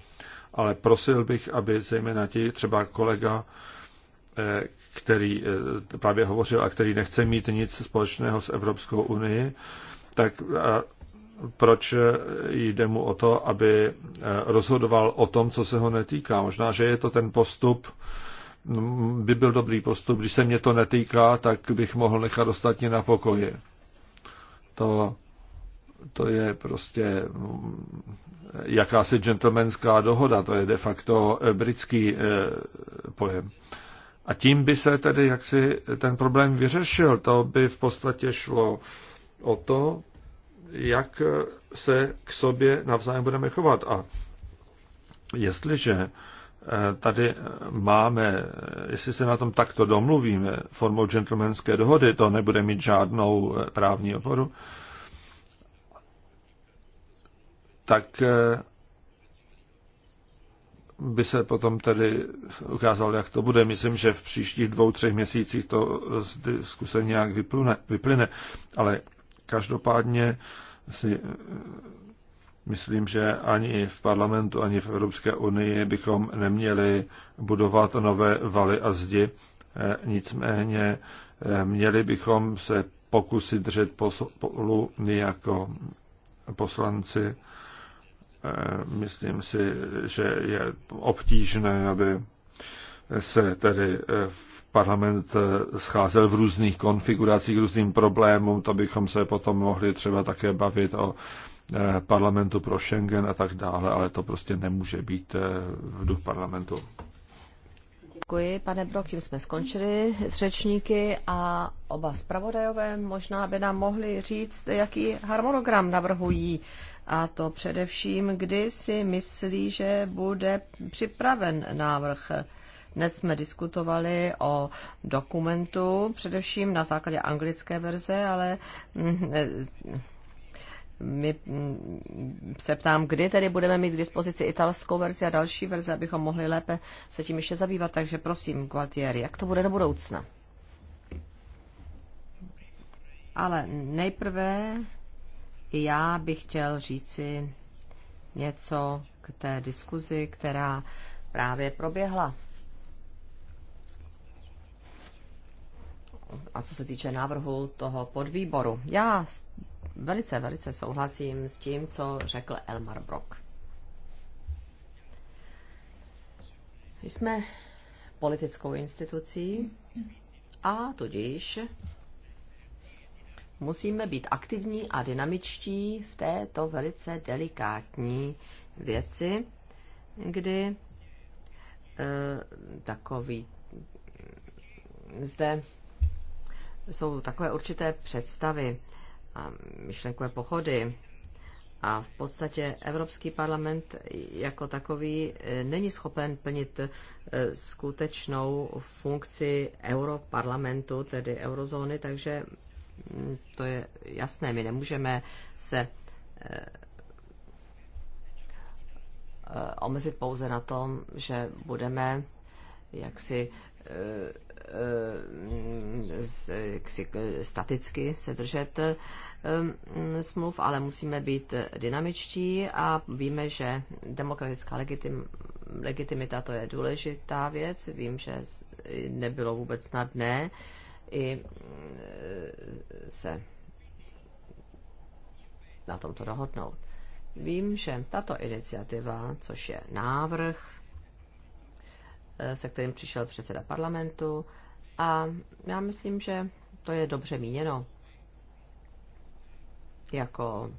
Ale prosil bych, aby zejména ti, třeba kolega, eh, který eh, právě hovořil a který nechce mít nic společného s Evropskou unii, tak eh, proč jde mu o to, aby rozhodoval o tom, co se ho netýká. Možná, že je to ten postup, by byl dobrý postup. Když se mě to netýká, tak bych mohl nechat ostatní na pokoji. To, to je prostě mm, jakási gentlemanská dohoda, to je de facto eh, britský eh, pojem. A tím by se tedy jaksi ten problém vyřešil. To by v podstatě šlo o to, jak eh, se k sobě navzájem budeme chovat. A jestliže tady máme, jestli se na tom takto domluvíme formou gentlemanské dohody, to nebude mít žádnou eh, právní oporu, tak eh, by se potom tedy ukázalo, jak to bude. Myslím, že v příštích dvou, třech měsících to z diskuse nějak vyplune, vyplyne, ale každopádně si eh, Myslím, že ani v parlamentu, ani v Evropské unii bychom neměli budovat nové valy a zdi. Eh, nicméně eh, měli bychom se pokusit držet spolu jako poslanci. Eh, myslím si, že je obtížné, aby se tedy v parlament scházel v různých konfiguracích, různým problémům, to bychom se potom mohli třeba také bavit o Eh, parlamentu pro Schengen a tak dále, ale to prostě nemůže být eh, v duch parlamentu. Děkuji, pane Brok, tím jsme skončili s řečníky a oba zpravodajové možná by nám mohli říct, jaký harmonogram navrhují a to především, kdy si myslí, že bude připraven návrh. Dnes jsme diskutovali o dokumentu, především na základě anglické verze, ale mm, my mm, se ptám, kdy tedy budeme mít k dispozici italskou verzi a další verzi, abychom mohli lépe se tím ještě zabývat. Takže prosím, Gualtieri, jak to bude do budoucna? Ale nejprve já bych chtěl říci něco k té diskuzi, která právě proběhla. A co se týče návrhu toho podvýboru. Já velice, velice souhlasím s tím, co řekl Elmar Brock. Jsme politickou institucí a tudíž musíme být aktivní a dynamičtí v této velice delikátní věci, kdy e, takový zde jsou takové určité představy, a myšlenkové pochody. A v podstatě Evropský parlament jako takový e, není schopen plnit e, skutečnou funkci europarlamentu, tedy eurozóny, takže mm, to je jasné, my nemůžeme se e, omezit pouze na tom, že budeme jaksi Eh, eh, staticky se držet eh, mm, smluv, ale musíme být dynamičtí a víme, že demokratická legitim, legitimita to je důležitá věc. Vím, že nebylo vůbec snadné i mm, se na tomto dohodnout. Vím, že tato iniciativa, což je návrh se kterým přišel předseda parlamentu. A já myslím, že to je dobře míněno. Jako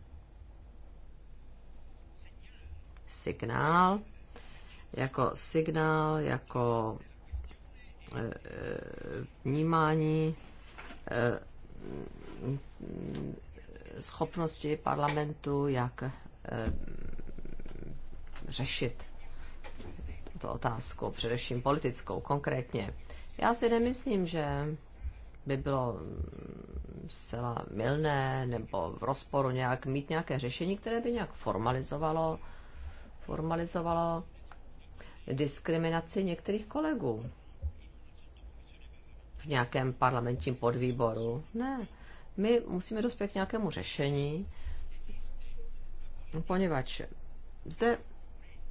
signál, jako signál, jako e, e, vnímání e, schopnosti parlamentu, jak řešit tuto otázku, především politickou konkrétně. Já si nemyslím, že by bylo zcela milné nebo v rozporu nějak mít nějaké řešení, které by nějak formalizovalo, formalizovalo diskriminaci některých kolegů v nějakém parlamentním podvýboru. Ne, my musíme dospět k nějakému řešení, poněvadž zde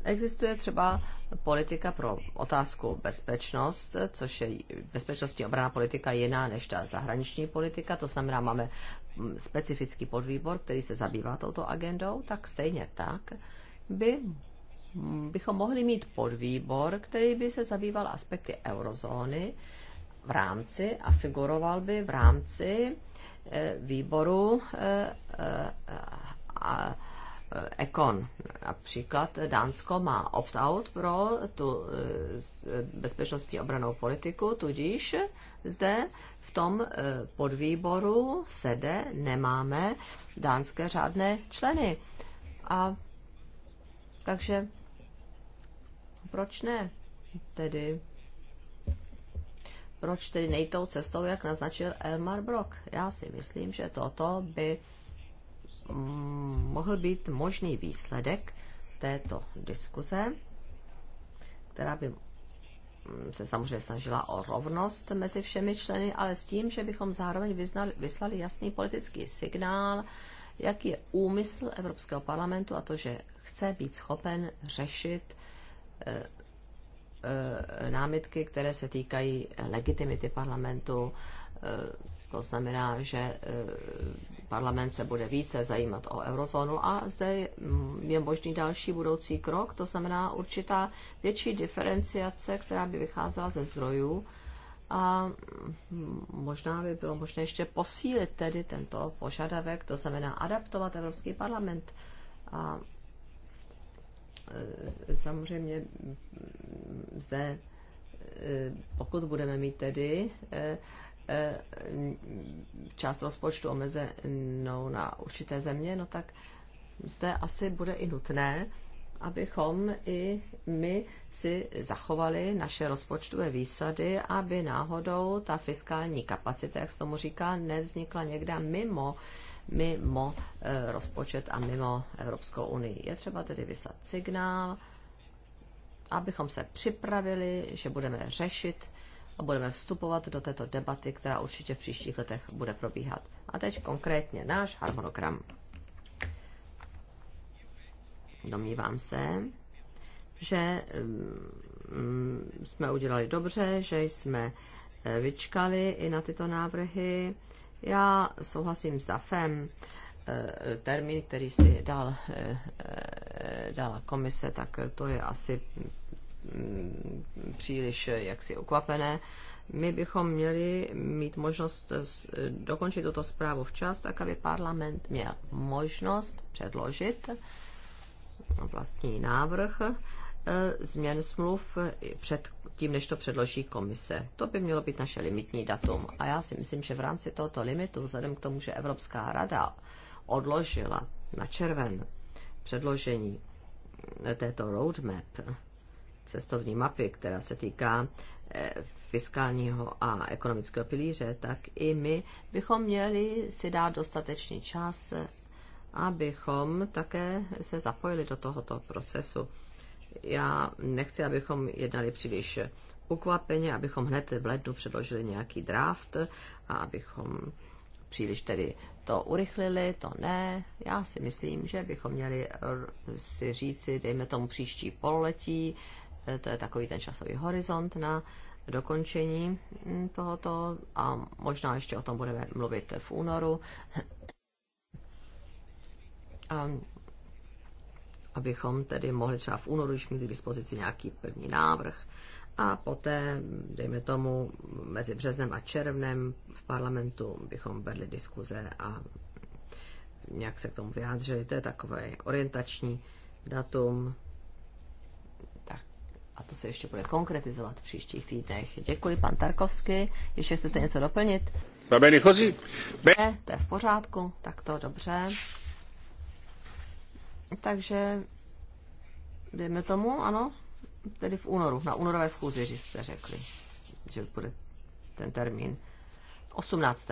existuje třeba politika pro otázku bezpečnost, což je bezpečnostní obraná politika jiná než ta zahraniční politika, to znamená, máme mm, specifický podvýbor, který se zabývá touto agendou, tak stejně tak by mm, bychom mohli mít podvýbor, který by se zabýval aspekty eurozóny v rámci a figuroval by v rámci eh, výboru eh, eh, a Ekon. Eh, Například Dánsko má opt-out pro tu eh, eh, bezpečnostní obranou politiku, tudíž zde v tom podvýboru sede nemáme dánské řádné členy. A takže proč ne? Tedy proč tedy nejtou cestou, jak naznačil Elmar Brock? Já si myslím, že toto by Mm, mohl být možný výsledek této diskuze, která by mm, se samozřejmě snažila o rovnost mezi všemi členy, ale s tím, že bychom zároveň vyznali, vyslali jasný politický signál, jaký je úmysl Evropského parlamentu a to, že chce být schopen řešit eh, eh, námitky, které se týkají legitimity parlamentu, eh, to znamená, že e, parlament se bude více zajímat o eurozónu a zde je možný další budoucí krok, to znamená určitá větší diferenciace, která by vycházela ze zdrojů a možná by bylo možné ještě posílit tedy tento požadavek, to znamená adaptovat Evropský parlament a e, samozřejmě zde, e, pokud budeme mít tedy Eh, část rozpočtu omezenou na určité země, no tak zde asi bude i nutné, abychom i my si zachovali naše rozpočtové výsady, aby náhodou ta fiskální kapacita, jak se tomu říká, nevznikla někde mimo, mimo eh, rozpočet a mimo Evropskou unii. Je třeba tedy vyslat signál, abychom se připravili, že budeme řešit a budeme vstupovat do této debaty, která určitě v příštích letech bude probíhat. A teď konkrétně náš harmonogram. Domnívám se, že mm, jsme udělali dobře, že jsme eh, vyčkali i na tyto návrhy. Já souhlasím s DAFem. Eh, termín, který si dal, eh, dala komise, tak to je asi Mm, příliš eh, jaksi ukvapené. My bychom měli mít možnost eh, eh, dokončit tuto zprávu včas, tak aby parlament měl možnost předložit vlastní návrh změn smluv před tím, než to předloží komise. To by mělo být naše limitní datum. A já si myslím, že v rámci tohoto limitu, vzhledem k tomu, že Evropská rada odložila na červen předložení této roadmap, cestovní mapy, která se týká eh, fiskálního a ekonomického pilíře, tak i my bychom měli si dát dostatečný čas, abychom také se zapojili do tohoto procesu. Já nechci, abychom jednali příliš ukvapeně, abychom hned v lednu předložili nějaký draft a abychom příliš tedy to urychlili, to ne. Já si myslím, že bychom měli si říci, dejme tomu příští pololetí, Eh, to je takový ten časový horizont na dokončení mm, tohoto a možná ještě o tom budeme mluvit v únoru. A abychom tedy mohli třeba v únoru už mít k dispozici nějaký první návrh a poté, dejme tomu, mezi březnem a červnem v parlamentu bychom vedli diskuze a nějak se k tomu vyjádřili. To je takové orientační datum, a to se ještě bude konkretizovat v příštích týdnech. Děkuji, pan Tarkovsky. Ještě chcete něco doplnit? Ne, to je v pořádku, tak to dobře. Takže, dejme tomu, ano, tedy v únoru, na únorové schůzi, že jste řekli, že bude ten termín 18.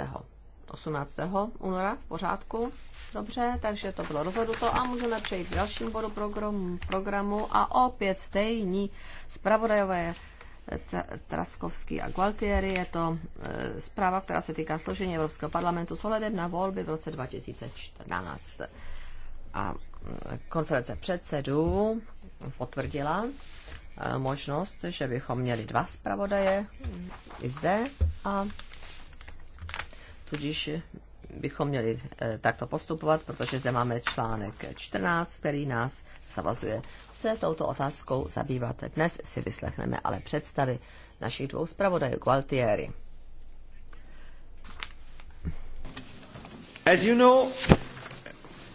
18. února v pořádku. Dobře, takže to bylo rozhodnuto a můžeme přejít k dalším bodu programu, programu a opět stejní zpravodajové Traskovský a Gualtieri. Je to e, zpráva, která se týká složení Evropského parlamentu s ohledem na volby v roce 2014. A e, konference předsedů potvrdila e, možnost, že bychom měli dva zpravodaje i zde a Tudíž bychom měli eh, takto postupovat, protože zde máme článek 14, který nás zavazuje se touto otázkou zabývat. Dnes si vyslechneme ale představy našich dvou zpravodajů Gualtieri. As you know,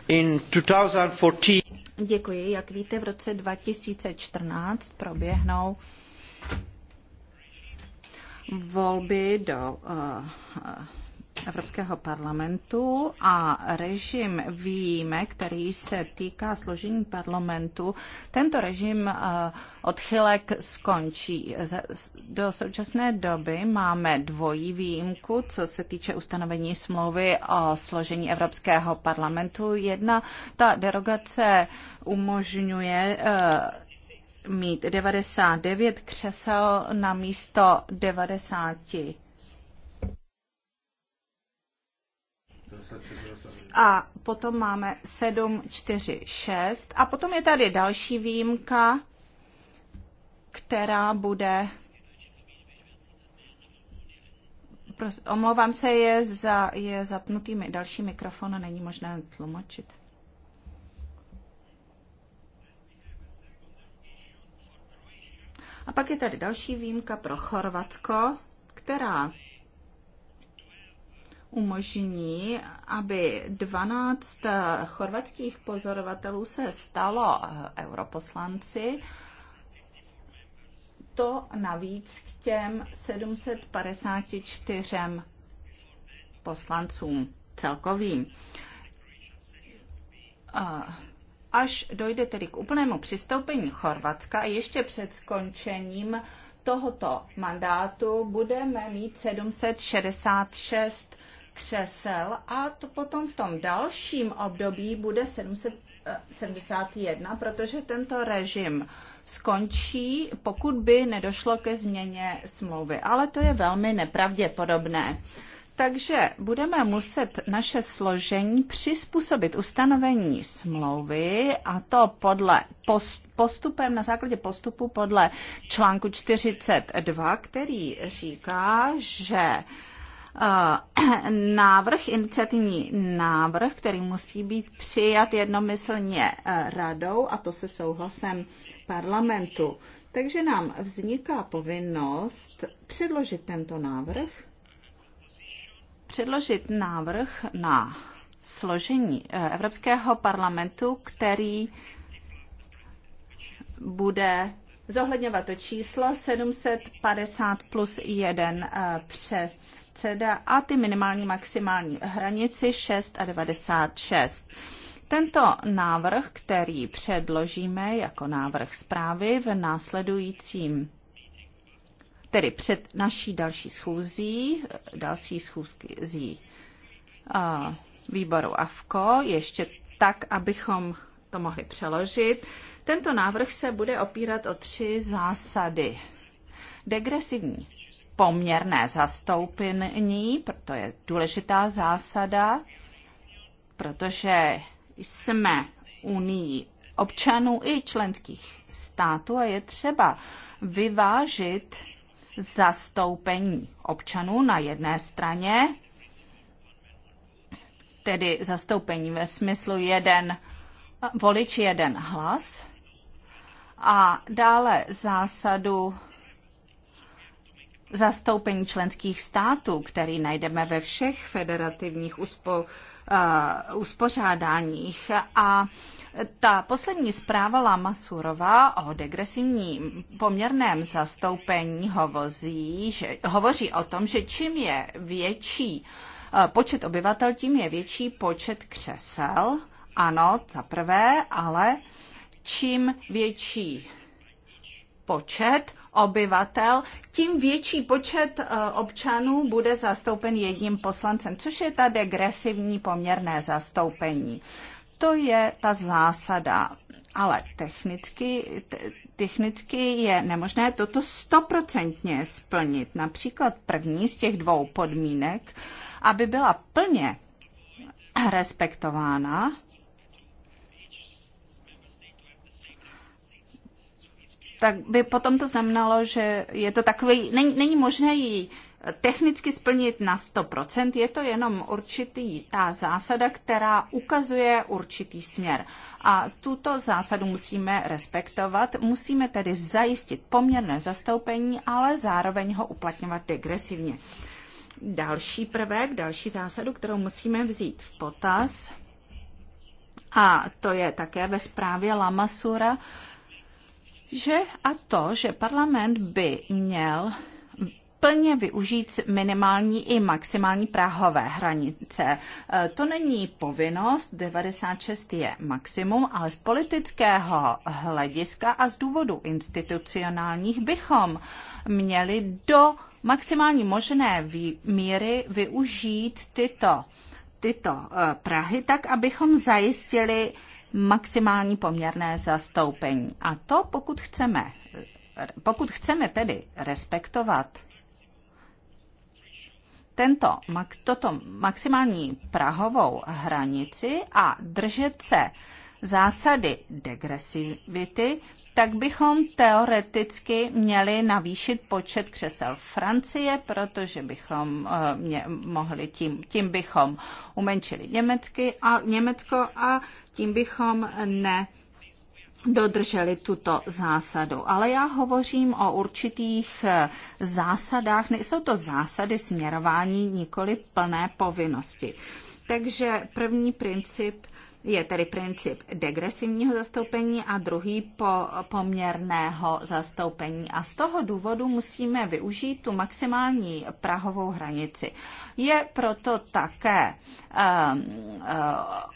in 2014... Děkuji. Jak víte, v roce 2014 proběhnou volby do uh, Evropského parlamentu a režim výjime, který se týká složení parlamentu, tento režim eh, odchylek skončí. Do současné doby máme dvojí výjimku, co se týče ustanovení smlouvy o složení Evropského parlamentu. Jedna, ta derogace umožňuje eh, mít 99 křesel na místo 90 a potom máme 6. a potom je tady další výjimka, která bude Omlouvám se, je, za, je zapnutý další mikrofon a není možné tlumočit. A pak je tady další výjimka pro Chorvatsko, která umožní, aby 12 eh, chorvatských pozorovatelů se stalo eh, europoslanci. To navíc k těm 754 poslancům celkovým. Eh, až dojde tedy k úplnému přistoupení Chorvatska, ještě před skončením tohoto mandátu budeme mít 766 křesel a to potom v tom dalším období bude 771, eh, protože tento režim skončí, pokud by nedošlo ke změně smlouvy. Ale to je velmi nepravděpodobné. Takže budeme muset naše složení přizpůsobit ustanovení smlouvy a to podle postupem na základě postupu podle článku 42, který říká, že Eh, návrh, iniciativní návrh, který musí být přijat jednomyslně eh, radou a to se souhlasem parlamentu. Takže nám vzniká povinnost předložit tento návrh, předložit návrh na složení eh, Evropského parlamentu, který bude zohledňovat to číslo 750 plus 1 eh, předseda a ty minimální maximální hranici 6,96. Tento návrh, který předložíme jako návrh zprávy v následujícím tedy před naší další schůzí, eh, další schůzí eh, výboru AFKO, ještě tak, abychom to mohli přeložit, tento návrh se bude opírat o tři zásady. Degresivní poměrné zastoupení, to je důležitá zásada, protože jsme unii občanů i členských států a je třeba vyvážit zastoupení občanů na jedné straně, tedy zastoupení ve smyslu jeden volič, jeden hlas, a dále zásadu zastoupení členských států, který najdeme ve všech federativních uspo, uh, uspořádáních. A ta poslední zpráva Lama Surova o degresivním poměrném zastoupení hovozí, že, hovoří o tom, že čím je větší eh, počet obyvatel, tím je větší počet křesel. Ano, za prvé, ale čím větší počet obyvatel, tím větší počet eh, občanů bude zastoupen jedním poslancem, což je ta degresivní poměrné zastoupení. To je ta zásada, ale technicky, technicky je nemožné toto stoprocentně splnit. Například první z těch dvou podmínek, aby byla plně respektována, tak by potom to znamenalo, že je to takový, není, není možné ji technicky splnit na 100%, je to jenom určitý ta zásada, která ukazuje určitý směr. A tuto zásadu musíme respektovat, musíme tedy zajistit poměrné zastoupení, ale zároveň ho uplatňovat degresivně. Další prvek, další zásadu, kterou musíme vzít v potaz, a to je také ve zprávě Lamasura, že a to, že parlament by měl plně využít minimální i maximální práhové hranice. E, to není povinnost, 96 je maximum, ale z politického hlediska a z důvodu institucionálních bychom měli do maximální možné míry využít tyto, tyto e, Prahy tak, abychom zajistili maximální poměrné zastoupení. A to, pokud chceme, pokud chceme tedy respektovat tento, toto maximální prahovou hranici a držet se zásady degresivity, tak bychom teoreticky měli navýšit počet křesel Francie, protože bychom eh, mě, mohli tím, tím bychom umenčili Německy a, Německo a tím bychom ne dodrželi tuto zásadu. Ale já hovořím o určitých eh, zásadách, nejsou to zásady směrování, nikoli plné povinnosti. Takže první princip je tedy princip degresivního zastoupení a druhý po, poměrného zastoupení. A z toho důvodu musíme využít tu maximální prahovou hranici. Je proto také um,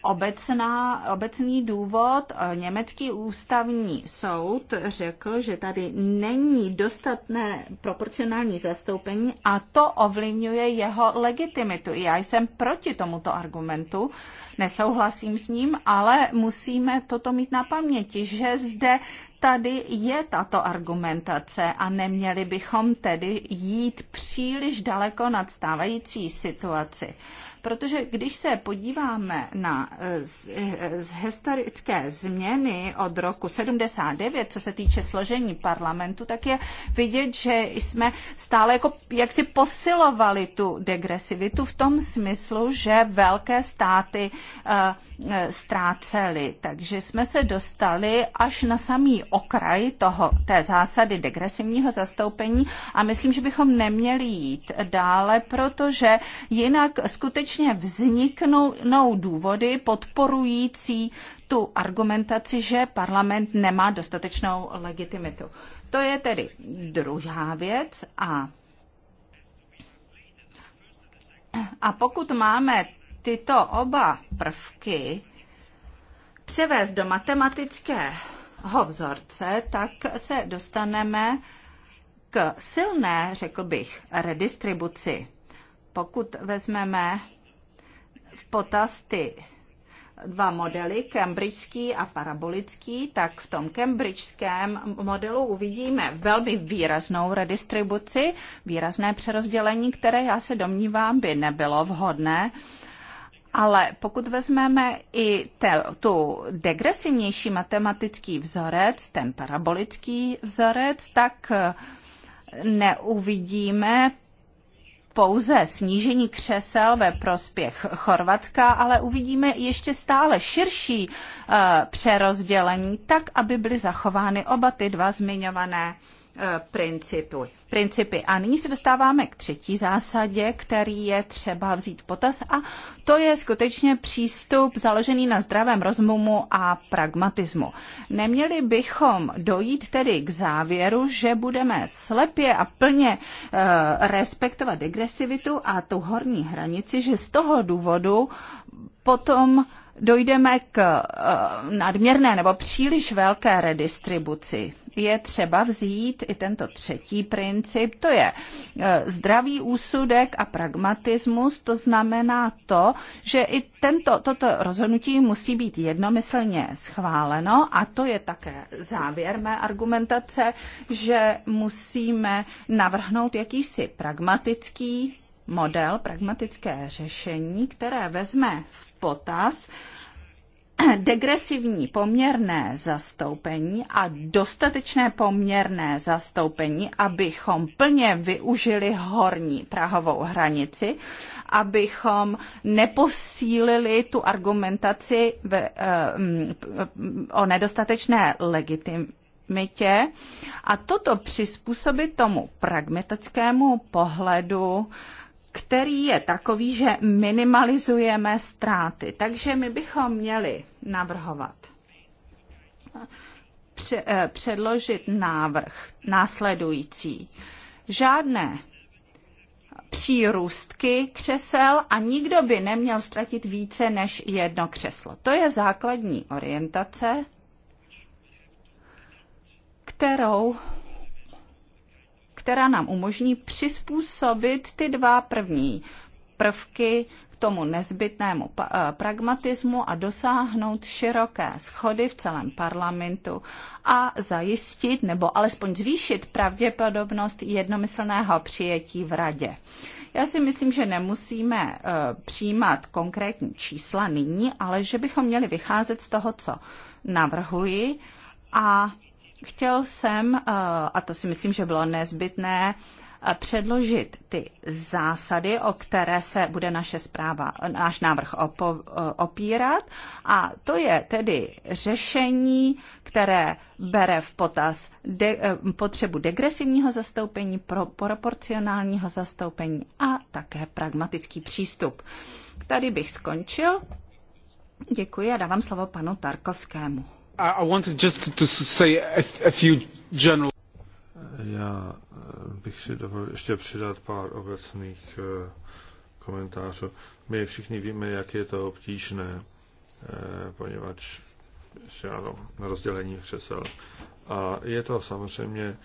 obecná, obecný důvod. Eh, německý ústavní soud řekl, že tady není dostatné proporcionální zastoupení a to ovlivňuje jeho legitimitu. Já jsem proti tomuto argumentu, nesouhlasím s ním ním, ale musíme toto mít na paměti, že zde tady je tato argumentace a neměli bychom tedy jít příliš daleko nad stávající situaci protože když se podíváme na eh, z, eh, z historické změny od roku 79, co se týče složení parlamentu, tak je vidět, že jsme stále jako jaksi posilovali tu degresivitu v tom smyslu, že velké státy eh, ztráceli. Takže jsme se dostali až na samý okraj toho, té zásady degresivního zastoupení a myslím, že bychom neměli jít dále, protože jinak skutečně skutečně vzniknou důvody podporující tu argumentaci, že parlament nemá dostatečnou legitimitu. To je tedy druhá věc a a pokud máme tyto oba prvky převést do matematického vzorce, tak se dostaneme k silné, řekl bych, redistribuci. Pokud vezmeme v potaz ty dva modely, cambridgeský a parabolický, tak v tom cambridgeském modelu uvidíme velmi výraznou redistribuci, výrazné přerozdělení, které já se domnívám by nebylo vhodné. Ale pokud vezmeme i te, tu degresivnější matematický vzorec, ten parabolický vzorec, tak neuvidíme pouze snížení křesel ve prospěch Chorvatska, ale uvidíme ještě stále širší eh, přerozdělení, tak, aby byly zachovány oba ty dva zmiňované eh, principy principy. A nyní se dostáváme k třetí zásadě, který je třeba vzít potaz a to je skutečně přístup založený na zdravém rozumu a pragmatismu. Neměli bychom dojít tedy k závěru, že budeme slepě a plně e, respektovat degresivitu a tu horní hranici, že z toho důvodu potom dojdeme k eh, nadměrné nebo příliš velké redistribuci, je třeba vzít i tento třetí princip, to je eh, zdravý úsudek a pragmatismus, to znamená to, že i tento, toto rozhodnutí musí být jednomyslně schváleno a to je také závěr mé argumentace, že musíme navrhnout jakýsi pragmatický model, pragmatické řešení, které vezme v potaz degresivní poměrné zastoupení a dostatečné poměrné zastoupení, abychom plně využili horní prahovou hranici, abychom neposílili tu argumentaci v, eh, o nedostatečné legitimitě a toto přizpůsobit tomu pragmatickému pohledu který je takový, že minimalizujeme ztráty. Takže my bychom měli navrhovat eh, předložit návrh následující. Žádné přírůstky křesel a nikdo by neměl ztratit více než jedno křeslo. To je základní orientace, kterou která nám umožní přizpůsobit ty dva první prvky k tomu nezbytnému eh, pragmatismu a dosáhnout široké schody v celém parlamentu a zajistit nebo alespoň zvýšit pravděpodobnost jednomyslného přijetí v radě. Já si myslím, že nemusíme eh, přijímat konkrétní čísla nyní, ale že bychom měli vycházet z toho, co navrhuji a Chtěl jsem, eh, a to si myslím, že bylo nezbytné, eh, předložit ty zásady, o které se bude naše zpráva, náš návrh eh, opírat. A to je tedy řešení, které bere v potaz de, potřebu degresivního zastoupení, pro, proporcionálního zastoupení a také pragmatický přístup. Tady bych skončil. Děkuji a dávám slovo panu Tarkovskému. Já bych si dovolil ještě přidat pár obecných eh, komentářů. My všichni víme, jak je to obtížné, eh, poněvadž ano, rozdělení křesel. A je to samozřejmě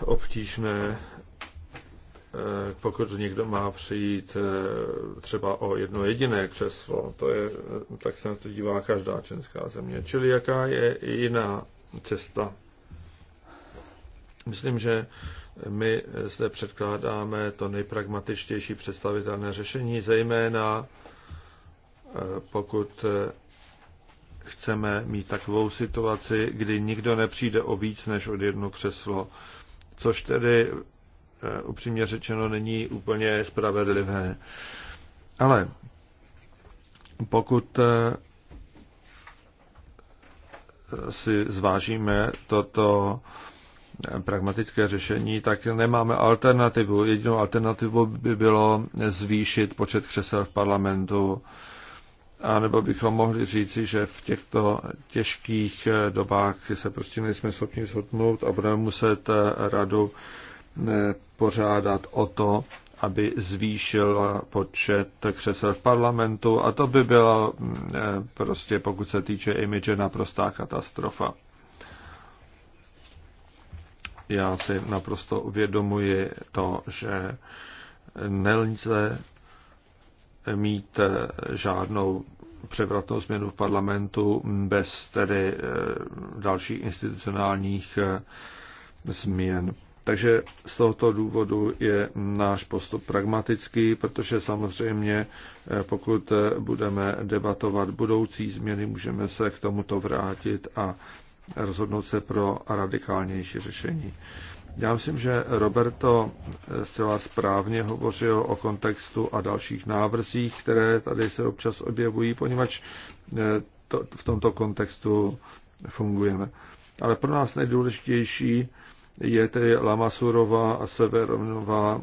obtížné Eh, pokud někdo má přijít eh, třeba o jedno jediné křeslo, to je, eh, tak se na to dívá každá členská země. Čili jaká je jiná cesta? Myslím, že my zde předkládáme to nejpragmatičtější představitelné řešení, zejména pokud chceme mít takovou situaci, kdy nikdo nepřijde o víc než od jedno křeslo, což tedy Eh, upřímně řečeno není úplně spravedlivé. Ale pokud eh, si zvážíme toto eh, pragmatické řešení, tak nemáme alternativu. Jedinou alternativou by bylo zvýšit počet křesel v parlamentu, a nebo bychom mohli říci, že v těchto těžkých dobách se prostě nejsme schopni shodnout a budeme muset radu pořádat o to, aby zvýšil počet křesel v parlamentu a to by byla mm, eh, prostě, pokud se týče imidže, naprostá katastrofa. Já si naprosto uvědomuji to, že nelze mít eh, žádnou převratnou změnu v parlamentu bez tedy eh, dalších institucionálních změn. Takže z tohoto důvodu je náš postup pragmatický, protože samozřejmě eh, pokud eh, budeme debatovat budoucí změny, můžeme se k tomuto vrátit a rozhodnout se pro radikálnější řešení. Já myslím, že Roberto eh, zcela správně hovořil o kontextu a dalších návrzích, které tady se občas objevují, poněvadž to, v tomto kontextu fungujeme. Ale pro nás nejdůležitější je tedy Lamasurová a severová eh,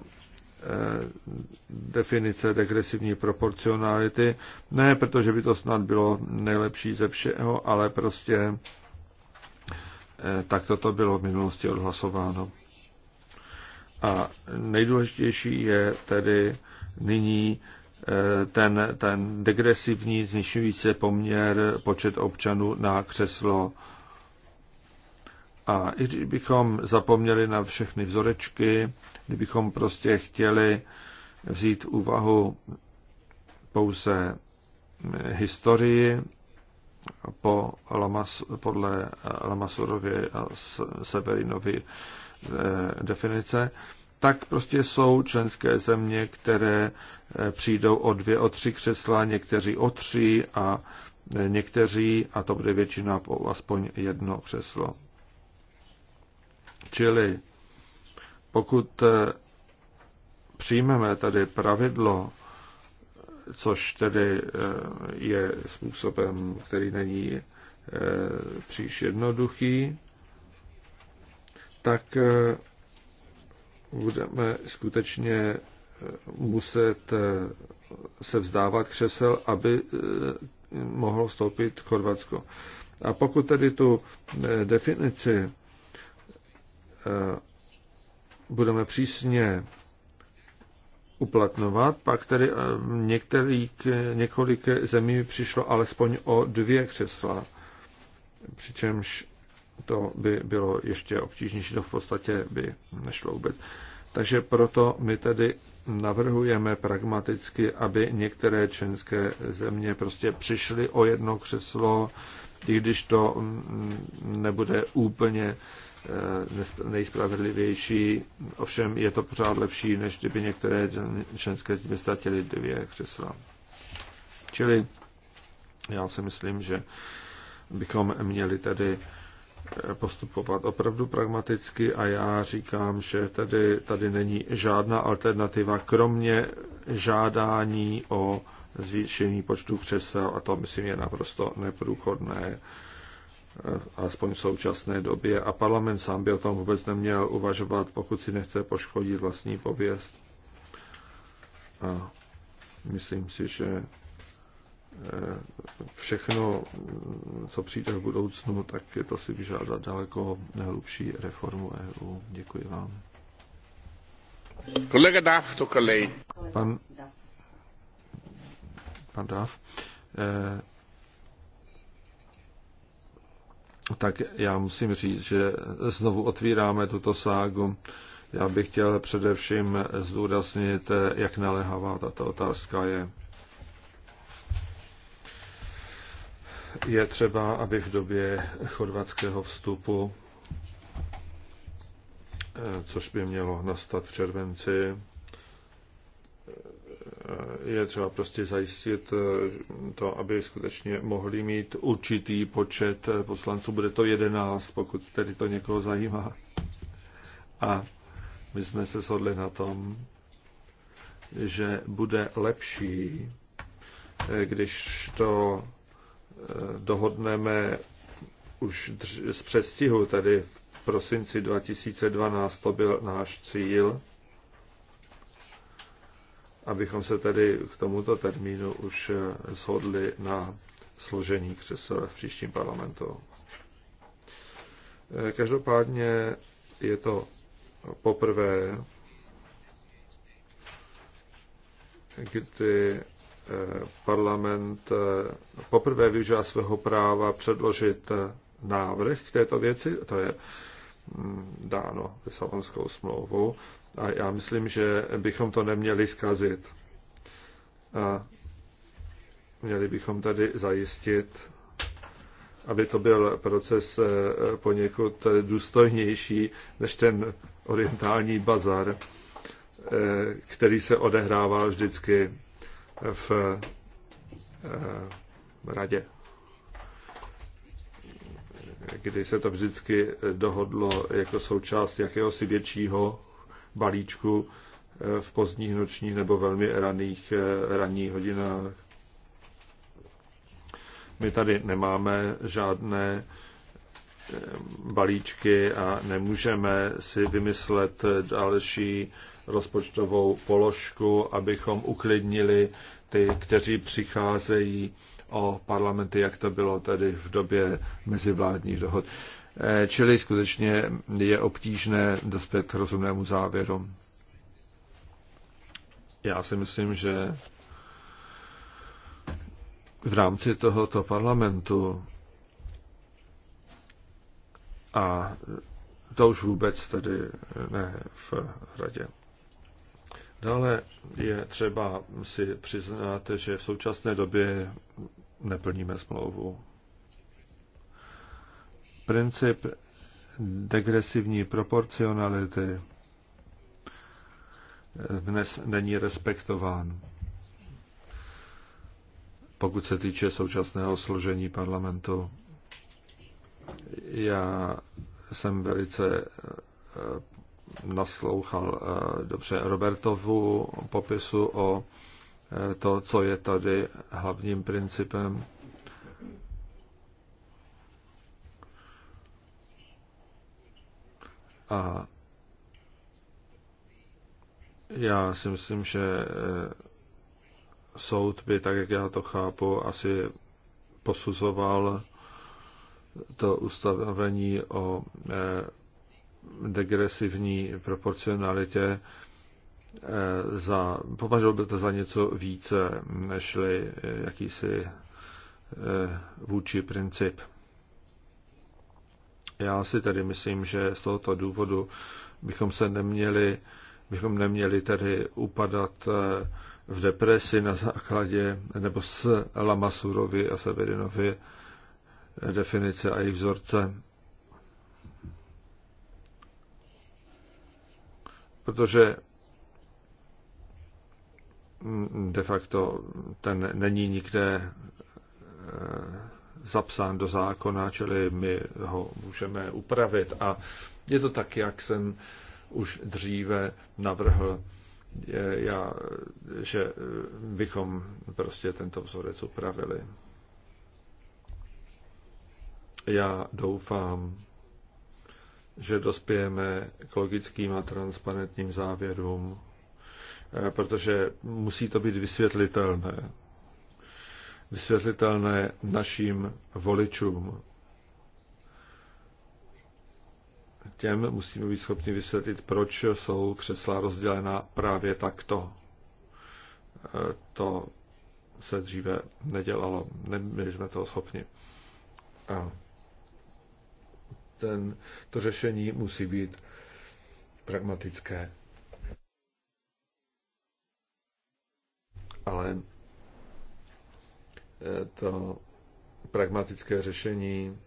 definice degresivní proporcionality. Ne, protože by to snad bylo nejlepší ze všeho, ale prostě eh, tak toto bylo v minulosti odhlasováno. A nejdůležitější je tedy nyní eh, ten, ten degresivní zničující poměr počet občanů na křeslo a i kdybychom zapomněli na všechny vzorečky, kdybychom prostě chtěli vzít úvahu pouze mm, historii po Lamas, podle Lamasurovy a Severinovy e, definice, tak prostě jsou členské země, které e, přijdou o dvě, o tři křesla, někteří o tři a e, někteří, a to bude většina, po aspoň jedno křeslo. Čili pokud eh, přijmeme tady pravidlo, což tedy eh, je způsobem, který není eh, příliš jednoduchý, tak budeme skutečně muset se vzdávat křesel, aby mohlo vstoupit Chorvatsko. A pokud tedy tu definici Eh, budeme přísně uplatňovat, pak tedy eh, některých, několik zemí přišlo alespoň o dvě křesla, přičemž to by bylo ještě obtížnější, to v podstatě by nešlo vůbec. Takže proto my tedy navrhujeme pragmaticky, aby některé členské země prostě přišly o jedno křeslo, i když to mm, nebude úplně eh, nejspravedlivější, ovšem je to pořád lepší, než kdyby některé členské země ztratily dvě křesla. Čili já si myslím, že bychom měli tady eh, postupovat opravdu pragmaticky a já říkám, že tady, tady není žádná alternativa, kromě žádání o zvýšení počtu křesel a to myslím je naprosto neprůchodné eh, aspoň v současné době a parlament sám by o tom vůbec neměl uvažovat, pokud si nechce poškodit vlastní pověst. A myslím si, že eh, všechno, co přijde v budoucnu, tak je to si vyžádá daleko nehlubší reformu EU. Děkuji vám. Kolega Dáv, to kolej. Pan pan eh, tak já musím říct, že znovu otvíráme tuto ságu. Já bych chtěl především zdůraznit, jak naléhavá tato otázka je. Je třeba, aby v době chorvatského vstupu, eh, což by mělo nastat v červenci, Eh, je třeba prostě zajistit eh, to, aby skutečně mohli mít určitý počet eh, poslanců. Bude to jedenáct, pokud tedy to někoho zajímá. A my jsme se shodli na tom, že bude lepší, když to dohodneme už z předstihu, tedy v prosinci 2012, to byl náš cíl, abychom se tedy k tomuto termínu už eh, shodli na složení křesel v příštím parlamentu. Eh, každopádně je to poprvé, kdy eh, parlament poprvé využívá svého práva předložit návrh k této věci. To je dáno Lisabonskou smlouvou a já myslím, že bychom to neměli zkazit. A měli bychom tady zajistit, aby to byl proces eh, poněkud důstojnější než ten orientální bazar, eh, který se odehrával vždycky v eh, radě kdy se to vždycky dohodlo jako součást jakéhosi většího balíčku eh, v pozdních nočních nebo velmi raných eh, ranních hodinách. My tady nemáme žádné eh, balíčky a nemůžeme si vymyslet další rozpočtovou položku, abychom uklidnili ty, kteří přicházejí o parlamenty, jak to bylo tedy v době mezivládních dohod. Eh, čili skutečně je obtížné dospět k rozumnému závěru. Já si myslím, že v rámci tohoto parlamentu a to už vůbec tedy ne v radě. Dále je třeba si přiznat, že v současné době neplníme smlouvu. Princip degresivní proporcionality dnes není respektován, pokud se týče současného složení parlamentu. Já jsem velice eh, naslouchal eh, dobře Robertovu popisu o to, co je tady hlavním principem. A já si myslím, že eh, soud by, tak jak já to chápu, asi posuzoval to ustavení o eh, degresivní proporcionalitě Eh, za, považoval by to za něco více, nežli eh, jakýsi eh, vůči princip. Já si tedy myslím, že z tohoto důvodu bychom se neměli, bychom neměli tedy upadat v depresi na základě nebo s Lamasurovi a Severinovi definice a jejich vzorce. Protože de facto ten není nikde eh, zapsán do zákona, čili my ho můžeme upravit. A je to tak, jak jsem už dříve navrhl, já, že eh, bychom prostě tento vzorec upravili. Já doufám, že dospějeme k logickým a transparentním závěrům Eh, protože musí to být vysvětlitelné. Vysvětlitelné našim voličům. Těm musíme být schopni vysvětlit, proč jsou křesla rozdělena právě takto. Eh, to se dříve nedělalo, nebyli jsme toho schopni. A ten, to řešení musí být pragmatické. ale e, to pragmatické řešení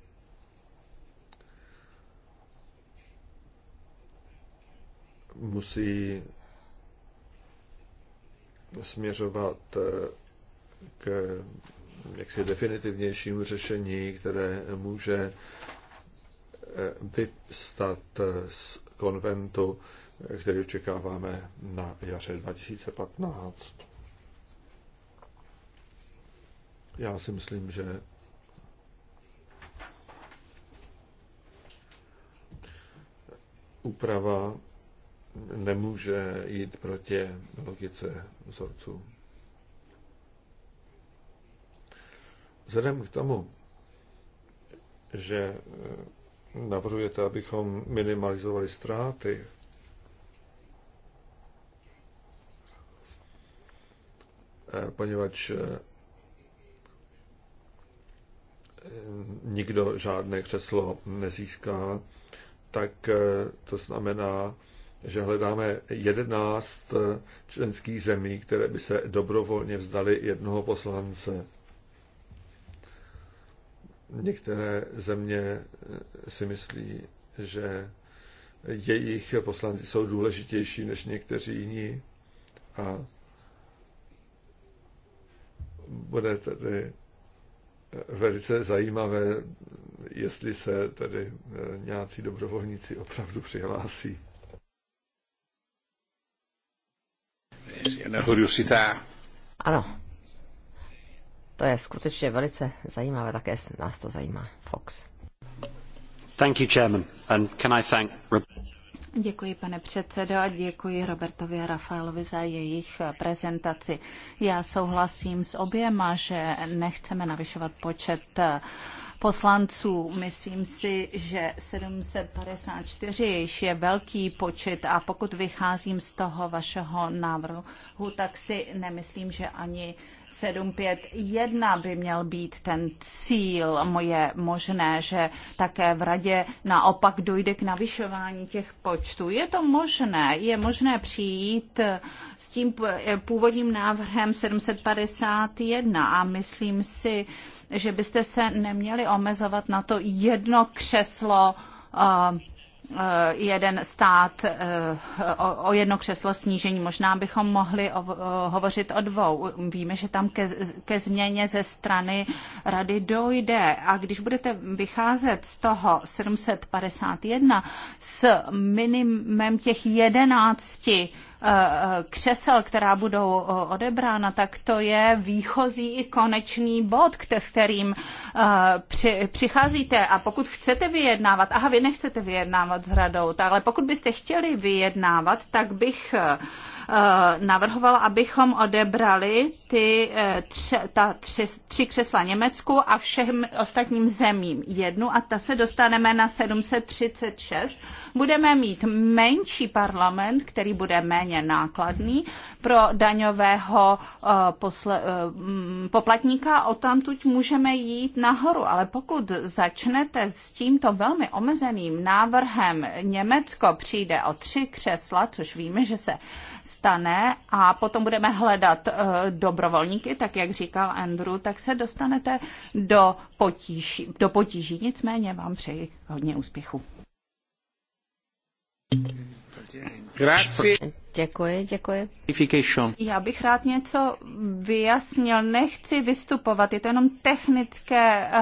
musí směřovat e, k jaksi definitivnějšímu řešení, které může e, vyvstat z konventu, který očekáváme na jaře 2015. Já si myslím, že úprava nemůže jít proti logice vzorců. Vzhledem k tomu, že navrhujete, abychom minimalizovali ztráty, eh, poněvadž eh, Eh, nikdo žádné křeslo nezíská, tak eh, to znamená, že hledáme 11 eh, členských zemí, které by se dobrovolně vzdali jednoho poslance. Některé země si myslí, že jejich poslanci jsou důležitější než někteří jiní a bude tedy velice zajímavé, jestli se tedy eh, nějací dobrovolníci opravdu přihlásí. Ano, to je skutečně velice zajímavé, také nás to zajímá. Fox. Thank you, Chairman, and can I thank... Děkuji, pane předsedo, a děkuji Robertovi a Rafaelovi za jejich prezentaci. Já souhlasím s oběma, že nechceme navyšovat počet eh, poslanců. Myslím si, že 754 je velký počet a pokud vycházím z toho vašeho návrhu, tak si nemyslím, že ani 751 by měl být ten cíl. Moje možné, že také v radě naopak dojde k navyšování těch počtů. Je to možné, je možné přijít s tím původním návrhem 751 a myslím si, že byste se neměli omezovat na to jedno křeslo Eh, jeden stát eh, o jedno křeslo snížení. Možná bychom mohli hovořit o dvou. Víme, že tam ke, ke změně ze strany rady dojde. A když budete vycházet z toho 751 s minimem těch 11 křesel, která budou odebrána, tak to je výchozí i konečný bod, k kterým eh, přicházíte. A pokud chcete vyjednávat, aha, vy nechcete vyjednávat s radou, ale pokud byste chtěli vyjednávat, tak bych eh, Eh, navrhovala, abychom odebrali ty eh, tři, ta tři, tři křesla Německu a všem ostatním zemím jednu a ta se dostaneme na 736. Budeme mít menší parlament, který bude méně nákladný pro daňového eh, posle, mm, poplatníka a odtamtud můžeme jít nahoru. Ale pokud začnete s tímto velmi omezeným návrhem, Německo přijde o tři křesla, což víme, že se dostane a potom budeme hledat eh, dobrovolníky, tak jak říkal Andrew, tak se dostanete do potíží. Do potíží. Nicméně vám přeji hodně úspěchu. Grazie. Děkuji, děkuji. Já bych rád něco vyjasnil. Nechci vystupovat, je to jenom technické eh,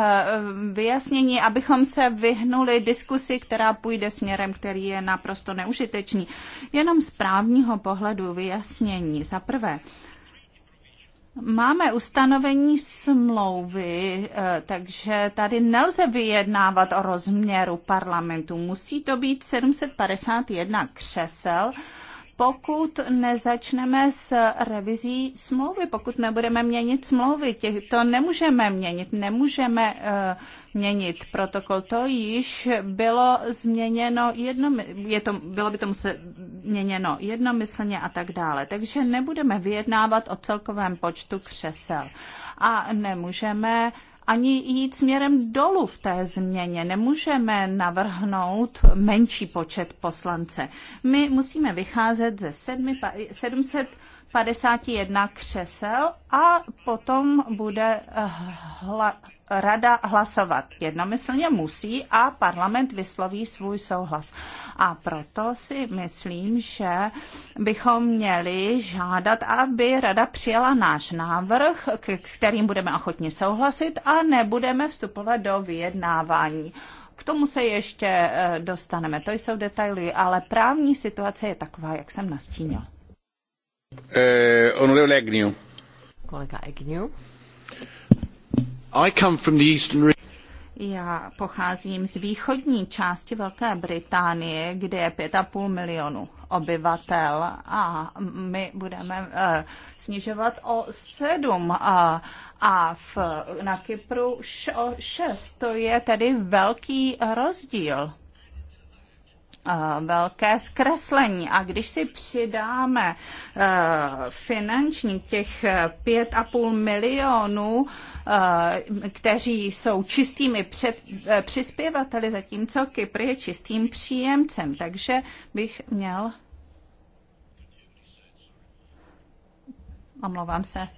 vyjasnění, abychom se vyhnuli diskusi, která půjde směrem, který je naprosto neužitečný. Jenom z právního pohledu vyjasnění. Za prvé, Máme ustanovení smlouvy, eh, takže tady nelze vyjednávat o rozměru parlamentu. Musí to být 751 křesel pokud nezačneme s revizí smlouvy, pokud nebudeme měnit smlouvy. Těch, to nemůžeme měnit, nemůžeme uh, měnit protokol. To již bylo změněno, jedno, je to, bylo by to muset měněno jednomyslně a tak dále. Takže nebudeme vyjednávat o celkovém počtu křesel. A nemůžeme ani jít směrem dolů v té změně. Nemůžeme navrhnout menší počet poslance. My musíme vycházet ze 700 51 křesel a potom bude hla, rada hlasovat jednomyslně musí a parlament vysloví svůj souhlas. A proto si myslím, že bychom měli žádat, aby rada přijala náš návrh, k kterým budeme ochotně souhlasit a nebudeme vstupovat do vyjednávání. K tomu se ještě eh, dostaneme, to jsou detaily, ale právní situace je taková, jak jsem nastínil. Eh, já pocházím z východní části Velké Británie, kde je 5,5 milionu obyvatel a my budeme uh, snižovat o 7 a, eh, a v, na Kypru š, o 6. To je tedy velký rozdíl. Eh, velké zkreslení. A když si přidáme eh, finanční těch 5,5 eh, milionů, kteří jsou čistými před, přispěvateli, zatímco Kypr je čistým příjemcem. Takže bych měl. Omlouvám se,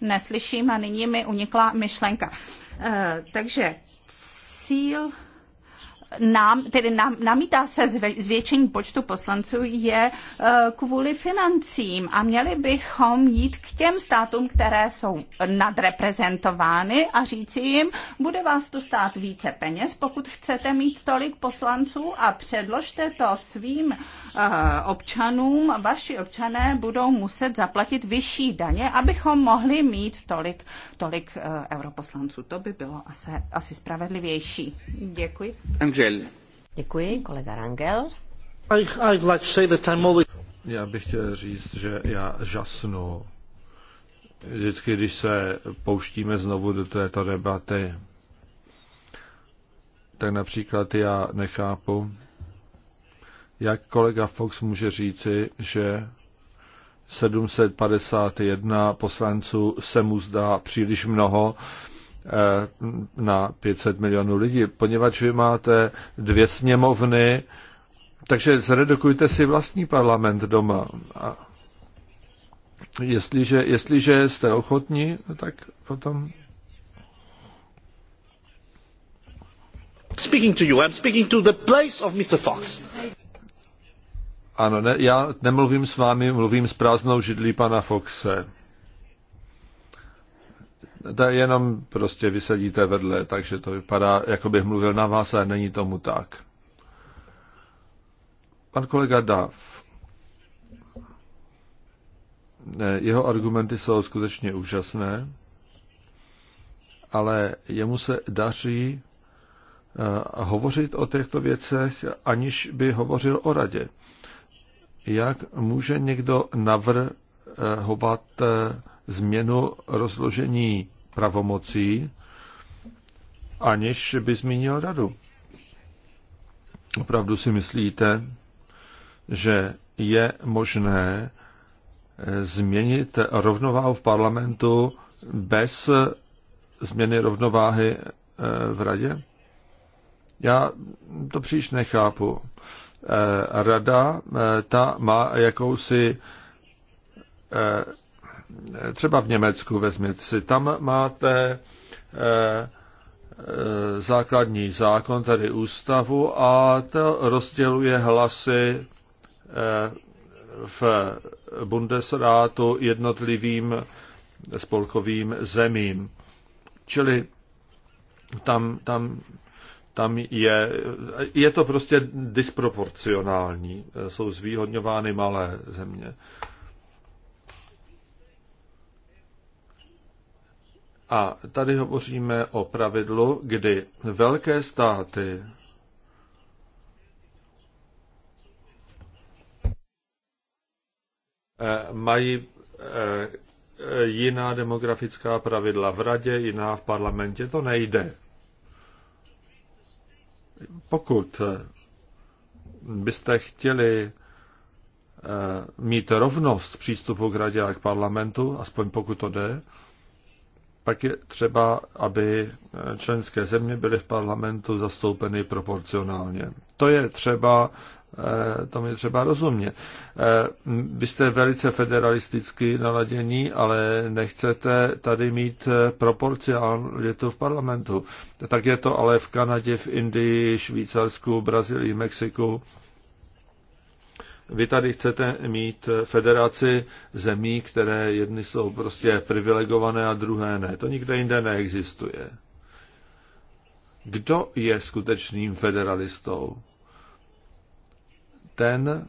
neslyším a nyní mi unikla myšlenka. Takže cíl nám, tedy nám, namítá se zvětšení počtu poslanců je eh, kvůli financím a měli bychom jít k těm státům, které jsou nadreprezentovány a říci jim, bude vás to stát více peněz, pokud chcete mít tolik poslanců a předložte to svým eh, občanům, vaši občané budou muset zaplatit vyšší daně, abychom mohli mít tolik, tolik eh, europoslanců. To by bylo asi, asi spravedlivější. Děkuji. Rangel. Děkuji, kolega Rangel. Já bych chtěl říct, že já žasnu vždycky, když se pouštíme znovu do této debaty. Tak například já nechápu, jak kolega Fox může říci, že 751 poslanců se mu zdá příliš mnoho, Eh, na 500 milionů lidí, poněvadž vy máte dvě sněmovny, takže zredukujte si vlastní parlament doma. A jestliže, jestliže jste ochotní, tak potom. Speaking to you, I'm speaking to the place of Mr. Fox. Ano, ne, já nemluvím s vámi, mluvím s prázdnou židlí pana Foxe to je jenom prostě vysedíte vedle, takže to vypadá, jako bych mluvil na vás, ale není tomu tak. Pan kolega Dav. Jeho argumenty jsou skutečně úžasné, ale jemu se daří eh, hovořit o těchto věcech, aniž by hovořil o radě. Jak může někdo navrhovat eh, změnu rozložení pravomocí, aniž by zmínil radu. Opravdu si myslíte, že je možné eh, změnit rovnováhu v parlamentu bez změny rovnováhy eh, v radě? Já to příliš nechápu. Eh, rada ta má jakousi třeba v Německu vezměte si, tam máte eh, základní zákon, tedy ústavu, a to rozděluje hlasy eh, v Bundesrátu jednotlivým spolkovým zemím. Čili tam, tam, tam je, je to prostě disproporcionální. Jsou zvýhodňovány malé země. A tady hovoříme o pravidlu, kdy velké státy eh, mají eh, jiná demografická pravidla v radě, jiná v parlamentě. To nejde. Pokud eh, byste chtěli mít rovnost přístupu k radě a k parlamentu, aspoň pokud to jde, pak je třeba, aby členské země byly v parlamentu zastoupeny proporcionálně. To je třeba, eh, to je třeba rozumět. Eh, vy jste velice federalisticky naladění, ale nechcete tady mít eh, proporcionalitu v parlamentu. Tak je to ale v Kanadě, v Indii, Švýcarsku, Brazílii, Mexiku vy tady chcete mít federaci zemí, které jedny jsou prostě privilegované a druhé ne. To nikde jinde neexistuje. Kdo je skutečným federalistou? Ten,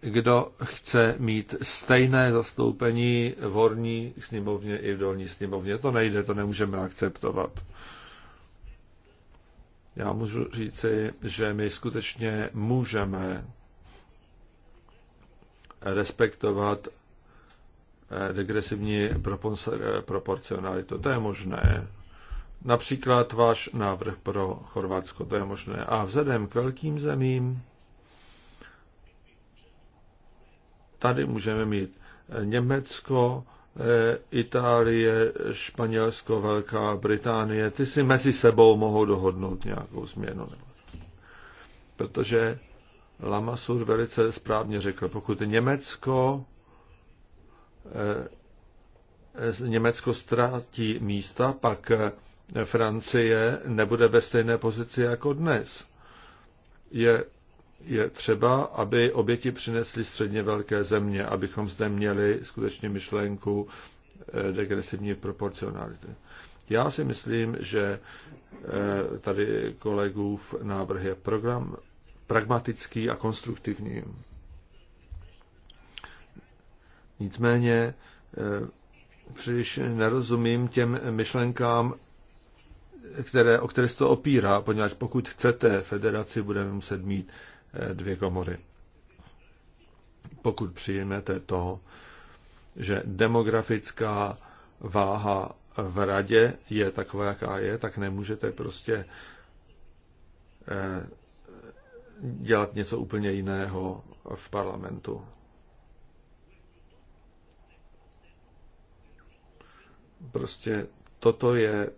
kdo chce mít stejné zastoupení v horní sněmovně i v dolní sněmovně. To nejde, to nemůžeme akceptovat. Já můžu říci, že my skutečně můžeme respektovat eh, degresivní eh, proporcionalitu. To je možné. Například váš návrh pro Chorvatsko, to je možné. A vzhledem k velkým zemím, tady můžeme mít eh, Německo, Itálie, Španělsko, Velká Británie, ty si mezi sebou mohou dohodnout nějakou změnu. Protože Lamasur velice správně řekl, pokud Německo eh, eh, Německo ztratí místa, pak eh, Francie nebude ve stejné pozici jako dnes. Je, je třeba, aby oběti přinesly středně velké země, abychom zde měli skutečně myšlenku degresivní proporcionality. Já si myslím, že tady kolegův návrh je program pragmatický a konstruktivní. Nicméně eh, příliš nerozumím těm myšlenkám, které, o které se to opírá, poněvadž pokud chcete federaci, budeme muset mít eh, dvě komory. Pokud přijmete to, že demografická váha v radě je taková, jaká je, tak nemůžete prostě eh, dělat něco úplně jiného v parlamentu. Prostě toto je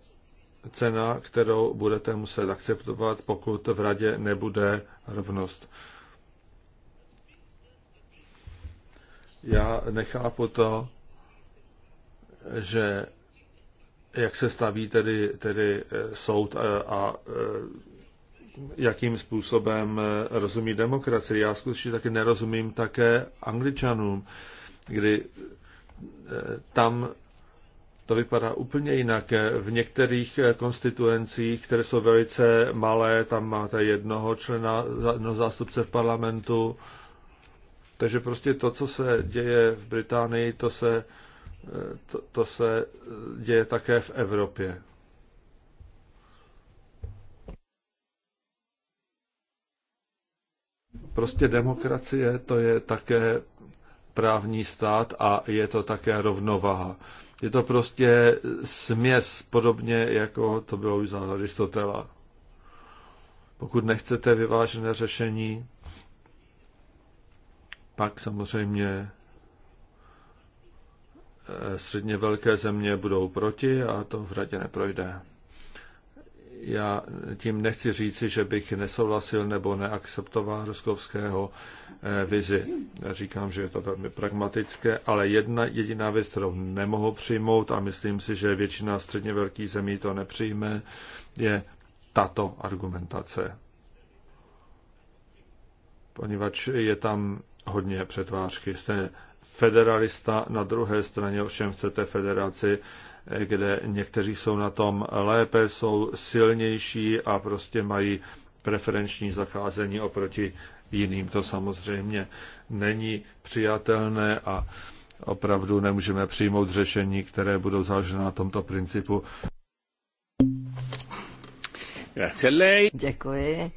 cena, kterou budete muset akceptovat, pokud v radě nebude rovnost. Já nechápu to, že jak se staví tedy, tedy soud a, a jakým způsobem eh, rozumí demokracii. Já skutečně taky nerozumím také angličanům, kdy eh, tam to vypadá úplně jinak. V některých eh, konstituencích, které jsou velice malé, tam máte jednoho člena, jednoho zástupce v parlamentu. Takže prostě to, co se děje v Británii, to se, to, to se děje také v Evropě. Prostě demokracie to je také právní stát a je to také rovnováha. Je to prostě směs, podobně jako to bylo už za Aristotela. Pokud nechcete vyvážené řešení, pak samozřejmě eh, středně velké země budou proti a to v radě neprojde já tím nechci říci, že bych nesouhlasil nebo neakceptoval Ruskovského eh, vizi. Já říkám, že je to velmi pragmatické, ale jedna jediná věc, kterou nemohu přijmout a myslím si, že většina středně velkých zemí to nepřijme, je tato argumentace. Poněvadž je tam hodně přetvářky. Jste federalista, na druhé straně ovšem chcete federaci kde někteří jsou na tom lépe, jsou silnější a prostě mají preferenční zacházení oproti jiným. To samozřejmě není přijatelné a opravdu nemůžeme přijmout řešení, které budou založena na tomto principu. Děkuji.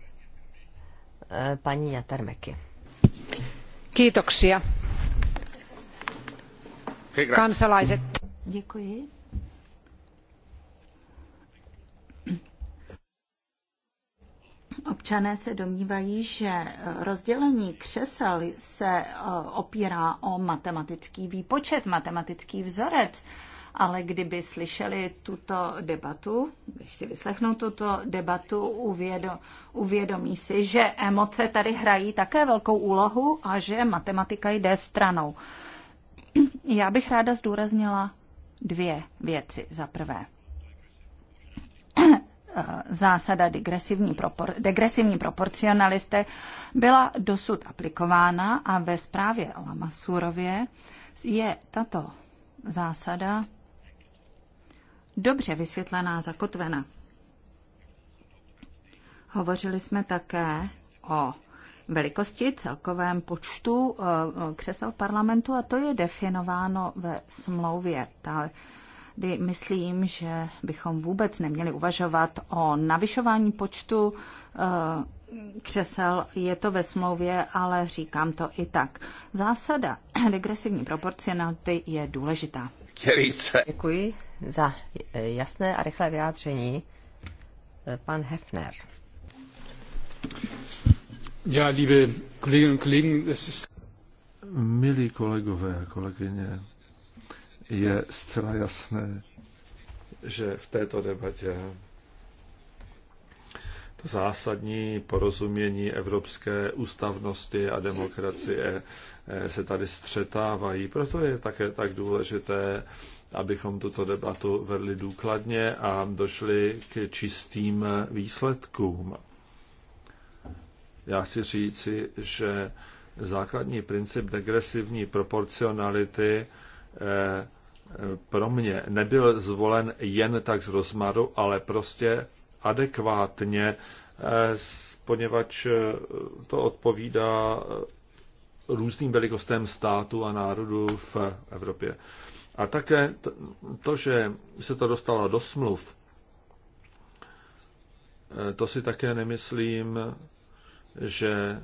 Eh, paní Jatarmeky. Kýtoksia. Kansalaiset. Děkuji. Občané se domnívají, že rozdělení křesel se e, opírá o matematický výpočet, matematický vzorec. Ale kdyby slyšeli tuto debatu, když si vyslechnou tuto debatu, uvědom, uvědomí si, že emoce tady hrají také velkou úlohu a že matematika jde stranou. Já bych ráda zdůraznila dvě věci. Za prvé, zásada degresivní, propor, degresivní proporcionalisty byla dosud aplikována a ve zprávě Lamasurově je tato zásada dobře vysvětlená, zakotvena. Hovořili jsme také o velikosti, celkovém počtu e, e, křesel parlamentu a to je definováno ve smlouvě. Ta kdy myslím, že bychom vůbec neměli uvažovat o navyšování počtu eh, křesel, je to ve smlouvě, ale říkám to i tak. Zásada degresivní proporcionality je důležitá. Kerice. Děkuji za eh, jasné a rychlé vyjádření. Eh, pan Hefner. Ja, liebe Kolleginnen und Kollegen, ist... Milí kolegové a kolegyně, je zcela jasné, že v této debatě to zásadní porozumění evropské ústavnosti a demokracie eh, se tady střetávají. Proto je také tak důležité, abychom tuto debatu vedli důkladně a došli k čistým výsledkům. Já chci říci, že základní princip degresivní proporcionality eh, pro mě nebyl zvolen jen tak z rozmaru, ale prostě adekvátně, eh, poněvadž eh, to odpovídá eh, různým velikostem státu a národů v Evropě. A také to, že se to dostalo do smluv, to si také nemyslím, že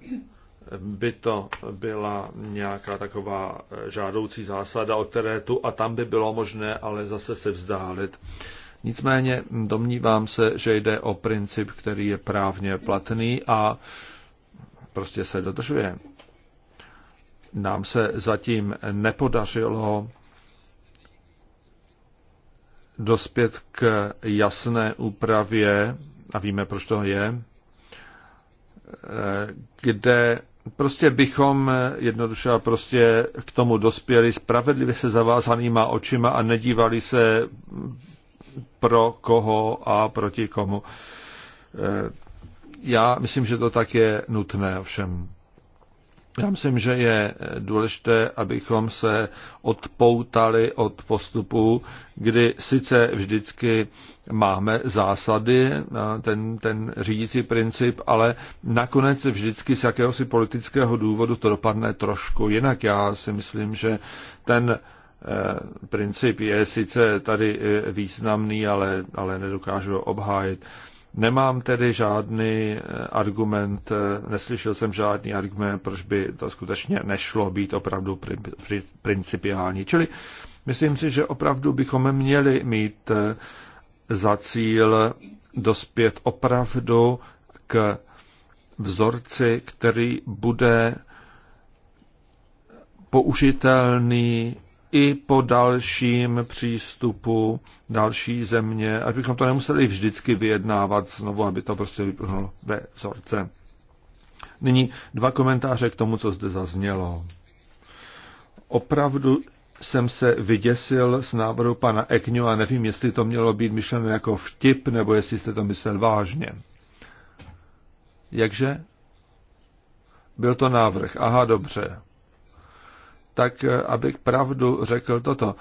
by to byla nějaká taková žádoucí zásada, o které tu a tam by bylo možné, ale zase se vzdálit. Nicméně domnívám se, že jde o princip, který je právně platný a prostě se dodržuje. Nám se zatím nepodařilo dospět k jasné úpravě, a víme, proč to je, kde prostě bychom jednoduše a prostě k tomu dospěli spravedlivě se zavázanýma očima a nedívali se mm, pro koho a proti komu. Eh, já myslím, že to tak je nutné ovšem. Já myslím, že je eh, důležité, abychom se odpoutali od postupu, kdy sice vždycky máme zásady, ten, ten řídící princip, ale nakonec vždycky z jakéhosi politického důvodu to dopadne trošku jinak. Já si myslím, že ten eh, princip je sice tady eh, významný, ale, ale nedokážu ho obhájit. Nemám tedy žádný eh, argument, eh, neslyšel jsem žádný argument, proč by to skutečně nešlo být opravdu principiální. Čili myslím si, že opravdu bychom měli mít eh, za cíl dospět opravdu k vzorci, který bude použitelný i po dalším přístupu další země, ať bychom to nemuseli vždycky vyjednávat znovu, aby to prostě vyplnulo ve vzorce. Nyní dva komentáře k tomu, co zde zaznělo. Opravdu jsem se vyděsil z návrhu pana Ekňu a nevím, jestli to mělo být myšleno jako vtip, nebo jestli jste to myslel vážně. Jakže? Byl to návrh. Aha, dobře tak eh, abych pravdu řekl toto.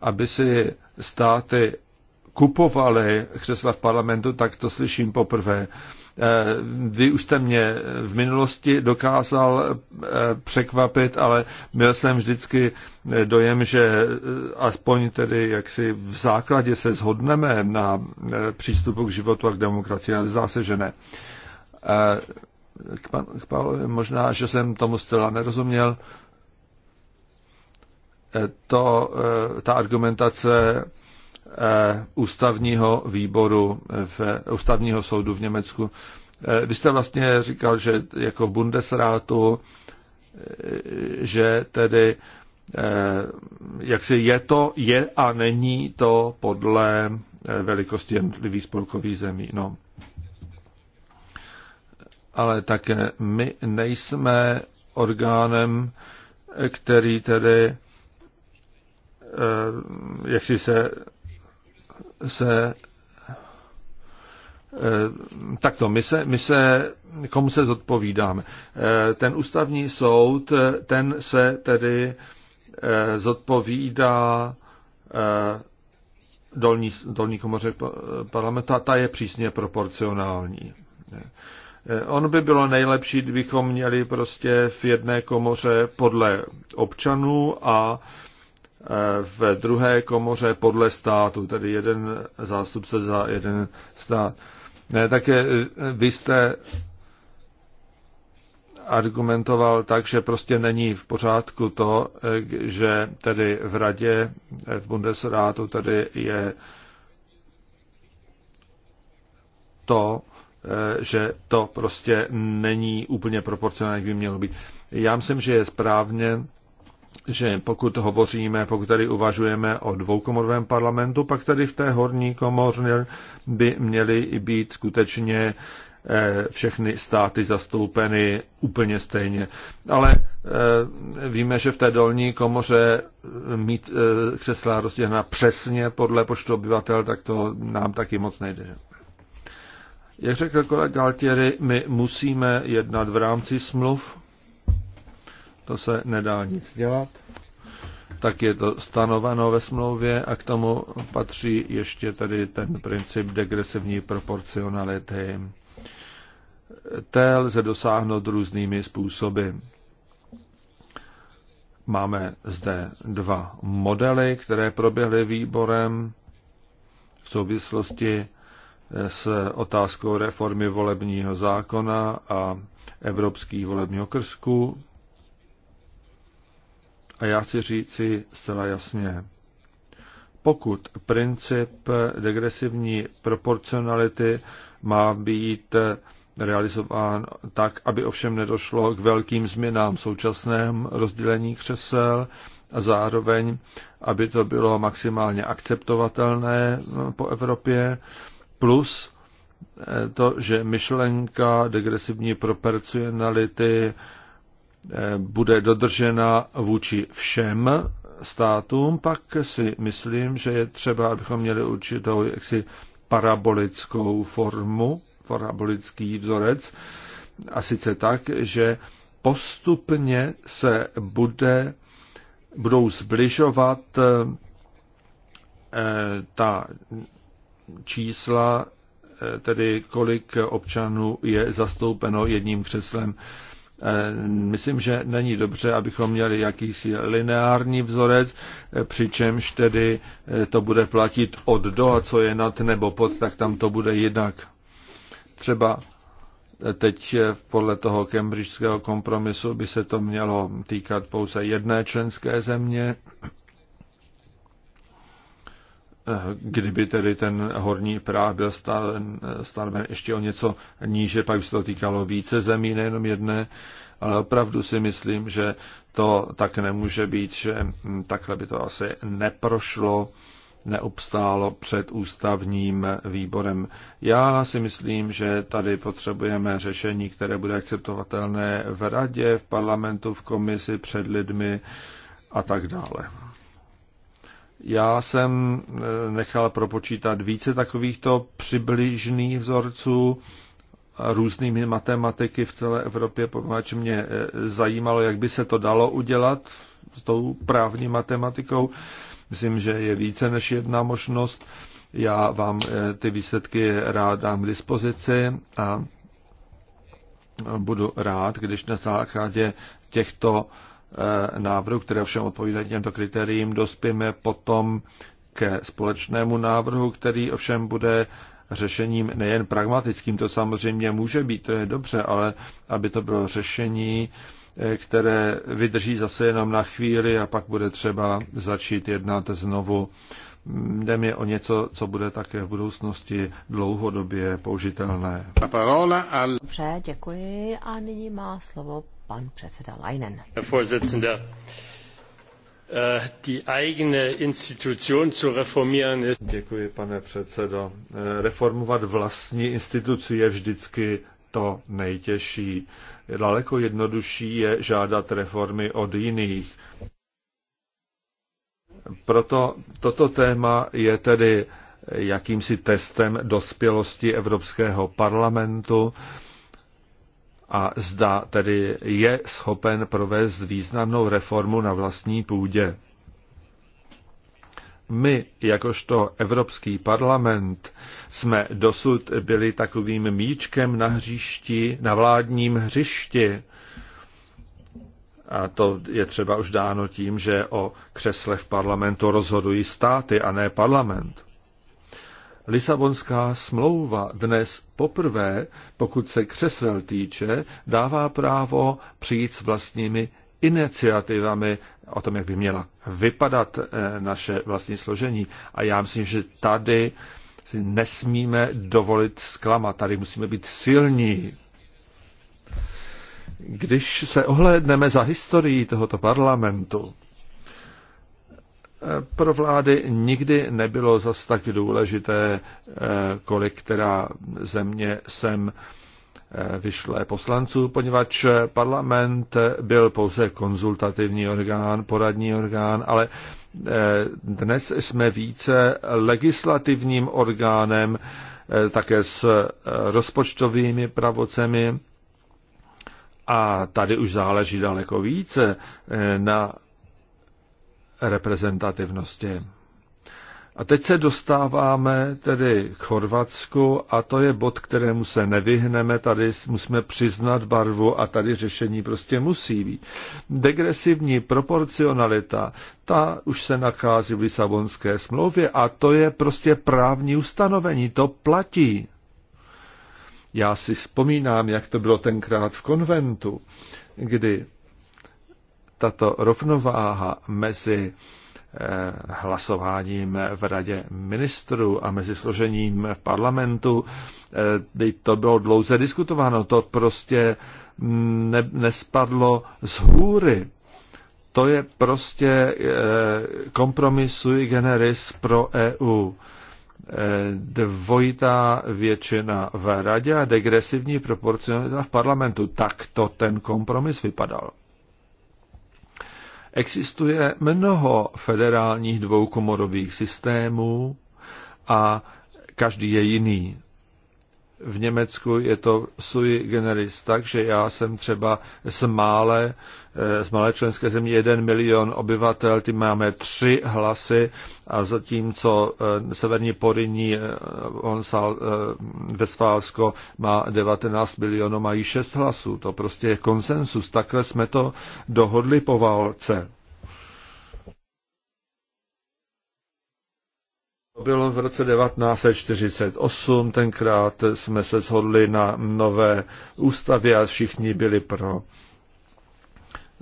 Aby si státy kupovali křesla v parlamentu, tak to slyším poprvé. Eh, vy už jste mě v minulosti dokázal eh, překvapit, ale měl jsem vždycky dojem, že aspoň tedy jaksi v základě se shodneme na přístupu k životu a k demokracii, ale zdá se, že ne. K, pan, k Paolovi možná, že jsem tomu zcela nerozuměl to, eh, ta argumentace eh, ústavního výboru, v, ústavního soudu v Německu. Eh, vy jste vlastně říkal, že jako v Bundesrátu, že tedy jak si je to, je a není to podle velikosti jednotlivých spolkových zemí. No. Ale také my nejsme orgánem, který tedy Eh, jak si se, se eh, takto, my se, my se, komu se zodpovídáme? Eh, ten ústavní soud, ten se tedy zodpovídá dolní, dolní komoře a ta je přísně proporcionální. On by bylo nejlepší, kdybychom měli prostě v jedné komoře podle občanů a v druhé komoře podle státu, tedy jeden zástupce za jeden stát. Také vy jste argumentoval tak, že prostě není v pořádku to, že tedy v radě, v Bundesrátu tedy je to, že to prostě není úplně proporcionální, jak by mělo být. Já myslím, že je správně, že pokud hovoříme, pokud tady uvažujeme o dvoukomorovém parlamentu, pak tady v té horní komorně by měly být skutečně eh, všechny státy zastoupeny úplně stejně. Ale eh, víme, že v té dolní komoře eh, mít křesla rozdělena přesně podle počtu obyvatel, tak to nám taky moc nejde. Jak řekl kolega Galtieri, my musíme jednat v rámci smluv, to se nedá nic dělat. Tak je to stanoveno ve smlouvě a k tomu patří ještě tady ten princip degresivní proporcionality. Té lze dosáhnout různými způsoby. Máme zde dva modely, které proběhly výborem v souvislosti s otázkou reformy volebního zákona a evropských volebního krsku. A já chci říci zcela jasně, pokud princip degresivní proporcionality má být realizován tak, aby ovšem nedošlo k velkým změnám v současném rozdělení křesel a zároveň, aby to bylo maximálně akceptovatelné po Evropě, plus eh, to, že myšlenka degresivní proporcionality bude dodržena vůči všem státům, pak si myslím, že je třeba, abychom měli určitou jaksi parabolickou formu, parabolický vzorec, a sice tak, že postupně se bude, budou zbližovat eh, ta čísla, eh, tedy kolik občanů je zastoupeno jedním křeslem Eh, myslím, že není dobře, abychom měli jakýsi lineární vzorec, eh, přičemž tedy eh, to bude platit od do a co je nad nebo pod, tak tam to bude jinak. Třeba teď podle toho cambridgeského kompromisu by se to mělo týkat pouze jedné členské země Eh, kdyby tedy ten horní práh byl eh, stanoven ještě o něco níže, pak by se to týkalo více zemí, nejenom jedné, ale opravdu si myslím, že to tak nemůže být, že hm, takhle by to asi neprošlo, neobstálo před ústavním eh, výborem. Já si myslím, že tady potřebujeme řešení, které bude akceptovatelné v radě, v parlamentu, v komisi, před lidmi a tak dále. Já jsem eh, nechal propočítat více takovýchto přibližných vzorců různými matematiky v celé Evropě, poněvadž mě eh, zajímalo, jak by se to dalo udělat s tou právní matematikou. Myslím, že je více než jedna možnost. Já vám eh, ty výsledky rád dám k dispozici a budu rád, když na základě těchto Eh, návrhu, které všem odpovídá těmto kritériím, dospěme potom ke společnému návrhu, který ovšem bude řešením nejen pragmatickým, to samozřejmě může být, to je dobře, ale aby to bylo řešení, eh, které vydrží zase jenom na chvíli a pak bude třeba začít jednat znovu. Jde mi o něco, co bude také v budoucnosti dlouhodobě použitelné. Dobře, děkuji. A nyní má slovo pan předseda Leinen. Äh, Děkuji, pane předsedo. Äh, reformovat vlastní instituci je vždycky to nejtěžší. Daleko jednodušší je žádat reformy od jiných. Proto toto téma je tedy jakýmsi testem dospělosti Evropského parlamentu a zda tedy je schopen provést významnou reformu na vlastní půdě. My, jakožto Evropský parlament, jsme dosud byli takovým míčkem na hřišti, na vládním hřišti. A to je třeba už dáno tím, že o křesle v parlamentu rozhodují státy a ne parlament. Lisabonská smlouva dnes poprvé, pokud se křesel týče, dává právo přijít s vlastními iniciativami o tom, jak by měla vypadat eh, naše vlastní složení. A já myslím, že tady si nesmíme dovolit zklamat. Tady musíme být silní. Když se ohlédneme za historií tohoto parlamentu, pro vlády nikdy nebylo zas tak důležité, eh, kolik která země sem eh, vyšle poslanců, poněvadž parlament byl pouze konzultativní orgán, poradní orgán, ale eh, dnes jsme více legislativním orgánem, také s rozpočtovými pravocemi a tady už záleží daleko více na reprezentativnosti. A teď se dostáváme tedy k Chorvatsku a to je bod, kterému se nevyhneme, tady musíme přiznat barvu a tady řešení prostě musí být. Degresivní proporcionalita, ta už se nachází v Lisabonské smlouvě a to je prostě právní ustanovení, to platí. Já si vzpomínám, jak to bylo tenkrát v konventu, kdy tato rovnováha mezi eh, hlasováním v radě ministrů a mezi složením v parlamentu. Eh, to bylo dlouze diskutováno, to prostě ne, nespadlo z hůry. To je prostě eh, kompromis sui generis pro EU. Dvojitá většina v radě a degresivní proporcionalita v parlamentu. Tak to ten kompromis vypadal. Existuje mnoho federálních dvoukomorových systémů a každý je jiný v Německu je to sui generis takže já jsem třeba z malé, eh, z malé členské země jeden milion obyvatel, ty máme tři hlasy a zatímco eh, severní Poryní, eh, Onsal, Vesfálsko má 19 milionů, mají šest hlasů. To prostě je konsensus. Takhle jsme to dohodli po válce. To bylo v roce 1948, tenkrát jsme se shodli na nové ústavě a všichni byli pro.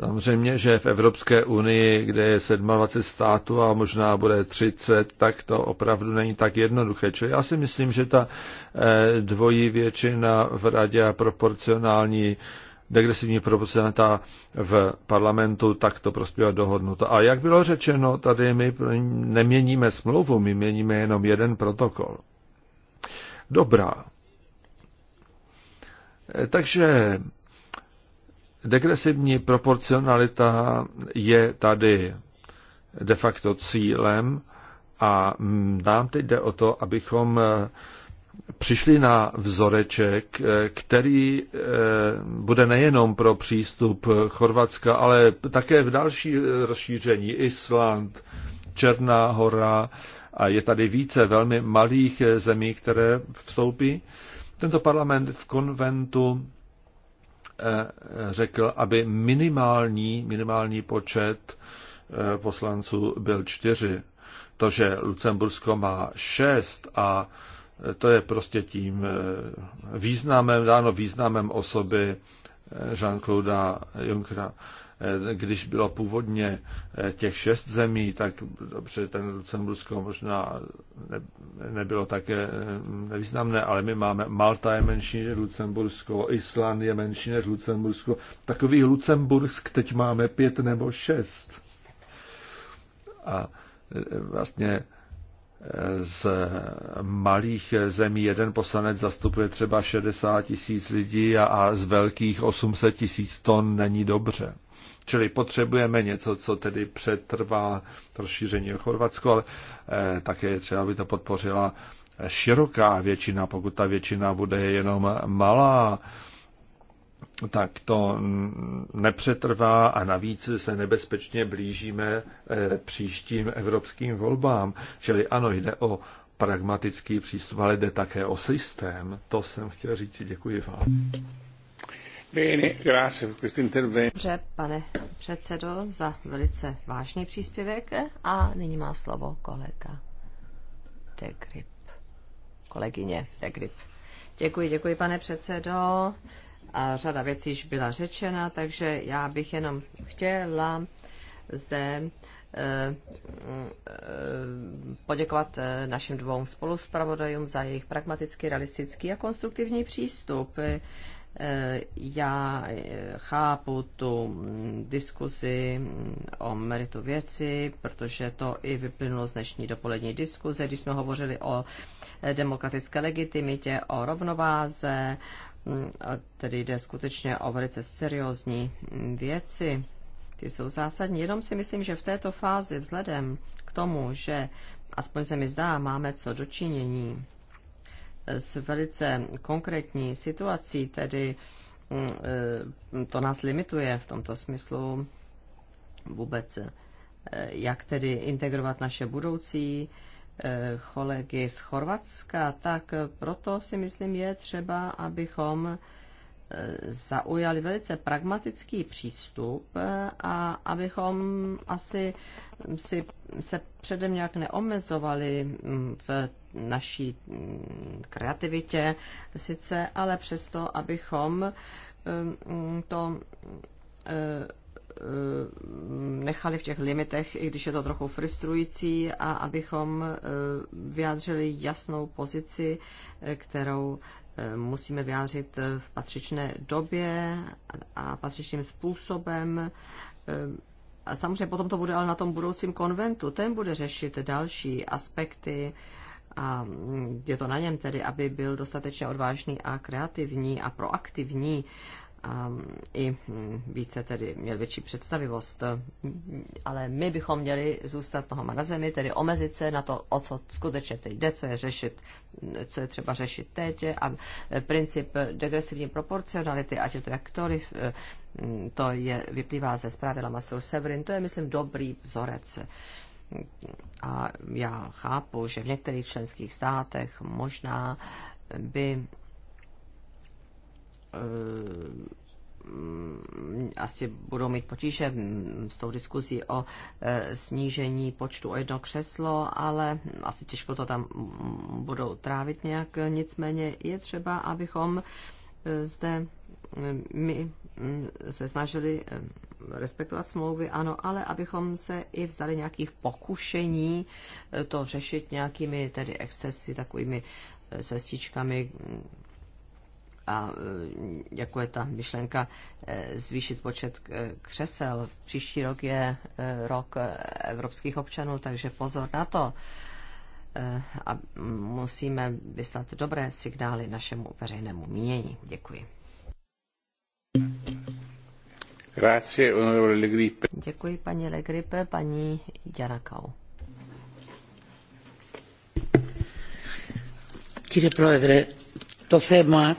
Samozřejmě, že v Evropské unii, kde je 27 států a možná bude 30, tak to opravdu není tak jednoduché. Čili já si myslím, že ta eh, dvojí většina v radě a proporcionální degresivní procenta v parlamentu, tak to prostě bylo dohodnuto. A jak bylo řečeno, tady my neměníme smlouvu, my měníme jenom jeden protokol. Dobrá. Takže degresivní proporcionalita je tady de facto cílem a nám teď jde o to, abychom přišli na vzoreček, eh, který eh, bude nejenom pro přístup Chorvatska, ale také v další eh, rozšíření Island, Černá hora a je tady více velmi malých zemí, které vstoupí. Tento parlament v konventu řekl, aby minimální, minimální počet poslanců byl čtyři. To, že Lucembursko má šest a to je prostě tím eh, významem, dáno významem osoby eh, Jean-Claude Junckera. Eh, když bylo původně těch šest zemí, tak dobře, ten Lucembursko možná ne, nebylo také nevýznamné, ale my máme Malta je menší než Lucembursko, Island je menší než Lucembursko. Takových Lucembursk teď máme pět nebo šest. A vlastně z malých zemí jeden poslanec zastupuje třeba 60 tisíc lidí a, a z velkých 800 tisíc ton není dobře. Čili potřebujeme něco, co tedy přetrvá rozšíření o Chorvatsko, ale eh, také je třeba, aby to podpořila široká většina. Pokud ta většina bude jenom malá, eh, tak to nepřetrvá a navíc se nebezpečně blížíme eh, příštím evropským volbám. Čili ano, jde o pragmatický přístup, ale jde také o systém. To jsem chtěl říct. Děkuji vám. Dobře, pane předsedo, za velice vážný příspěvek a nyní má slovo kolega Grip. Kolegyně Grip. Děkuji, děkuji, pane předsedo a řada věcí již byla řečena, takže já bych jenom chtěla zde eh, eh, poděkovat eh, našim dvou spoluspravodajům za jejich pragmatický, realistický a konstruktivní přístup. Já chápu tu mm, diskusi mm, o meritu věci, protože to i vyplynulo z dnešní dopolední diskuze, když jsme hovořili o demokratické legitimitě, o rovnováze, Mm, a tedy jde skutečně o velice seriózní mm, věci. Ty jsou zásadní. Jenom si myslím, že v této fázi vzhledem k tomu, že aspoň se mi zdá, máme co dočinění eh, s velice konkrétní situací, tedy mm, eh, to nás limituje v tomto smyslu vůbec, eh, jak tedy integrovat naše budoucí Eh, kolegy z Chorvatska, tak proto si myslím je třeba, abychom eh, zaujali velice pragmatický přístup eh, a abychom asi si, se předem nějak neomezovali mm, v naší mm, kreativitě sice, ale přesto, abychom mm, to Eh, nechali v těch limitech, i když je to trochu frustrující, a abychom eh, vyjádřili jasnou pozici, eh, kterou musíme vyjádřit v patřičné době a patřičným způsobem. A samozřejmě potom to bude ale na tom budoucím konventu. Ten bude řešit další aspekty a je to na něm tedy, aby byl dostatečně odvážný a kreativní a proaktivní a mm, i mm, více tedy měl větší představivost. Ale my bychom měli zůstat nohama na zemi, tedy omezit se na to, o co skutečně teď jde, co je řešit, co je třeba řešit teď a mm, princip degresivní proporcionality, ať je to jakkoliv, e, to je, vyplývá ze zprávy Lamasur Severin, to je, myslím, dobrý vzorec. A já chápu, že v některých členských státech možná by Eh, asi budou mít potíže s tou diskuzí o eh, snížení počtu o jedno křeslo, ale asi těžko to tam budou trávit nějak. Nicméně je třeba, abychom eh, zde my mm, se snažili respektovat smlouvy, ano, ale abychom se i vzdali nějakých pokušení to řešit nějakými tedy excesy, takovými cestičkami, a e, jako je ta myšlenka e, zvýšit počet křesel. Příští rok je e, rok evropských občanů, takže pozor na to. A musíme vyslat dobré signály našemu veřejnému mínění. Děkuji. Grazie, onorevole Legripe. Děkuji, paní Legripe, paní Janakau. Κύριε Πρόεδρε, to téma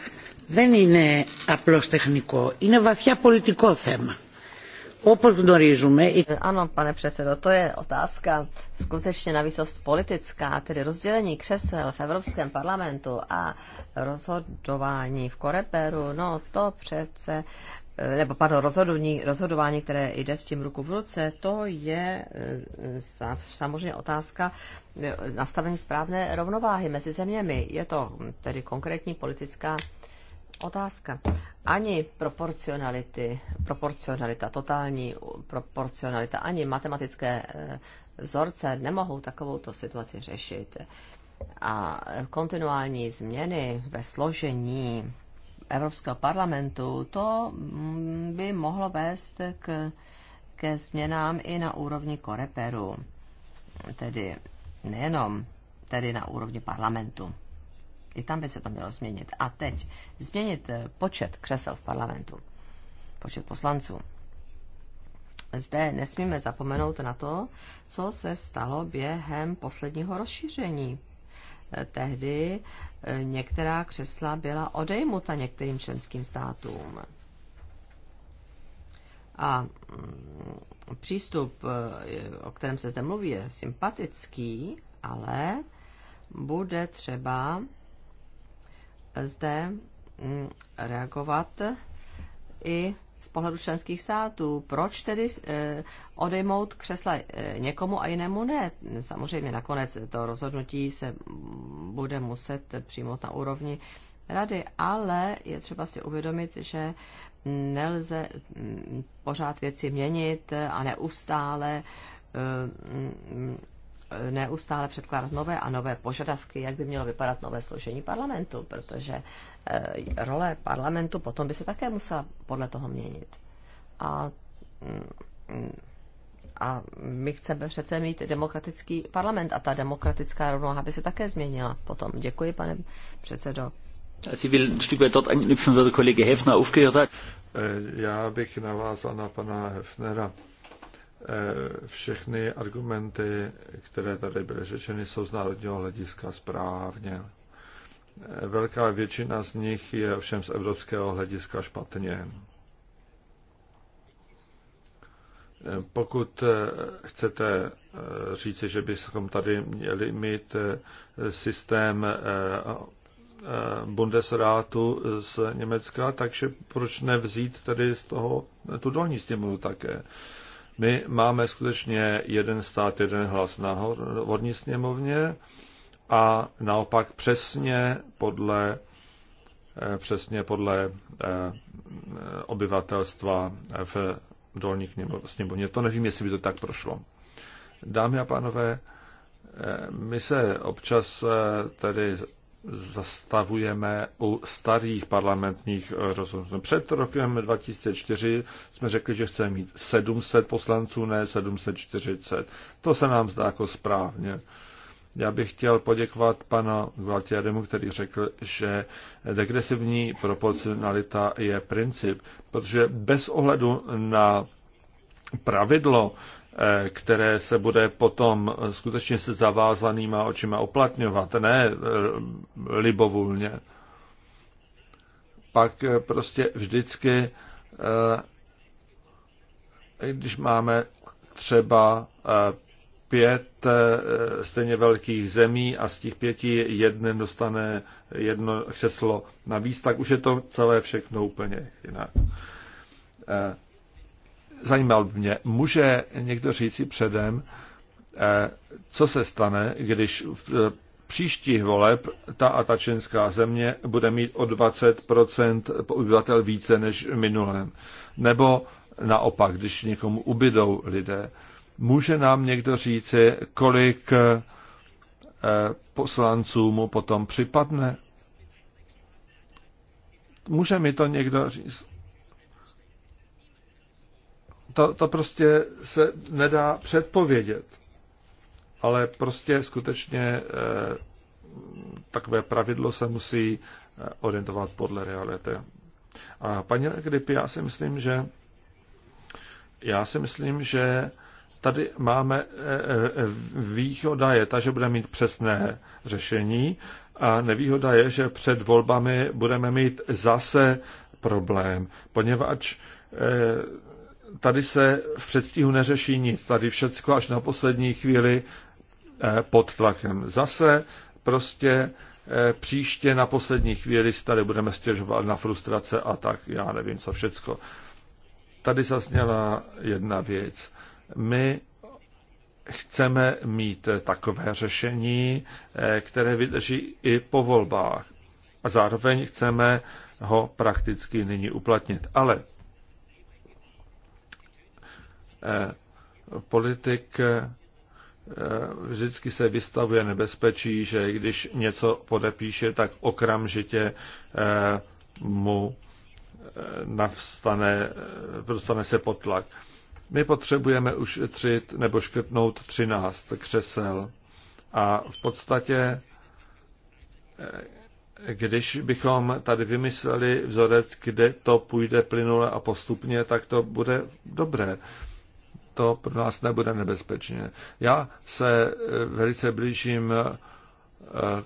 δεν είναι απλώς τεχνικό, είναι βαθιά πολιτικό θέμα. Όπως γνωρίζουμε... Ano, pane předsedo, to je otázka skutečně na výsost politická, tedy rozdělení křesel v Evropském parlamentu a rozhodování v Koreperu, no to přece eh, nebo pardon, rozhodování, rozhodování, které jde s tím ruku v ruce, to je eh, samozřejmě otázka eh, nastavení správné rovnováhy mezi zeměmi. Je to hm, tedy konkrétní politická otázka. Ani proporcionality, proporcionalita, totální proporcionalita, ani matematické eh, vzorce nemohou takovouto situaci řešit. A kontinuální změny ve složení Evropského parlamentu, to mm, by mohlo vést k, ke změnám i na úrovni koreperu, tedy nejenom tedy na úrovni parlamentu. I tam by se to mělo změnit. A teď změnit eh, počet křesel v parlamentu, počet poslanců. Zde nesmíme zapomenout na to, co se stalo během posledního rozšíření. Eh, tehdy eh, některá křesla byla odejmuta některým členským státům. A mm, přístup, o kterém se zde mluví, je sympatický, ale bude třeba zde mm, reagovat i z pohledu členských států. Proč tedy eh, odejmout křesla eh, někomu a jinému ne? Samozřejmě nakonec to rozhodnutí se bude muset přijmout na úrovni rady, ale je třeba si uvědomit, že nelze mm, pořád věci měnit a neustále eh, mm, neustále předkládat nové a nové požadavky, jak by mělo vypadat nové složení parlamentu, protože eh, role parlamentu potom by se také musela podle toho měnit. A, mm, a my chceme přece mít demokratický parlament a ta demokratická rovnováha by se také změnila potom. Děkuji, pane předsedo. Eh, já bych navázal na pana Hefnera. Eh, všechny argumenty, které tady byly řečeny, jsou z národního hlediska správně. Eh, velká většina z nich je ovšem z evropského hlediska špatně. Eh, pokud chcete říci, že bychom tady měli mít systém Bundesrátu z Německa, takže proč nevzít tady z toho tu dolní stimulu také? My máme skutečně jeden stát, jeden hlas na horní sněmovně a naopak přesně podle eh, přesně podle eh, obyvatelstva v dolní sněmovně. To nevím, jestli by to tak prošlo. Dámy a pánové, eh, my se občas tedy zastavujeme u starých parlamentních rozhodnutí. Před rokem 2004 jsme řekli, že chceme mít 700 poslanců, ne 740. To se nám zdá jako správně. Já bych chtěl poděkovat pana Gualtieremu, který řekl, že degresivní proporcionalita je princip, protože bez ohledu na pravidlo Eh, které se bude potom skutečně se zavázanýma očima oplatňovat, ne eh, libovůlně, Pak eh, prostě vždycky, když máme třeba pět stejně velkých zemí a z těch pěti jedné dostane jedno křeslo navíc, tak už je to celé všechno úplně jinak zajímal by mě, může někdo říct si předem, eh, co se stane, když v eh, příštích voleb ta a ta členská země bude mít o 20% obyvatel více než v minulém. Nebo naopak, když někomu ubydou lidé. Může nám někdo říci, kolik eh, poslanců mu potom připadne? Může mi to někdo říct? to, to prostě se nedá předpovědět. Ale prostě skutečně eh, takové pravidlo se musí eh, orientovat podle reality. A paní Legripy, já si myslím, že já si myslím, že tady máme eh, výhoda je ta, že budeme mít přesné řešení a nevýhoda je, že před volbami budeme mít zase problém, poněvadž tady se v předstihu neřeší nic. Tady všecko až na poslední chvíli eh, pod tlakem. Zase prostě eh, příště na poslední chvíli si tady budeme stěžovat na frustrace a tak, já nevím co všecko. Tady zazněla jedna věc. My chceme mít eh, takové řešení, které vydrží i po volbách. A zároveň chceme ho prakticky nyní uplatnit. Ale Eh, politik eh, vždycky se vystavuje nebezpečí, že když něco podepíše, tak okamžitě eh, mu navstane, dostane se potlak. My potřebujeme už tři, nebo škrtnout 13 křesel. A v podstatě, když bychom tady vymysleli vzorec, kde to půjde plynule a postupně, tak to bude dobré to pro nás nebude nebezpečné. Já se eh, velice blížím eh,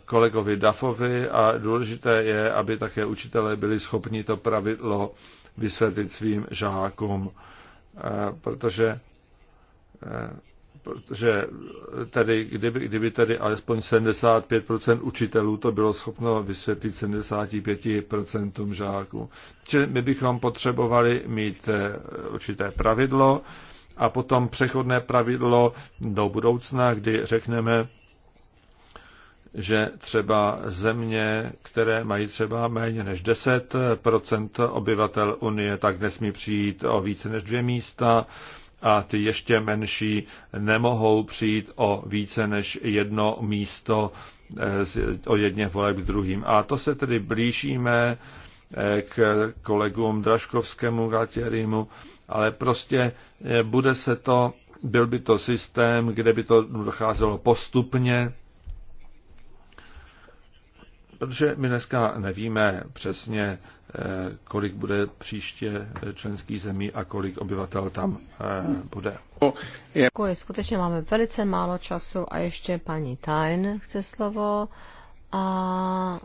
kolegovi Dafovi a důležité je, aby také učitelé byli schopni to pravidlo vysvětlit svým žákům, eh, protože protože tedy, kdyby, kdyby tedy alespoň 75% učitelů to bylo schopno vysvětlit 75% žáků. Čili my bychom potřebovali mít určité pravidlo, a potom přechodné pravidlo do budoucna, kdy řekneme, že třeba země, které mají třeba méně než 10 obyvatel Unie, tak nesmí přijít o více než dvě místa a ty ještě menší nemohou přijít o více než jedno místo eh, o jedně voleb k druhým. A to se tedy blížíme eh, k kolegům Draškovskému, Gatěrymu ale prostě eh, bude se to, byl by to systém, kde by to docházelo postupně, protože my dneska nevíme přesně, eh, kolik bude příště eh, členský zemí a kolik obyvatel tam bude. Děkuji, skutečně máme velice málo času a ještě paní Tajn chce slovo a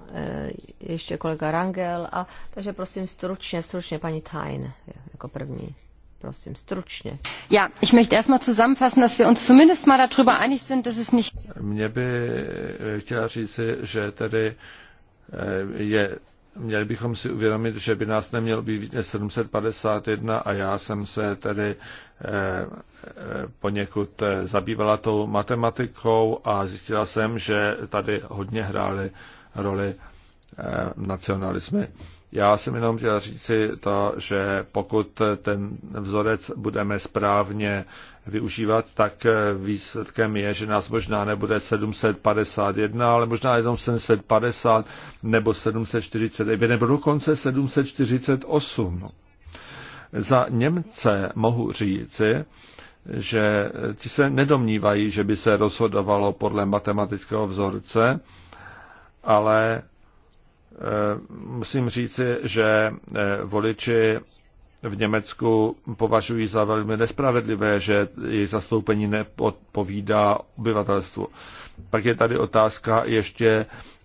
ještě kolega Rangel. A, takže prosím stručně, stručně paní Tajn jako první. Prosím, stručně. ich möchte erstmal zusammenfassen, dass wir uns zumindest mal darüber einig sind, dass es nicht... Mě by eh, chtěla říci, že tedy eh, je měli bychom si uvědomit, že by nás nemělo být víc 751 a já jsem se tedy eh, poněkud zabývala tou matematikou a zjistila jsem, že tady hodně hrály roli nacionalismy. Já jsem jenom chtěl říci to, že pokud ten vzorec budeme správně využívat, tak výsledkem je, že nás možná nebude 751, ale možná jenom 750 nebo 749, nebo dokonce 748. Za Němce mohu říci, že ti se nedomnívají, že by se rozhodovalo podle matematického vzorce, ale Eh, musím říci, že eh, voliči v Německu považují za velmi nespravedlivé, že jejich zastoupení nepovídá obyvatelstvu. Pak je tady otázka ještě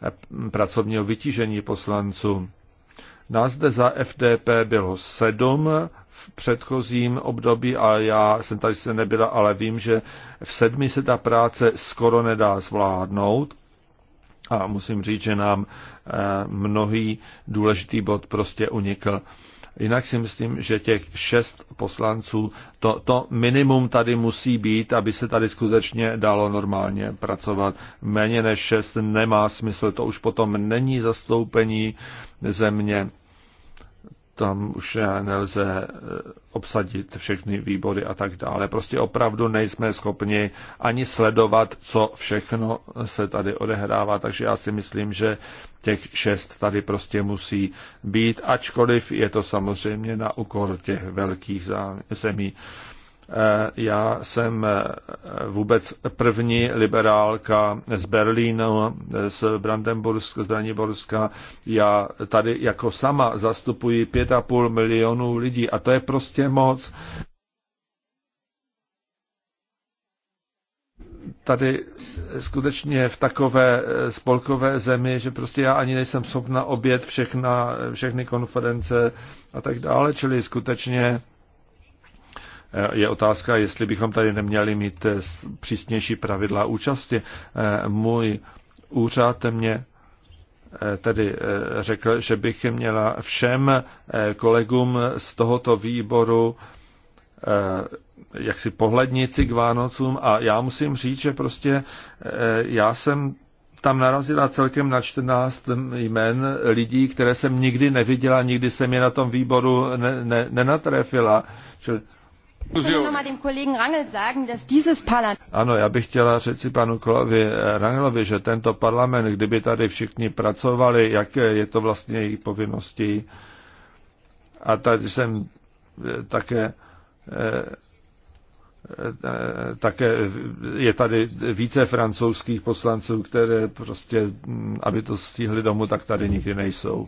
eh, pracovního vytížení poslanců. Nás zde za FDP bylo sedm v předchozím období a já jsem tady se nebyla, ale vím, že v sedmi se ta práce skoro nedá zvládnout. A musím říct, že nám Eh, mnohý důležitý bod prostě unikl. Jinak si myslím, že těch šest poslanců, to, to minimum tady musí být, aby se tady skutečně dalo normálně pracovat. Méně než šest nemá smysl, to už potom není zastoupení země tam už nelze eh, obsadit všechny výbory a tak dále. Prostě opravdu nejsme schopni ani sledovat, co všechno se tady odehrává, takže já si myslím, že těch šest tady prostě musí být, ačkoliv je to samozřejmě na úkor těch velkých zemí. Eh, já jsem eh, vůbec první liberálka z Berlína, eh, z Brandenburska, z Braniborska. Já tady jako sama zastupuji 5,5 milionů lidí a to je prostě moc. tady skutečně v takové spolkové zemi, že prostě já ani nejsem schopna obět všechna, všechny konference a tak dále, čili skutečně je otázka, jestli bychom tady neměli mít eh, přísnější pravidla účasti. Eh, můj úřad mě eh, tedy řekl, že bych měla všem kolegům z tohoto výboru jaksi pohlednici k Vánocům a já musím říct, že prostě já jsem tam narazila celkem na 14 jmen lidí, které jsem nikdy neviděla, nikdy jsem je na tom výboru ne, ne, nenatrefila. Čili ano, já bych chtěla říct panu Kolovi eh, Rangelovi, že tento parlament, kdyby tady všichni pracovali, jak je to vlastně jejich povinností. A tady jsem eh, také eh, také je tady více francouzských poslanců, které prostě, aby to stihli domů, tak tady nikdy nejsou.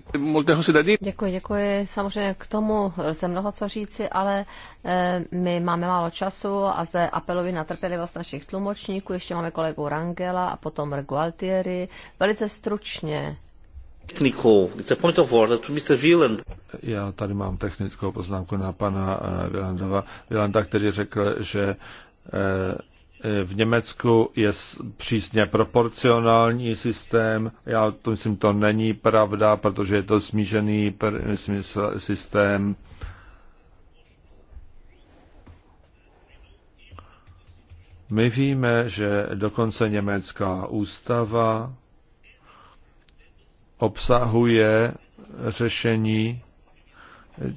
Děkuji, děkuji. Samozřejmě k tomu lze mnoho co říci, ale eh, my máme málo času a zde apeluji na trpělivost našich tlumočníků. Ještě máme kolegu Rangela a potom Gualtieri. Velice stručně Technical. It's a point of order to Mr. Wieland. Já tady mám technickou poznámku na pana eh, Wielandova. Wielanda, který řekl, že eh, v Německu je přísně proporcionální systém. Já to myslím, to není pravda, protože je to smížený systém. My víme, že dokonce německá ústava obsahuje řešení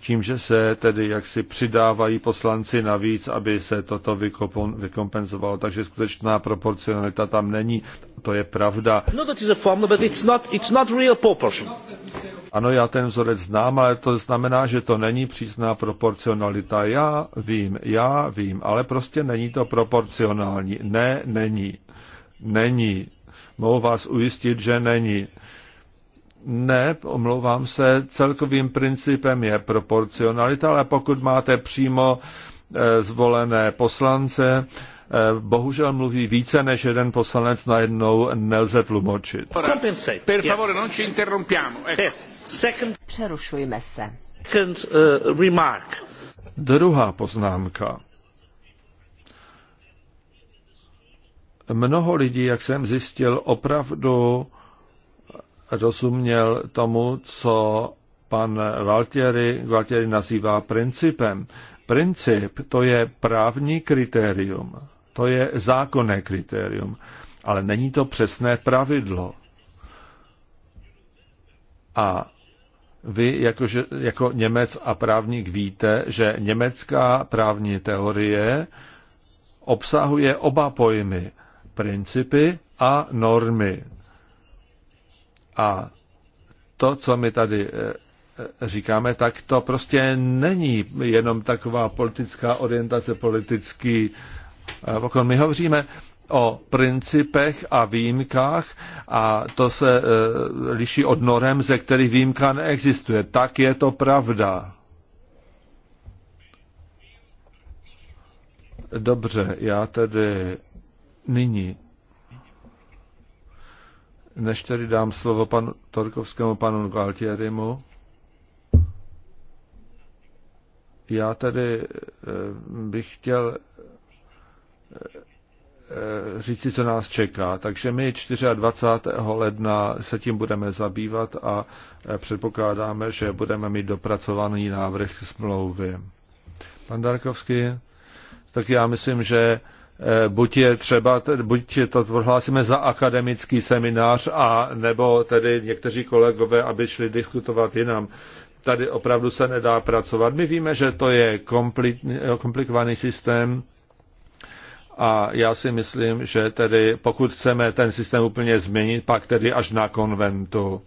tím, že se tedy jaksi přidávají poslanci navíc, aby se toto vykompenzovalo. Takže skutečná proporcionalita tam není. To je pravda. No, ano, já ten vzorec znám, ale to znamená, že to není přísná proporcionalita. Já vím, já vím, ale prostě není to proporcionální. Ne, není. Není. Mohu vás ujistit, že není. Ne, omlouvám se, celkovým principem je proporcionalita, ale pokud máte přímo e, zvolené poslance, e, bohužel mluví více než jeden poslanec najednou, nelze tlumočit. Per favore, non ci interrompiamo. Přerušujme se. Uh, Druhá poznámka. Mnoho lidí, jak jsem zjistil, opravdu rozuměl tomu, co pan Valtieri, Valtieri nazývá principem. Princip to je právní kritérium, to je zákonné kritérium, ale není to přesné pravidlo. A vy jako, že, jako Němec a právník víte, že německá právní teorie obsahuje oba pojmy principy a normy. A to, co my tady eh, eh, říkáme, tak to prostě není jenom taková politická orientace, politický eh, pokon. My hovoříme o principech a výjimkách a to se liší od norem, ze kterých výjimka neexistuje. Tak je to pravda. Dobře, já tedy nyní než tedy dám slovo panu Torkovskému panu Galtierimu, já tedy eh, bych chtěl eh, říci, co nás čeká. Takže my 24. ledna se tím budeme zabývat a eh, předpokládáme, že budeme mít dopracovaný návrh smlouvy. Pan Darkovský, tak já myslím, že Eh, buď je třeba, buď to prohlásíme za akademický seminář, a nebo tedy někteří kolegové, aby šli diskutovat jinam. Tady opravdu se nedá pracovat. My víme, že to je komplikovaný systém, a já si myslím, že tedy pokud chceme ten systém úplně změnit, pak tedy až na konventu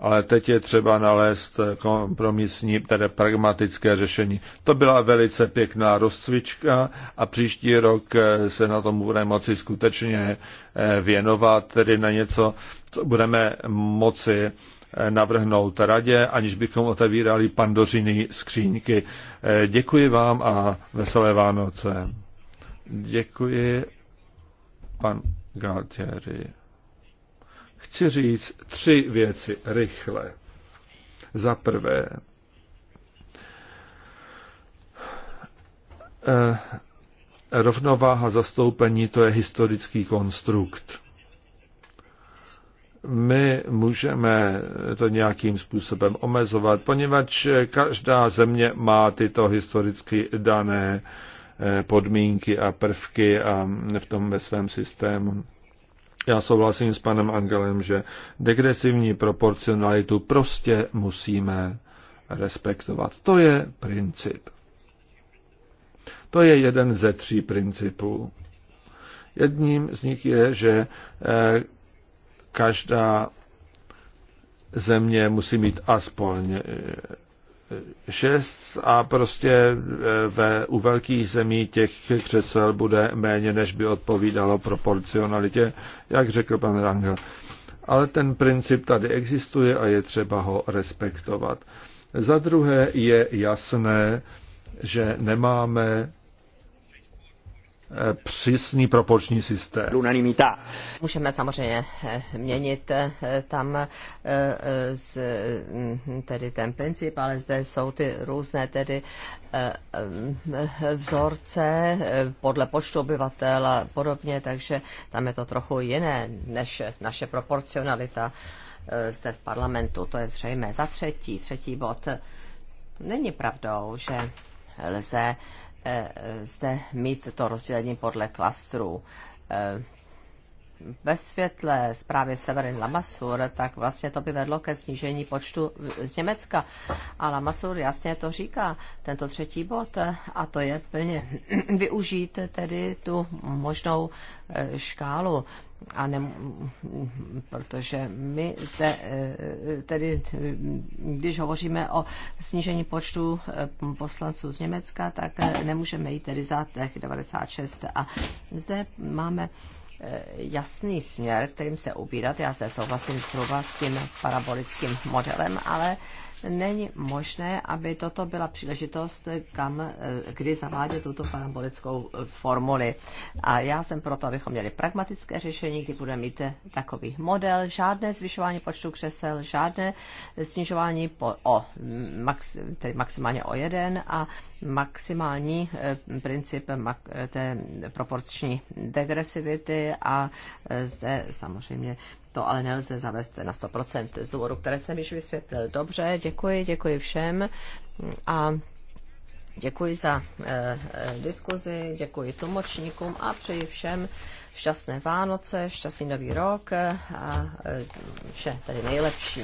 ale teď je třeba nalézt kompromisní, tedy pragmatické řešení. To byla velice pěkná rozcvička a příští rok eh, se na tom budeme moci skutečně eh, věnovat, tedy na něco, co budeme moci eh, navrhnout radě, aniž bychom otevírali pandořiny skřínky. Děkuji vám a veselé Vánoce. Děkuji, pan Galtieri chci říct tři věci rychle. Za prvé, eh, rovnováha zastoupení to je historický konstrukt. My můžeme to nějakým způsobem omezovat, poněvadž každá země má tyto historicky dané eh, podmínky a prvky a v tom ve svém systému. Já souhlasím s panem Angelem, že degresivní proporcionalitu prostě musíme respektovat. To je princip. To je jeden ze tří principů. Jedním z nich je, že eh, každá země musí mít aspoň eh, šest a prostě e, ve, u velkých zemí těch křesel bude méně, než by odpovídalo proporcionalitě, jak řekl pan Rangel. Ale ten princip tady existuje a je třeba ho respektovat. Za druhé je jasné, že nemáme přísný proporční systém. Unanimita. Můžeme samozřejmě eh, měnit eh, tam eh, z, mm, tedy ten princip, ale zde jsou ty různé tedy vzorce podle počtu obyvatel a podobně, takže tam je to trochu jiné než naše proporcionalita zde v parlamentu, to je zřejmé. Za třetí, třetí bod, není pravdou, že lze Eh, zde mít to rozdělení podle klastrů eh, ve světle zprávy Severin Lamassur, tak vlastně to by vedlo ke snížení počtu z Německa. A Lamassur jasně to říká, tento třetí bod, a to je plně využít tedy tu možnou eh, škálu. A ne, protože my se eh, tedy, eh, když hovoříme o snížení počtu poslanců z Německa, tak nemůžeme jít tedy za těch 96. A zde máme jasný směr, kterým se ubírat. Já zde souhlasím zhruba s tím parabolickým modelem, ale není možné, aby toto byla příležitost, kam, eh, kdy zavádět tuto parabolickou eh, formuli. A já jsem proto, abychom měli pragmatické řešení, kdy budeme mít eh, takový model, žádné zvyšování počtu křesel, žádné snižování po, o, max, tedy maximálně o jeden a maximální princip té proporční degresivity a zde samozřejmě to ale nelze zavést na 100% z důvodu, které jsem již vysvětlil. Dobře, děkuji, děkuji všem a děkuji za eh, eh, diskuzi, děkuji tlumočníkům a přeji všem šťastné Vánoce, šťastný nový rok a eh, vše, tady nejlepší.